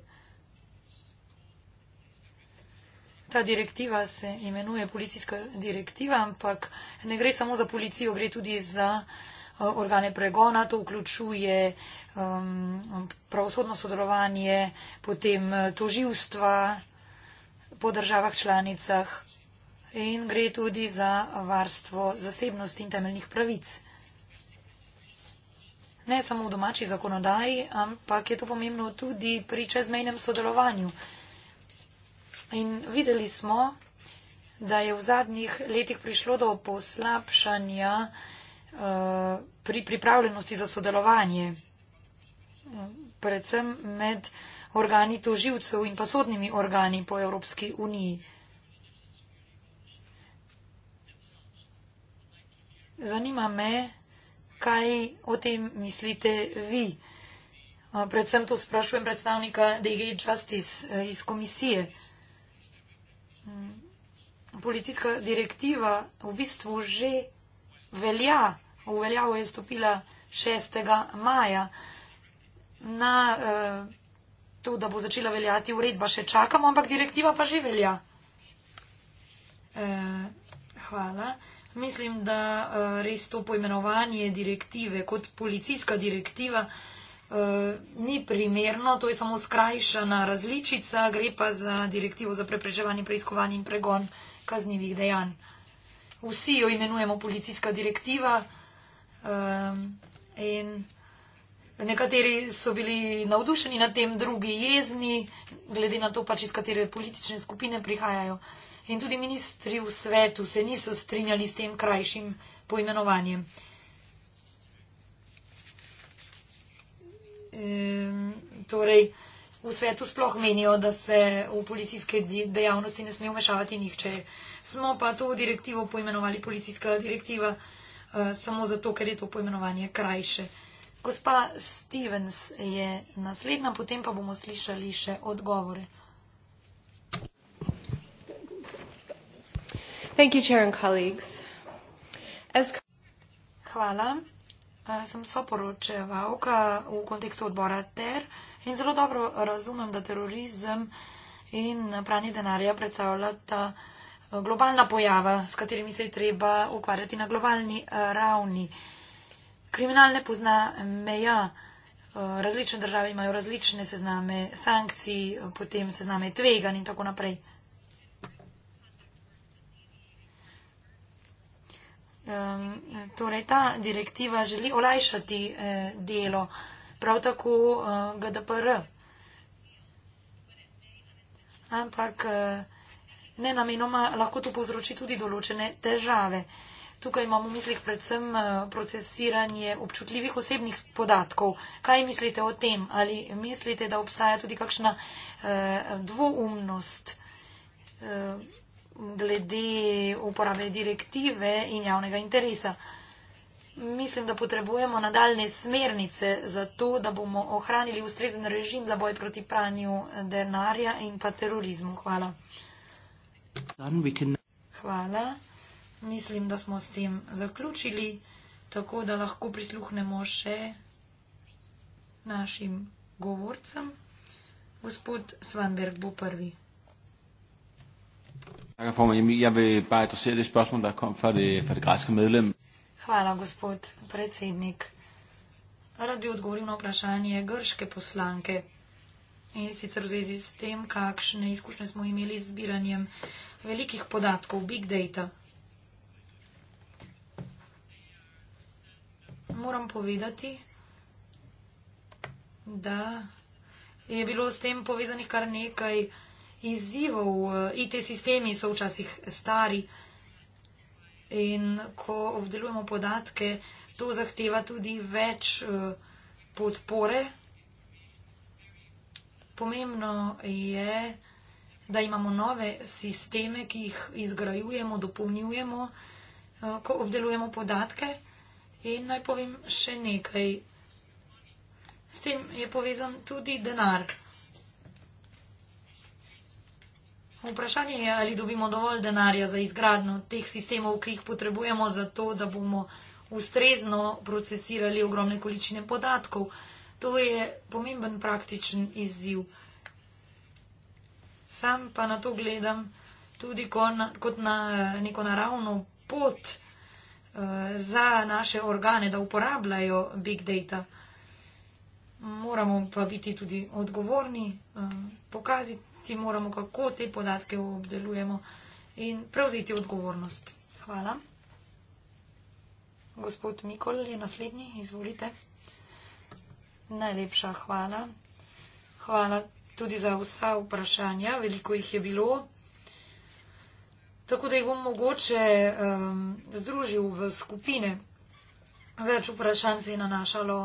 Ta direktiva se imenuje policijska direktiva, ampak ne gre samo za policijo, gre tudi za eh, organe pregona, to vključuje um, pravosodno sodelovanje, potem eh, toživstva po državah članicah in gre tudi za varstvo zasebnosti in temeljnih pravic. Ne samo v domači zakonodaji, ampak je to pomembno tudi pri čezmejnem sodelovanju. In videli smo, da je v zadnjih letih prišlo do poslabšanja eh, pri pripravljenosti za sodelovanje, predvsem med organi toživcev in pa sodnimi organi po Evropski uniji. Zanima me, kaj o tem mislite vi. Eh, predvsem to sprašujem predstavnika DG Justice eh, iz komisije policijska direktiva v bistvu že velja, v veljavo je stopila 6. maja. Na eh, to, da bo začela veljati uredba, še čakamo, ampak direktiva pa že velja. Eh, hvala. Mislim, da eh, res to poimenovanje direktive kot policijska direktiva eh, ni primerno, to je samo skrajšana različica, gre pa za direktivo za preprečevanje preiskovanja in pregona kaznjivih dejanj. Vsi jo imenujemo policijska direktiva um, in nekateri so bili navdušeni nad tem, drugi jezni, glede na to pač iz katere politične skupine prihajajo. In tudi ministri v svetu se niso strinjali s tem krajšim poimenovanjem. Um, torej, v svetu sploh menijo, da se v policijske dejavnosti ne sme vmešavati nihče. Smo pa to direktivo poimenovali policijska direktiva eh, samo zato, ker je to poimenovanje krajše. Gospa Stevens je naslednja, potem pa bomo slišali še odgovore. Thank you, Chair and colleagues. As... Hvala. Eh, sem soporočevalka v kontekstu odbora TER. In zelo dobro razumem, da terorizem in pranje denarja predstavljata eh, globalna pojava, s katerimi se je treba ukvarjati na globalni eh, ravni. Kriminal ne pozna meja. Eh, različne države imajo različne sezname sankcij, potem sezname tvegan in tako naprej. Ehm, torej, ta direktiva želi olajšati delo prav tako uh, eh, GDPR. Ampak uh, ne namenoma lahko to povzroči tudi določene težave. Tukaj imamo v mislih predvsem eh, procesiranje občutljivih osebnih podatkov. Kaj mislite o tem? Ali mislite, da obstaja tudi kakšna eh, dvoumnost eh, glede uporabe direktive in javnega interesa? Eh, Mislim, da potrebujemo nadaljne smernice za to, da bomo ohranili ustrezen režim za boj proti pranju denarja in pa terorizmu. Hvala. Hvala. Mislim, da smo s tem zaključili, tako da lahko prisluhnemo še našim govorcem. Gospod Svanberg bo prvi. Jeg vil bare adressere det spørgsmål, der kom fra det, fra det græske medlem. Hvala, gospod predsednik. Rad bi odgovoril na vprašanje grške poslanke in sicer v zvezi s tem, kakšne izkušnje smo imeli z zbiranjem velikih podatkov, big data. Moram povedati, da je bilo s tem povezanih kar nekaj izzivov. Eh, IT sistemi so včasih stari. In ko obdelujemo podatke, to zahteva tudi več eh, podpore. Pomembno je, da imamo nove sisteme, ki jih izgrajujemo, dopolnjujemo, eh, ko obdelujemo podatke. In naj povem še nekaj. S tem je povezan tudi denar. Vprašanje je, ali dobimo dovolj denarja za izgradno teh sistemov, ki jih potrebujemo za to, da bomo ustrezno procesirali ogromne količine podatkov. To je pomemben praktičen izziv. Sam pa na to gledam tudi kot na neko naravno pot eh, za naše organe, da uporabljajo big data. Moramo pa biti tudi odgovorni, eh, pokaziti ti moramo, kako te podatke obdelujemo in prevzeti odgovornost. Hvala. Gospod Mikol je naslednji, izvolite. Najlepša hvala. Hvala tudi za vsa vprašanja, veliko jih je bilo. Tako da jih bom mogoče um, združil v skupine. Več vprašanj se je nanašalo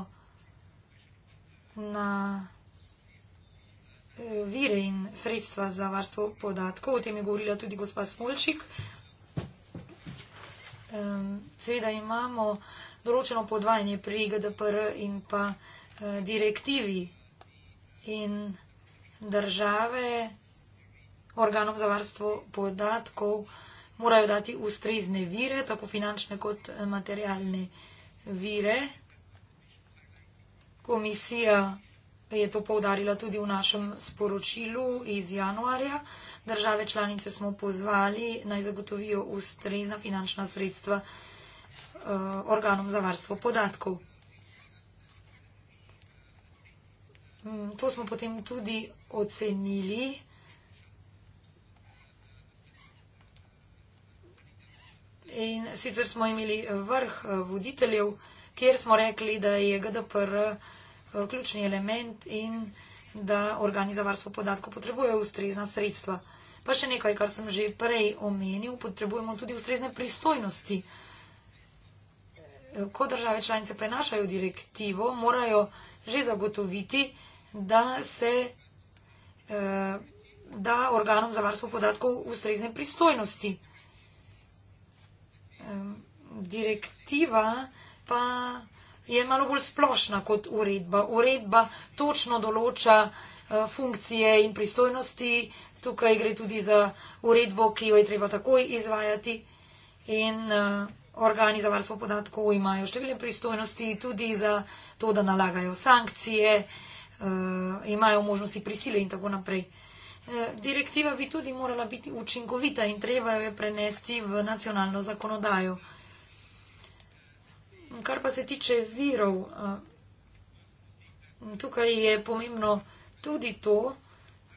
na vire in sredstva za varstvo podatkov. O tem je govorila tudi gospa Smolčik. Seveda imamo določeno podvajanje pri GDPR in pa eh, direktivi in države organov za varstvo podatkov morajo dati ustrezne vire, tako finančne kot eh, materialne vire. Komisija je to povdarila tudi v našem sporočilu iz januarja. Države članice smo pozvali naj zagotovijo ustrezna finančna sredstva eh, organom za varstvo podatkov. Mm, to smo potem tudi ocenili. In sicer smo imeli vrh eh, voditeljev, kjer smo rekli, da je GDPR Eh, ključni element in da organi za varstvo podatkov potrebujejo ustrezna sredstva. Pa še nekaj, kar sem že prej omenil, potrebujemo tudi ustrezne pristojnosti. Eh, ko države članice prenašajo direktivo, morajo že zagotoviti, da se eh, da organom za varstvo podatkov ustrezne pristojnosti. Direktiva pa je malo bolj splošna kot uredba. Uredba točno določa eh, funkcije in pristojnosti, tukaj gre tudi za uredbo, ki jo je treba takoj izvajati in eh, organi za varstvo podatkov imajo številne pristojnosti tudi za to, da nalagajo sankcije, eh, imajo možnosti prisile in tako naprej. Direktiva bi tudi morala biti učinkovita in treba jo je prenesti v nacionalno zakonodajo. Kar pa se tiče virov, eh, tukaj je pomembno tudi to,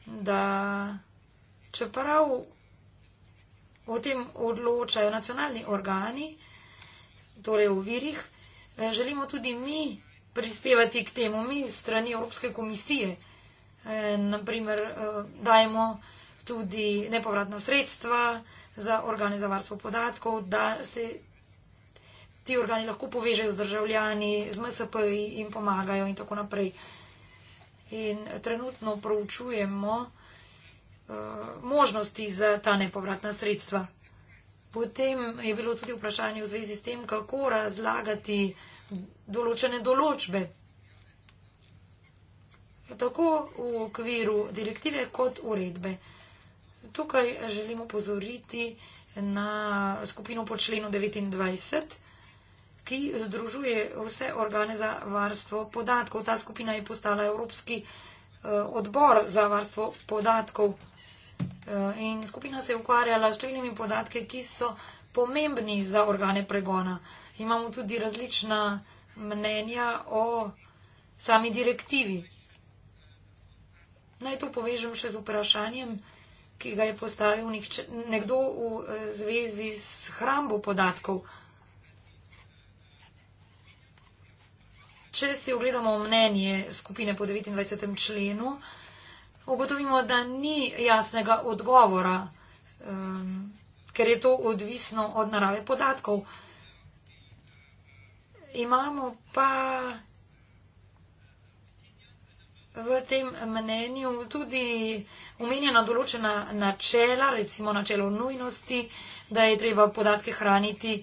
da čeprav o tem odločajo nacionalni organi, torej o virih, eh, želimo tudi mi prispevati k temu, mi strani Evropske komisije. Eh, Naprimer, dajemo tudi nepovratna sredstva za organe za varstvo podatkov, da se ti organi lahko povežejo z državljani, z MSP-ji in pomagajo in tako naprej. In trenutno proučujemo uh, možnosti za ta nepovratna sredstva. Potem je bilo tudi vprašanje v zvezi s tem, kako razlagati določene določbe. Tako v okviru direktive kot uredbe. Tukaj želimo pozoriti na skupino pod členom 29 ki združuje vse organe za varstvo podatkov. Ta skupina je postala Evropski eh, odbor za varstvo podatkov. Eh, in skupina se je ukvarjala s številnimi podatki, ki so pomembni za organe pregona. Imamo tudi različna mnenja o sami direktivi. Naj to povežem še z vprašanjem, ki ga je postavil nekdo v eh, zvezi s hrambo podatkov. Če si ogledamo mnenje skupine po 29. členu, ugotovimo, da ni jasnega odgovora, um, ker je to odvisno od narave podatkov. Imamo pa v tem mnenju tudi omenjena določena načela, recimo načelo nujnosti, da je treba podatke hraniti.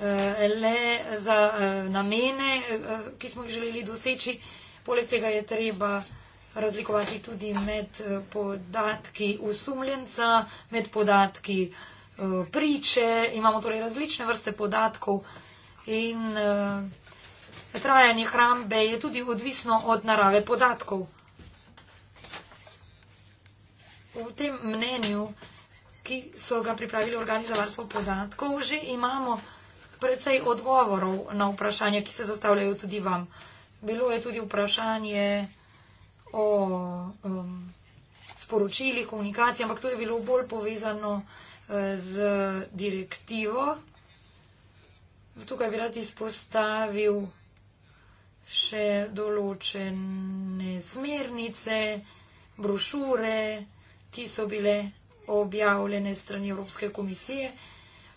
Eh, le za eh, namene, eh, ki smo jih želeli doseči. Poleg tega je treba razlikovati tudi med podatki usumljenca, med podatki priče. Imamo torej različne vrste podatkov in trajanje hrambe je tudi odvisno od narave podatkov. V tem mnenju, ki so ga pripravili organi za varstvo podatkov, že imamo podatkov, precej odgovorov na vprašanja, ki se zastavljajo tudi vam. Bilo je tudi vprašanje o um, sporočilih, komunikacijah, ampak to je bilo bolj povezano uh, z direktivo. Tukaj bi rad izpostavil še določene smernice, brošure, ki so bile objavljene strani Evropske komisije. Uh,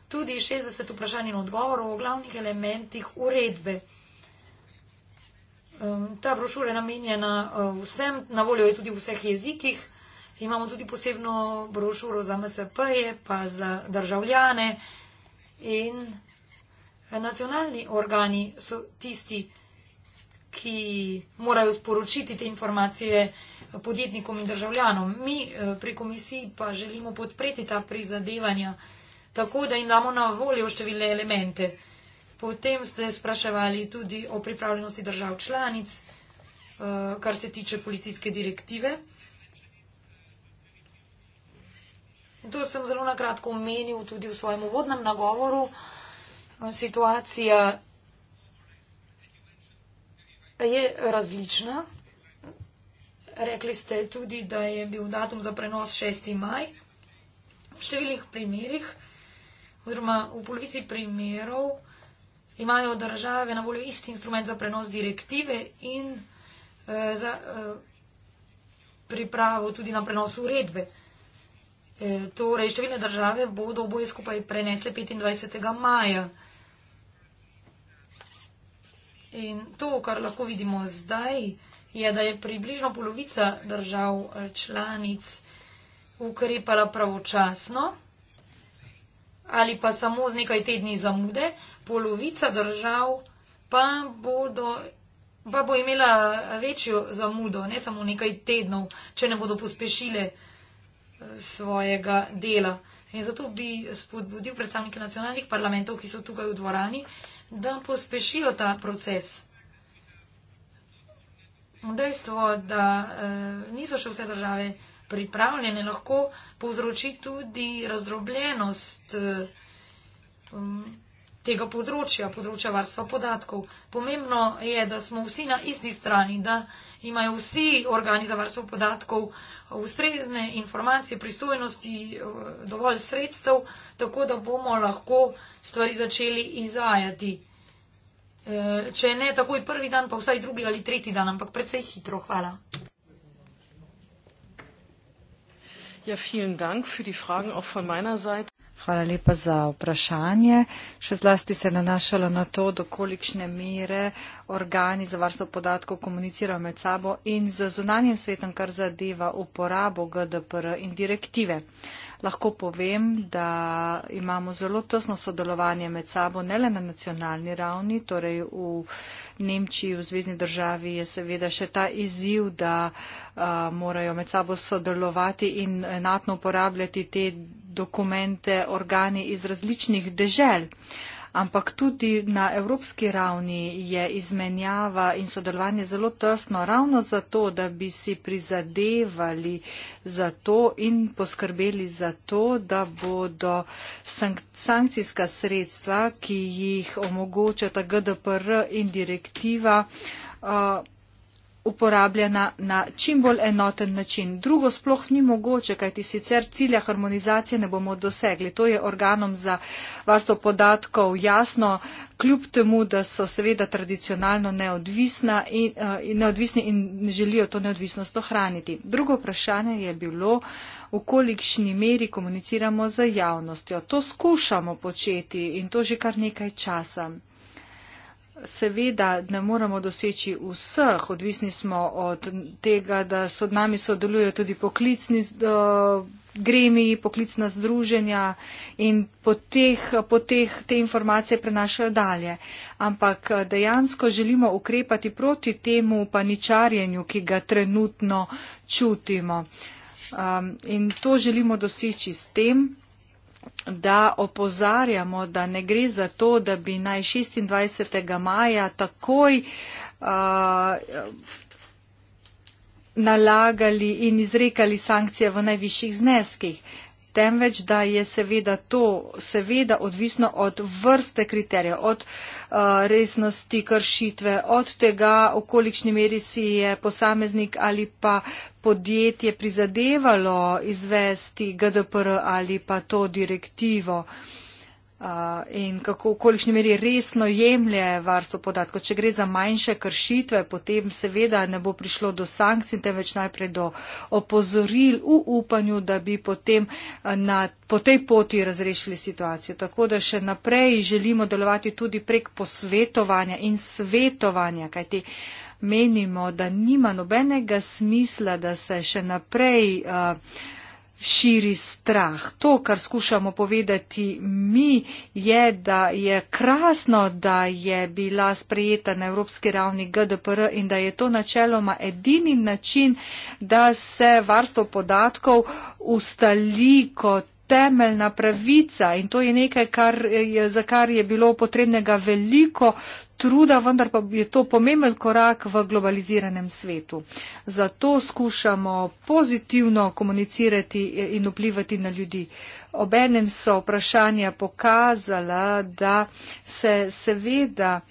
tudi 60 vprašanj in odgovorov o glavnih elementih uredbe. Ta brošura je namenjena e, vsem, na voljo je tudi v vseh jezikih. Imamo tudi posebno brošuro za MSP-je, pa za državljane. In nacionalni organi so tisti, ki morajo sporočiti te informacije podjetnikom in državljanom. Mi e, pri komisiji pa želimo podpreti ta prizadevanja tako, da jim damo na voljo številne elemente. Potem ste spraševali tudi o pripravljenosti držav članic, eh, kar se tiče policijske direktive. To sem zelo nakratko omenil tudi v svojem uvodnem nagovoru. Eh, situacija je različna. Rekli ste tudi, da je bil datum za prenos 6. maj. V številnih primerjih oziroma v polovici primerov imajo države na voljo isti instrument za prenos direktive in eh, za eh, pripravo tudi na prenos uredbe. E, torej, številne države bodo oboje skupaj prenesle 25. maja. In to, kar lahko vidimo zdaj, je, da je približno polovica držav eh, članic ukrepala pravočasno ali pa samo z nekaj tedni zamude, polovica držav pa, bodo, pa bo imela večjo zamudo, ne samo nekaj tednov, če ne bodo pospešile eh, svojega dela. In zato bi spodbudil predstavnike nacionalnih parlamentov, ki so tukaj v dvorani, da pospešijo ta proces. Dejstvo, da eh, niso še vse države pripravljene, lahko povzroči tudi razdrobljenost eh, um, tega področja, področja varstva podatkov. Pomembno je, da smo vsi na isti strani, da imajo vsi organi za varstvo podatkov ustrezne informacije, pristojnosti, eh, dovolj sredstev, tako da bomo lahko stvari začeli izvajati. Eh, če ne takoj prvi dan, pa vsaj drugi ali tretji dan, ampak predvsej hitro. Hvala. Ja, vielen Dank für die Fragen auch von meiner Seite. Hvala lepa za vprašanje. Še zlasti se je nanašalo na to, dokolikšne mere organi za varstvo podatkov komunicirajo med sabo in z zunanjem svetom, kar zadeva uporabo GDPR in direktive. Lahko povem, da imamo zelo tesno sodelovanje med sabo, ne le na nacionalni ravni, torej v Nemčiji, v Zvezdni državi je seveda še ta izziv, da uh, morajo med sabo sodelovati in enatno uporabljati te dokumente organi iz različnih dežel. Ampak tudi na evropski ravni je izmenjava in sodelovanje zelo tesno, ravno zato, da bi si prizadevali za to in poskrbeli za to, da bodo sank sankcijska sredstva, ki jih omogočata GDPR in direktiva, uh, uporabljena na čim bolj enoten način. Drugo sploh ni mogoče, kajti sicer cilja harmonizacije ne bomo dosegli. To je organom za varstvo podatkov jasno, kljub temu, da so seveda tradicionalno in, uh, neodvisni in želijo to neodvisnost ohraniti. Drugo vprašanje je bilo, v kolikšni meri komuniciramo z javnostjo. To skušamo početi in to že kar nekaj časa seveda ne moremo doseči vseh, odvisni smo od tega, da so od nami sodelujo tudi poklicni gremi, poklicna združenja in po teh, po teh te informacije prenašajo dalje. Ampak eh, dejansko želimo ukrepati proti temu paničarjenju, ki ga trenutno čutimo. Um, in to želimo doseči s tem, da opozarjamo, da ne gre za to, da bi naj 26. maja takoj uh, nalagali in izrekali sankcije v najvišjih zneskih. Uh, temveč da je seveda to seveda odvisno od vrste kriterijev, od uh, resnosti kršitve, od tega, v kolikšni meri si je posameznik ali pa podjetje prizadevalo izvesti GDPR ali pa to direktivo. Uh, in kako, v kolikšni meri resno jemlje varstvo podatkov. Če gre za manjše kršitve, potem seveda ne bo prišlo do sankcij, temveč najprej do opozoril v upanju, da bi potem na, po tej poti razrešili situacijo. Tako da še naprej želimo delovati tudi prek posvetovanja in svetovanja, kajti menimo, da nima nobenega smisla, da se še naprej. Uh, širi strah. To, kar skušamo povedati mi, je, da je krasno, da je bila sprejeta na evropski ravni GDPR in da je to načeloma edini način, da se varstvo podatkov ustali kot temeljna pravica in to je nekaj, kar, za kar je bilo potrebnega veliko truda, vendar pa je to pomemben korak v globaliziranem svetu. Zato skušamo pozitivno komunicirati in vplivati na ljudi. Obenem so vprašanja pokazala, da se seveda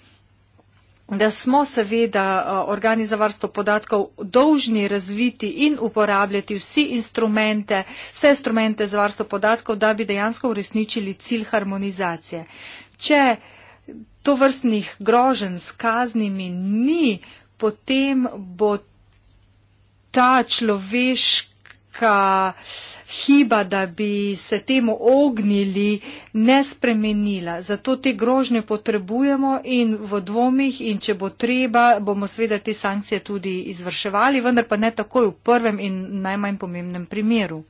da smo seveda eh, organi za varstvo podatkov dolžni razviti in uporabljati vsi instrumente, vse instrumente za varstvo podatkov, da bi dejansko uresničili cilj harmonizacije. Če to vrstnih groženj s kaznimi ni, potem bo ta človeška hiba, da bi se temu ognili, ne spremenila. Zato te grožnje potrebujemo in v dvomih in če bo treba, bomo seveda te sankcije tudi izvrševali, vendar pa ne takoj v prvem in najmanj pomembnem primeru.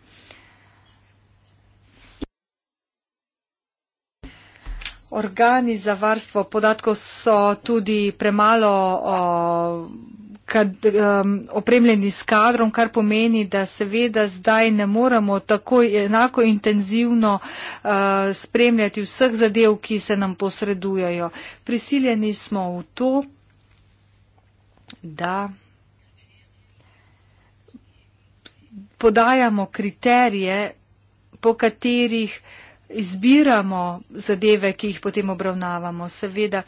organi za varstvo podatkov so tudi premalo o, kad, um, opremljeni s kadrom, kar pomeni, da seveda zdaj ne moremo tako enako intenzivno uh, spremljati vseh zadev, ki se nam posredujejo. Prisiljeni smo v to, da podajamo kriterije, po katerih uh, izbiramo zadeve, ki jih potem obravnavamo. Seveda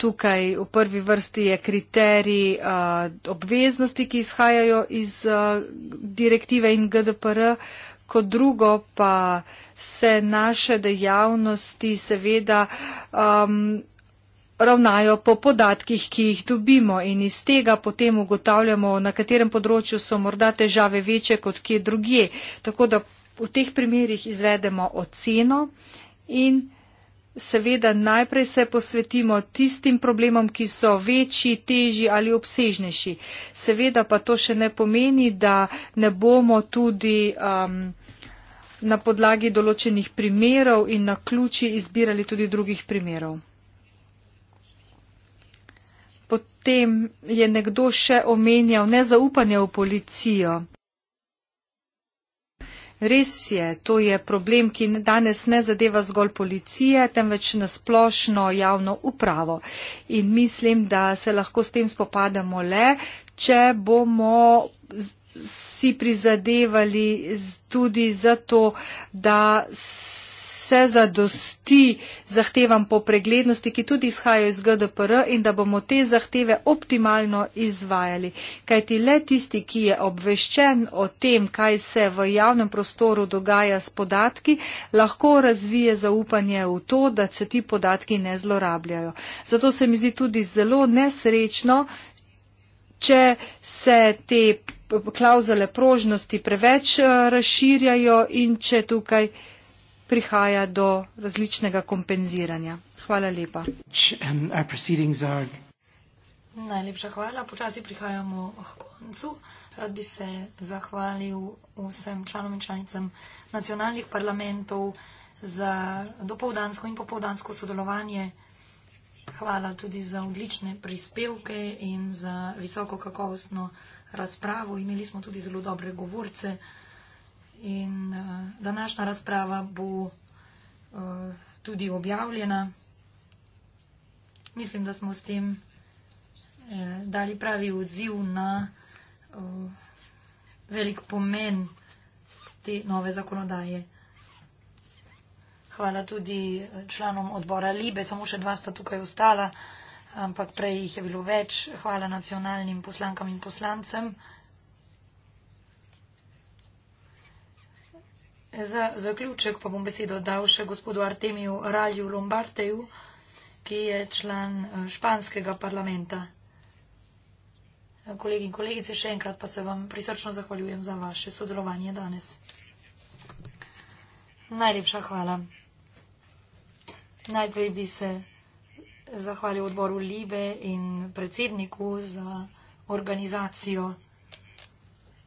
tukaj v prvi vrsti je kriterij uh, obveznosti, ki izhajajo iz uh, direktive in GDPR, kot drugo pa se naše dejavnosti seveda um, ravnajo po podatkih, ki jih dobimo in iz tega potem ugotavljamo, na katerem področju so morda težave večje kot kje drugje. Tako da v teh primerjih izvedemo oceno in seveda najprej se posvetimo tistim problemom, ki so večji, težji ali obsežnejši. Seveda pa to še ne pomeni, da ne bomo tudi. Um, na podlagi določenih primerov in na ključi izbirali tudi drugih primerov. Potem je nekdo še omenjal nezaupanje v policijo. Res je, to je problem, ki danes ne zadeva zgolj policije, temveč nasplošno javno upravo. In mislim, da se lahko s tem spopadamo le, če bomo si prizadevali tudi za to, da se vse zadosti zahtevam po preglednosti, ki tudi izhajajo iz GDPR in da bomo te zahteve optimalno izvajali. Kaj ti le tisti, ki je obveščen o tem, kaj se v javnem prostoru dogaja s podatki, lahko razvije zaupanje v to, da se ti podatki ne zlorabljajo. Zato se mi zdi tudi zelo nesrečno, če se te klauzule prožnosti preveč eh, razširjajo in če tukaj prihaja do različnega kompenziranja. Hvala lepa. Najlepša hvala. Počasi prihajamo k koncu. Rad bi se zahvalil vsem članom in članicam nacionalnih parlamentov za dopoldansko in popoldansko sodelovanje. Hvala tudi za odlične prispevke in za visoko kakovostno razpravo. Imeli smo tudi zelo dobre govorce. In uh, današnja razprava bo uh, tudi objavljena. Mislim, da smo s tem eh, dali pravi odziv na uh, velik pomen te nove zakonodaje. Hvala tudi članom odbora Libe, samo še dva sta tukaj ostala, ampak prej jih je bilo več. Hvala nacionalnim poslankam in poslancem. Za zaključek pa bom besedo dal še gospodu Artemiju Ralju Lombarteju, ki je član eh, španskega parlamenta. Kolegi in kolegice, še enkrat pa se vam prisrčno zahvaljujem za vaše sodelovanje danes. Najlepša hvala. Najprej bi se zahvalil odboru Libe in predsedniku za organizacijo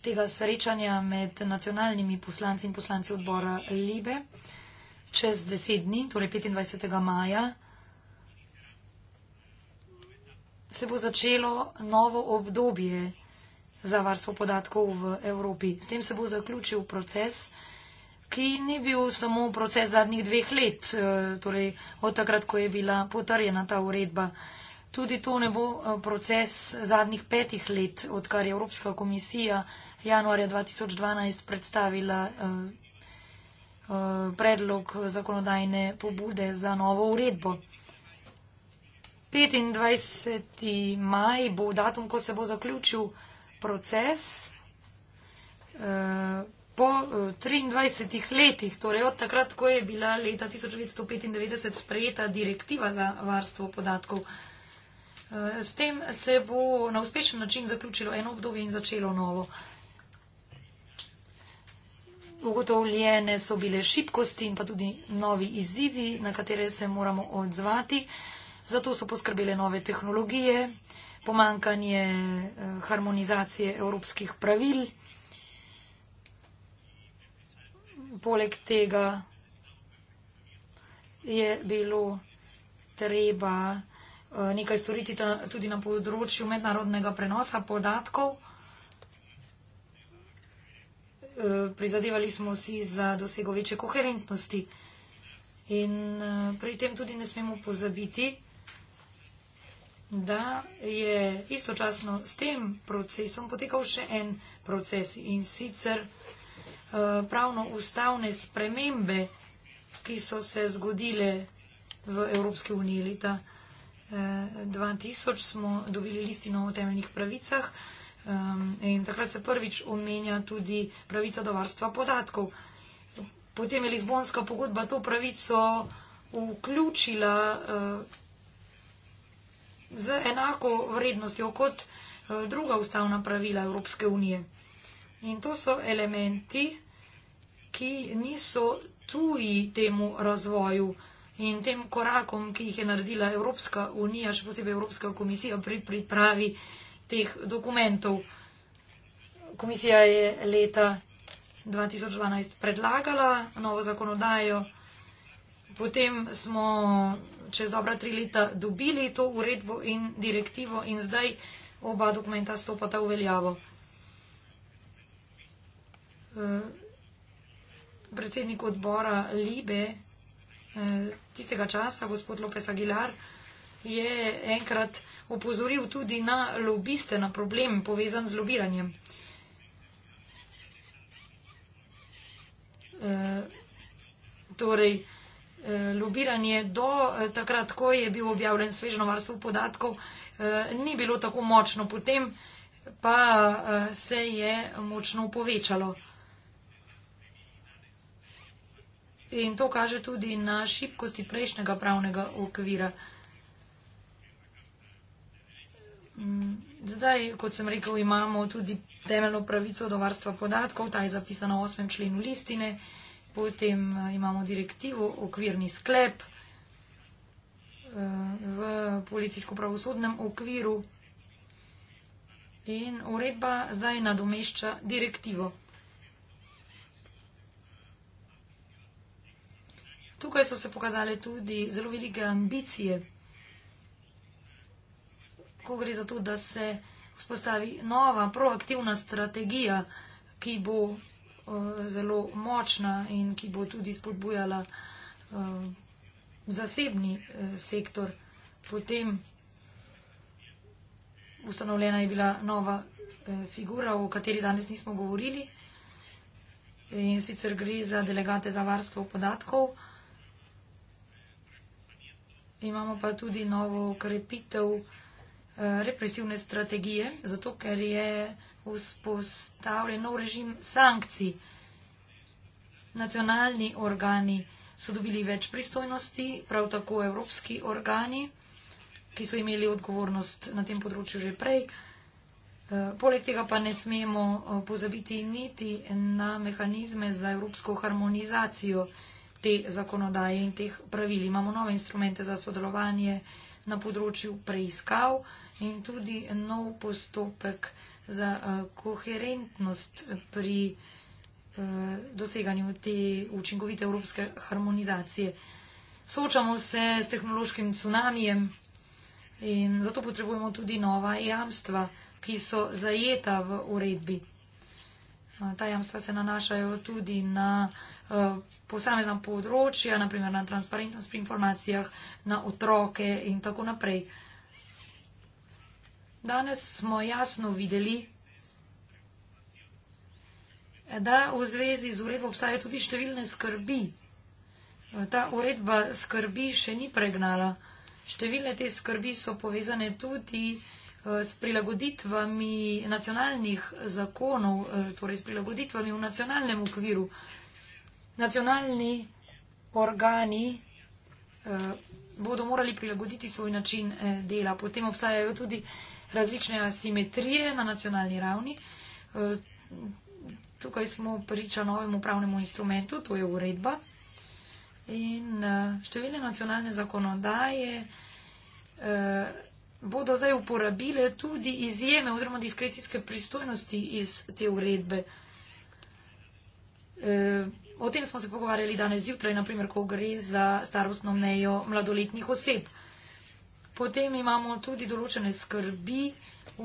tega srečanja med nacionalnimi poslanci in poslanci odbora Libe čez deset dni, torej 25. maja, se bo začelo novo obdobje za varstvo podatkov v Evropi. S tem se bo zaključil proces, ki ni bil samo proces zadnjih dveh let, eh, torej od takrat, ko je bila potrjena ta uredba. Tudi to ne bo eh, proces zadnjih petih let, odkar je Evropska komisija januarja 2012 predstavila uh, uh, predlog zakonodajne pobude za novo uredbo. 25. maj bo datum, ko se bo zaključil proces. Eh, po 23 letih, torej od takrat, ko je bila leta 1995 sprejeta direktiva za varstvo podatkov, s tem se bo na uspešen način zaključilo eno obdobje in začelo novo ugotovljene so bile šibkosti in pa tudi novi izzivi, na katere se moramo odzvati. Zato so poskrbele nove tehnologije, pomankanje eh, harmonizacije evropskih pravil. Poleg tega je bilo treba eh, nekaj storiti tudi na področju mednarodnega prenosa podatkov. Eh, prizadevali smo si za dosego večje koherentnosti. In eh, pri tem tudi ne smemo pozabiti, da je istočasno s tem procesom potekal še en proces in sicer eh, pravno ustavne spremembe, ki so se zgodile v Evropski uniji leta 2000, smo dobili listino o temeljnih pravicah. Um, in takrat se prvič omenja tudi pravica do varstva podatkov. Potem je Lizbonska pogodba to pravico vključila uh, z enako vrednostjo kot uh, druga ustavna pravila Evropske unije. In to so elementi, ki niso tuji temu razvoju in tem korakom, ki jih je naredila Evropska unija, še posebej Evropska komisija pri pripravi uh, teh dokumentov. Komisija je leta 2012 predlagala novo zakonodajo, potem smo čez dobra tri leta dobili to uredbo in direktivo in zdaj oba dokumenta stopata v veljavo. Eh, predsednik odbora Libe eh, tistega časa, gospod Lopes Aguilar, je enkrat predlagal, opozoril tudi na lobiste, na problem povezan z lobiranjem. E, torej, e, lobiranje do e, takrat, ko je bil objavljen svežno varstvo podatkov, e, ni bilo tako močno, potem pa e, se je močno povečalo. In to kaže tudi na šibkosti prejšnjega pravnega okvira. Mm, zdaj, kot sem rekel, imamo tudi temeljno pravico do varstva podatkov, ta je zapisana v 8. členu listine, potem eh, imamo direktivo, okvirni sklep eh, v policijsko-pravosodnem okviru in uredba zdaj nadomešča direktivo. Tukaj so se pokazale tudi zelo velike ambicije ko gre za to, da se vzpostavi nova proaktivna strategija, ki bo uh, zelo močna in ki bo tudi spodbujala uh, zasebni uh, sektor. Potem ustanovljena je bila nova uh, figura, o kateri danes nismo govorili in sicer gre za delegate za varstvo podatkov. Imamo pa tudi novo ukrepitev uh, Eh, represivne strategije, zato ker je vzpostavljen nov režim sankcij. Nacionalni organi so dobili več pristojnosti, prav tako evropski organi, ki so imeli odgovornost na tem področju že prej. Eh, poleg tega pa ne smemo eh, pozabiti niti na mehanizme za evropsko harmonizacijo te zakonodaje in teh pravil. Imamo nove instrumente za sodelovanje na področju preiskav in tudi nov postopek za eh, koherentnost pri eh, doseganju te učinkovite evropske harmonizacije. Soočamo se s tehnološkim tsunamijem in zato potrebujemo tudi nova jamstva, ki so zajeta v uredbi. Eh, ta jamstva se nanašajo tudi na Eh, posamezna področja, naprimer na transparentnost pri informacijah, na otroke in tako naprej. Danes smo jasno videli, da v zvezi z uredbo obstaje tudi številne skrbi. Eh, ta uredba skrbi še ni pregnala. Številne te skrbi so povezane tudi eh, s prilagoditvami nacionalnih zakonov, torej s prilagoditvami v nacionalnem okviru nacionalni organi eh, bodo morali prilagoditi svoj način eh, dela. Potem obstajajo tudi različne asimetrije na nacionalni ravni. Eh, tukaj smo priča novemu pravnemu instrumentu, to je uredba. In številne nacionalne zakonodaje bodo zdaj uporabile tudi izjeme oziroma diskrecijske pristojnosti iz te uredbe. O tem smo se pogovarjali danes zjutraj, naprimer, ko gre za starostno mnejo mladoletnih oseb. Potem imamo tudi določene skrbi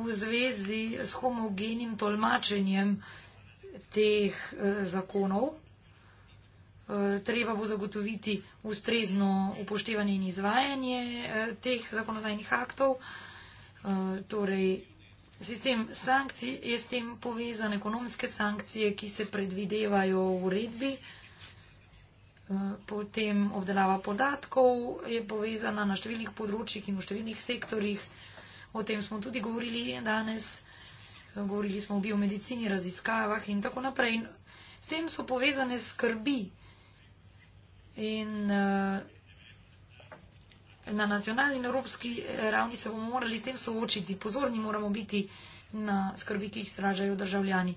v zvezi s homogenim tolmačenjem teh eh, zakonov. Eh, treba bo zagotoviti ustrezno upoštevanje in izvajanje eh, teh zakonodajnih aktov, eh, torej Sistem sankcij je s tem povezan, ekonomske sankcije, ki se predvidevajo v uredbi, eh, potem obdelava podatkov je povezana na številnih področjih in v številnih sektorjih. O tem smo tudi govorili danes, eh, govorili smo o biomedicini, raziskavah in tako naprej. S tem so povezane skrbi in eh, na nacionalni in evropski eh, ravni se bomo morali s tem soočiti. Pozorni moramo biti na skrbi, ki jih stražajo državljani.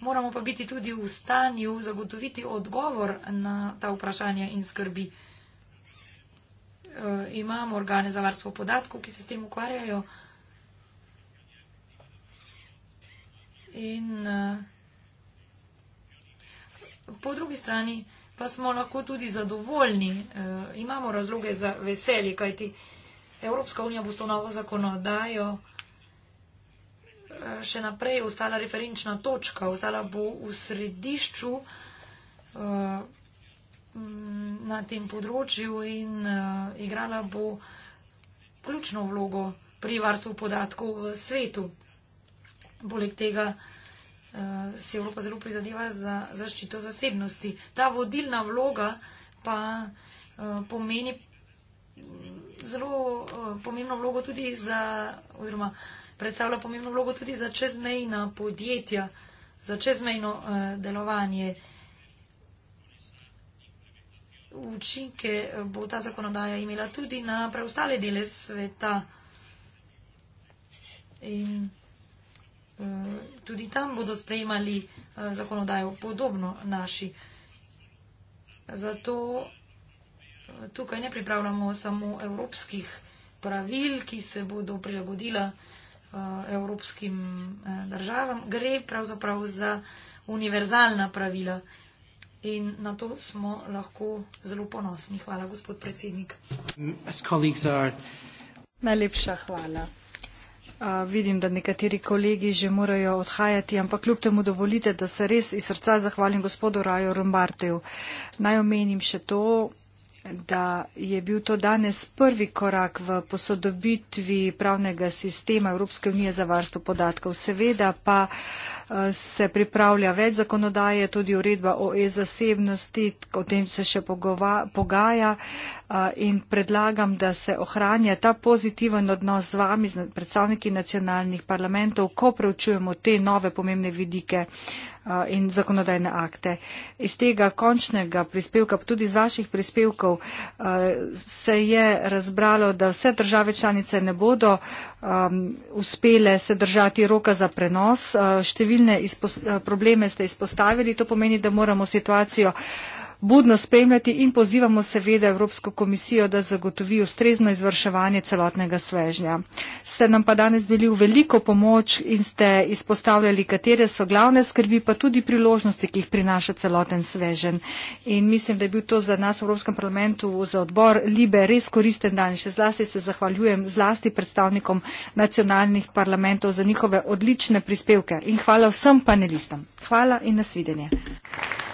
Moramo pa biti tudi v stanju zagotoviti odgovor na ta vprašanja in skrbi. E, imamo organe za varstvo podatkov, ki se s tem ukvarjajo. In e, po drugi strani pa smo lahko tudi zadovoljni, uh, imamo razloge za veselje, kajti Evropska unija bo s to novo zakonodajo eh, še naprej ostala referenčna točka, ostala bo v središču uh, na tem področju in uh, igrala bo ključno vlogo pri varstvu podatkov v svetu. Poleg tega, uh, eh, se Evropa zelo prizadeva za zaščito zasebnosti. Ta vodilna vloga pa uh, pomeni zelo uh, pomembno vlogo tudi za, oziroma predstavlja pomembno vlogo tudi za čezmejna podjetja, za čezmejno uh, delovanje. Učinke bo ta zakonodaja imela tudi na preostale dele sveta. In Eh, tudi tam bodo sprejemali eh, zakonodajo podobno naši. Zato eh, tukaj ne pripravljamo samo evropskih pravil, ki se bodo prilagodila evropskim državam. Gre pravzaprav za univerzalna pravila in na to smo lahko zelo ponosni. Hvala, gospod predsednik. Najlepša hvala. Vidim, da nekateri kolegi že morajo odhajati, ampak kljub temu dovolite, da se res iz srca zahvalim gospodu Raju Rombarteju. Naj omenim še to, da je bil to danes prvi korak v posodobitvi pravnega sistema Evropske unije za varstvo podatkov. Seveda pa eh, se pripravlja več zakonodaje, tudi uredba o e-zasebnosti, o tem se še pogova, pogaja eh, in predlagam, da se ohranja ta pozitiven odnos z vami, z predstavniki nacionalnih parlamentov, ko preučujemo te nove pomembne vidike in zakonodajne akte. Iz tega končnega prispevka, pa tudi iz vaših prispevkov, se je razbralo, da vse države članice ne bodo uspele se držati roka za prenos. Številne probleme ste izpostavili, to pomeni, da moramo situacijo budno spremljati in pozivamo seveda Evropsko komisijo, da zagotovi ustrezno izvrševanje celotnega svežnja. Ste nam pa danes bili v veliko pomoč in ste izpostavljali, katere so glavne skrbi, pa tudi priložnosti, ki jih prinaša celoten svežen. In mislim, da je bil to za nas v Evropskem parlamentu, za odbor Libe, res koristen dan. Še zlasti se zahvaljujem zlasti predstavnikom nacionalnih parlamentov za njihove odlične prispevke. In hvala vsem panelistom. Hvala in nasvidenje. Thank you.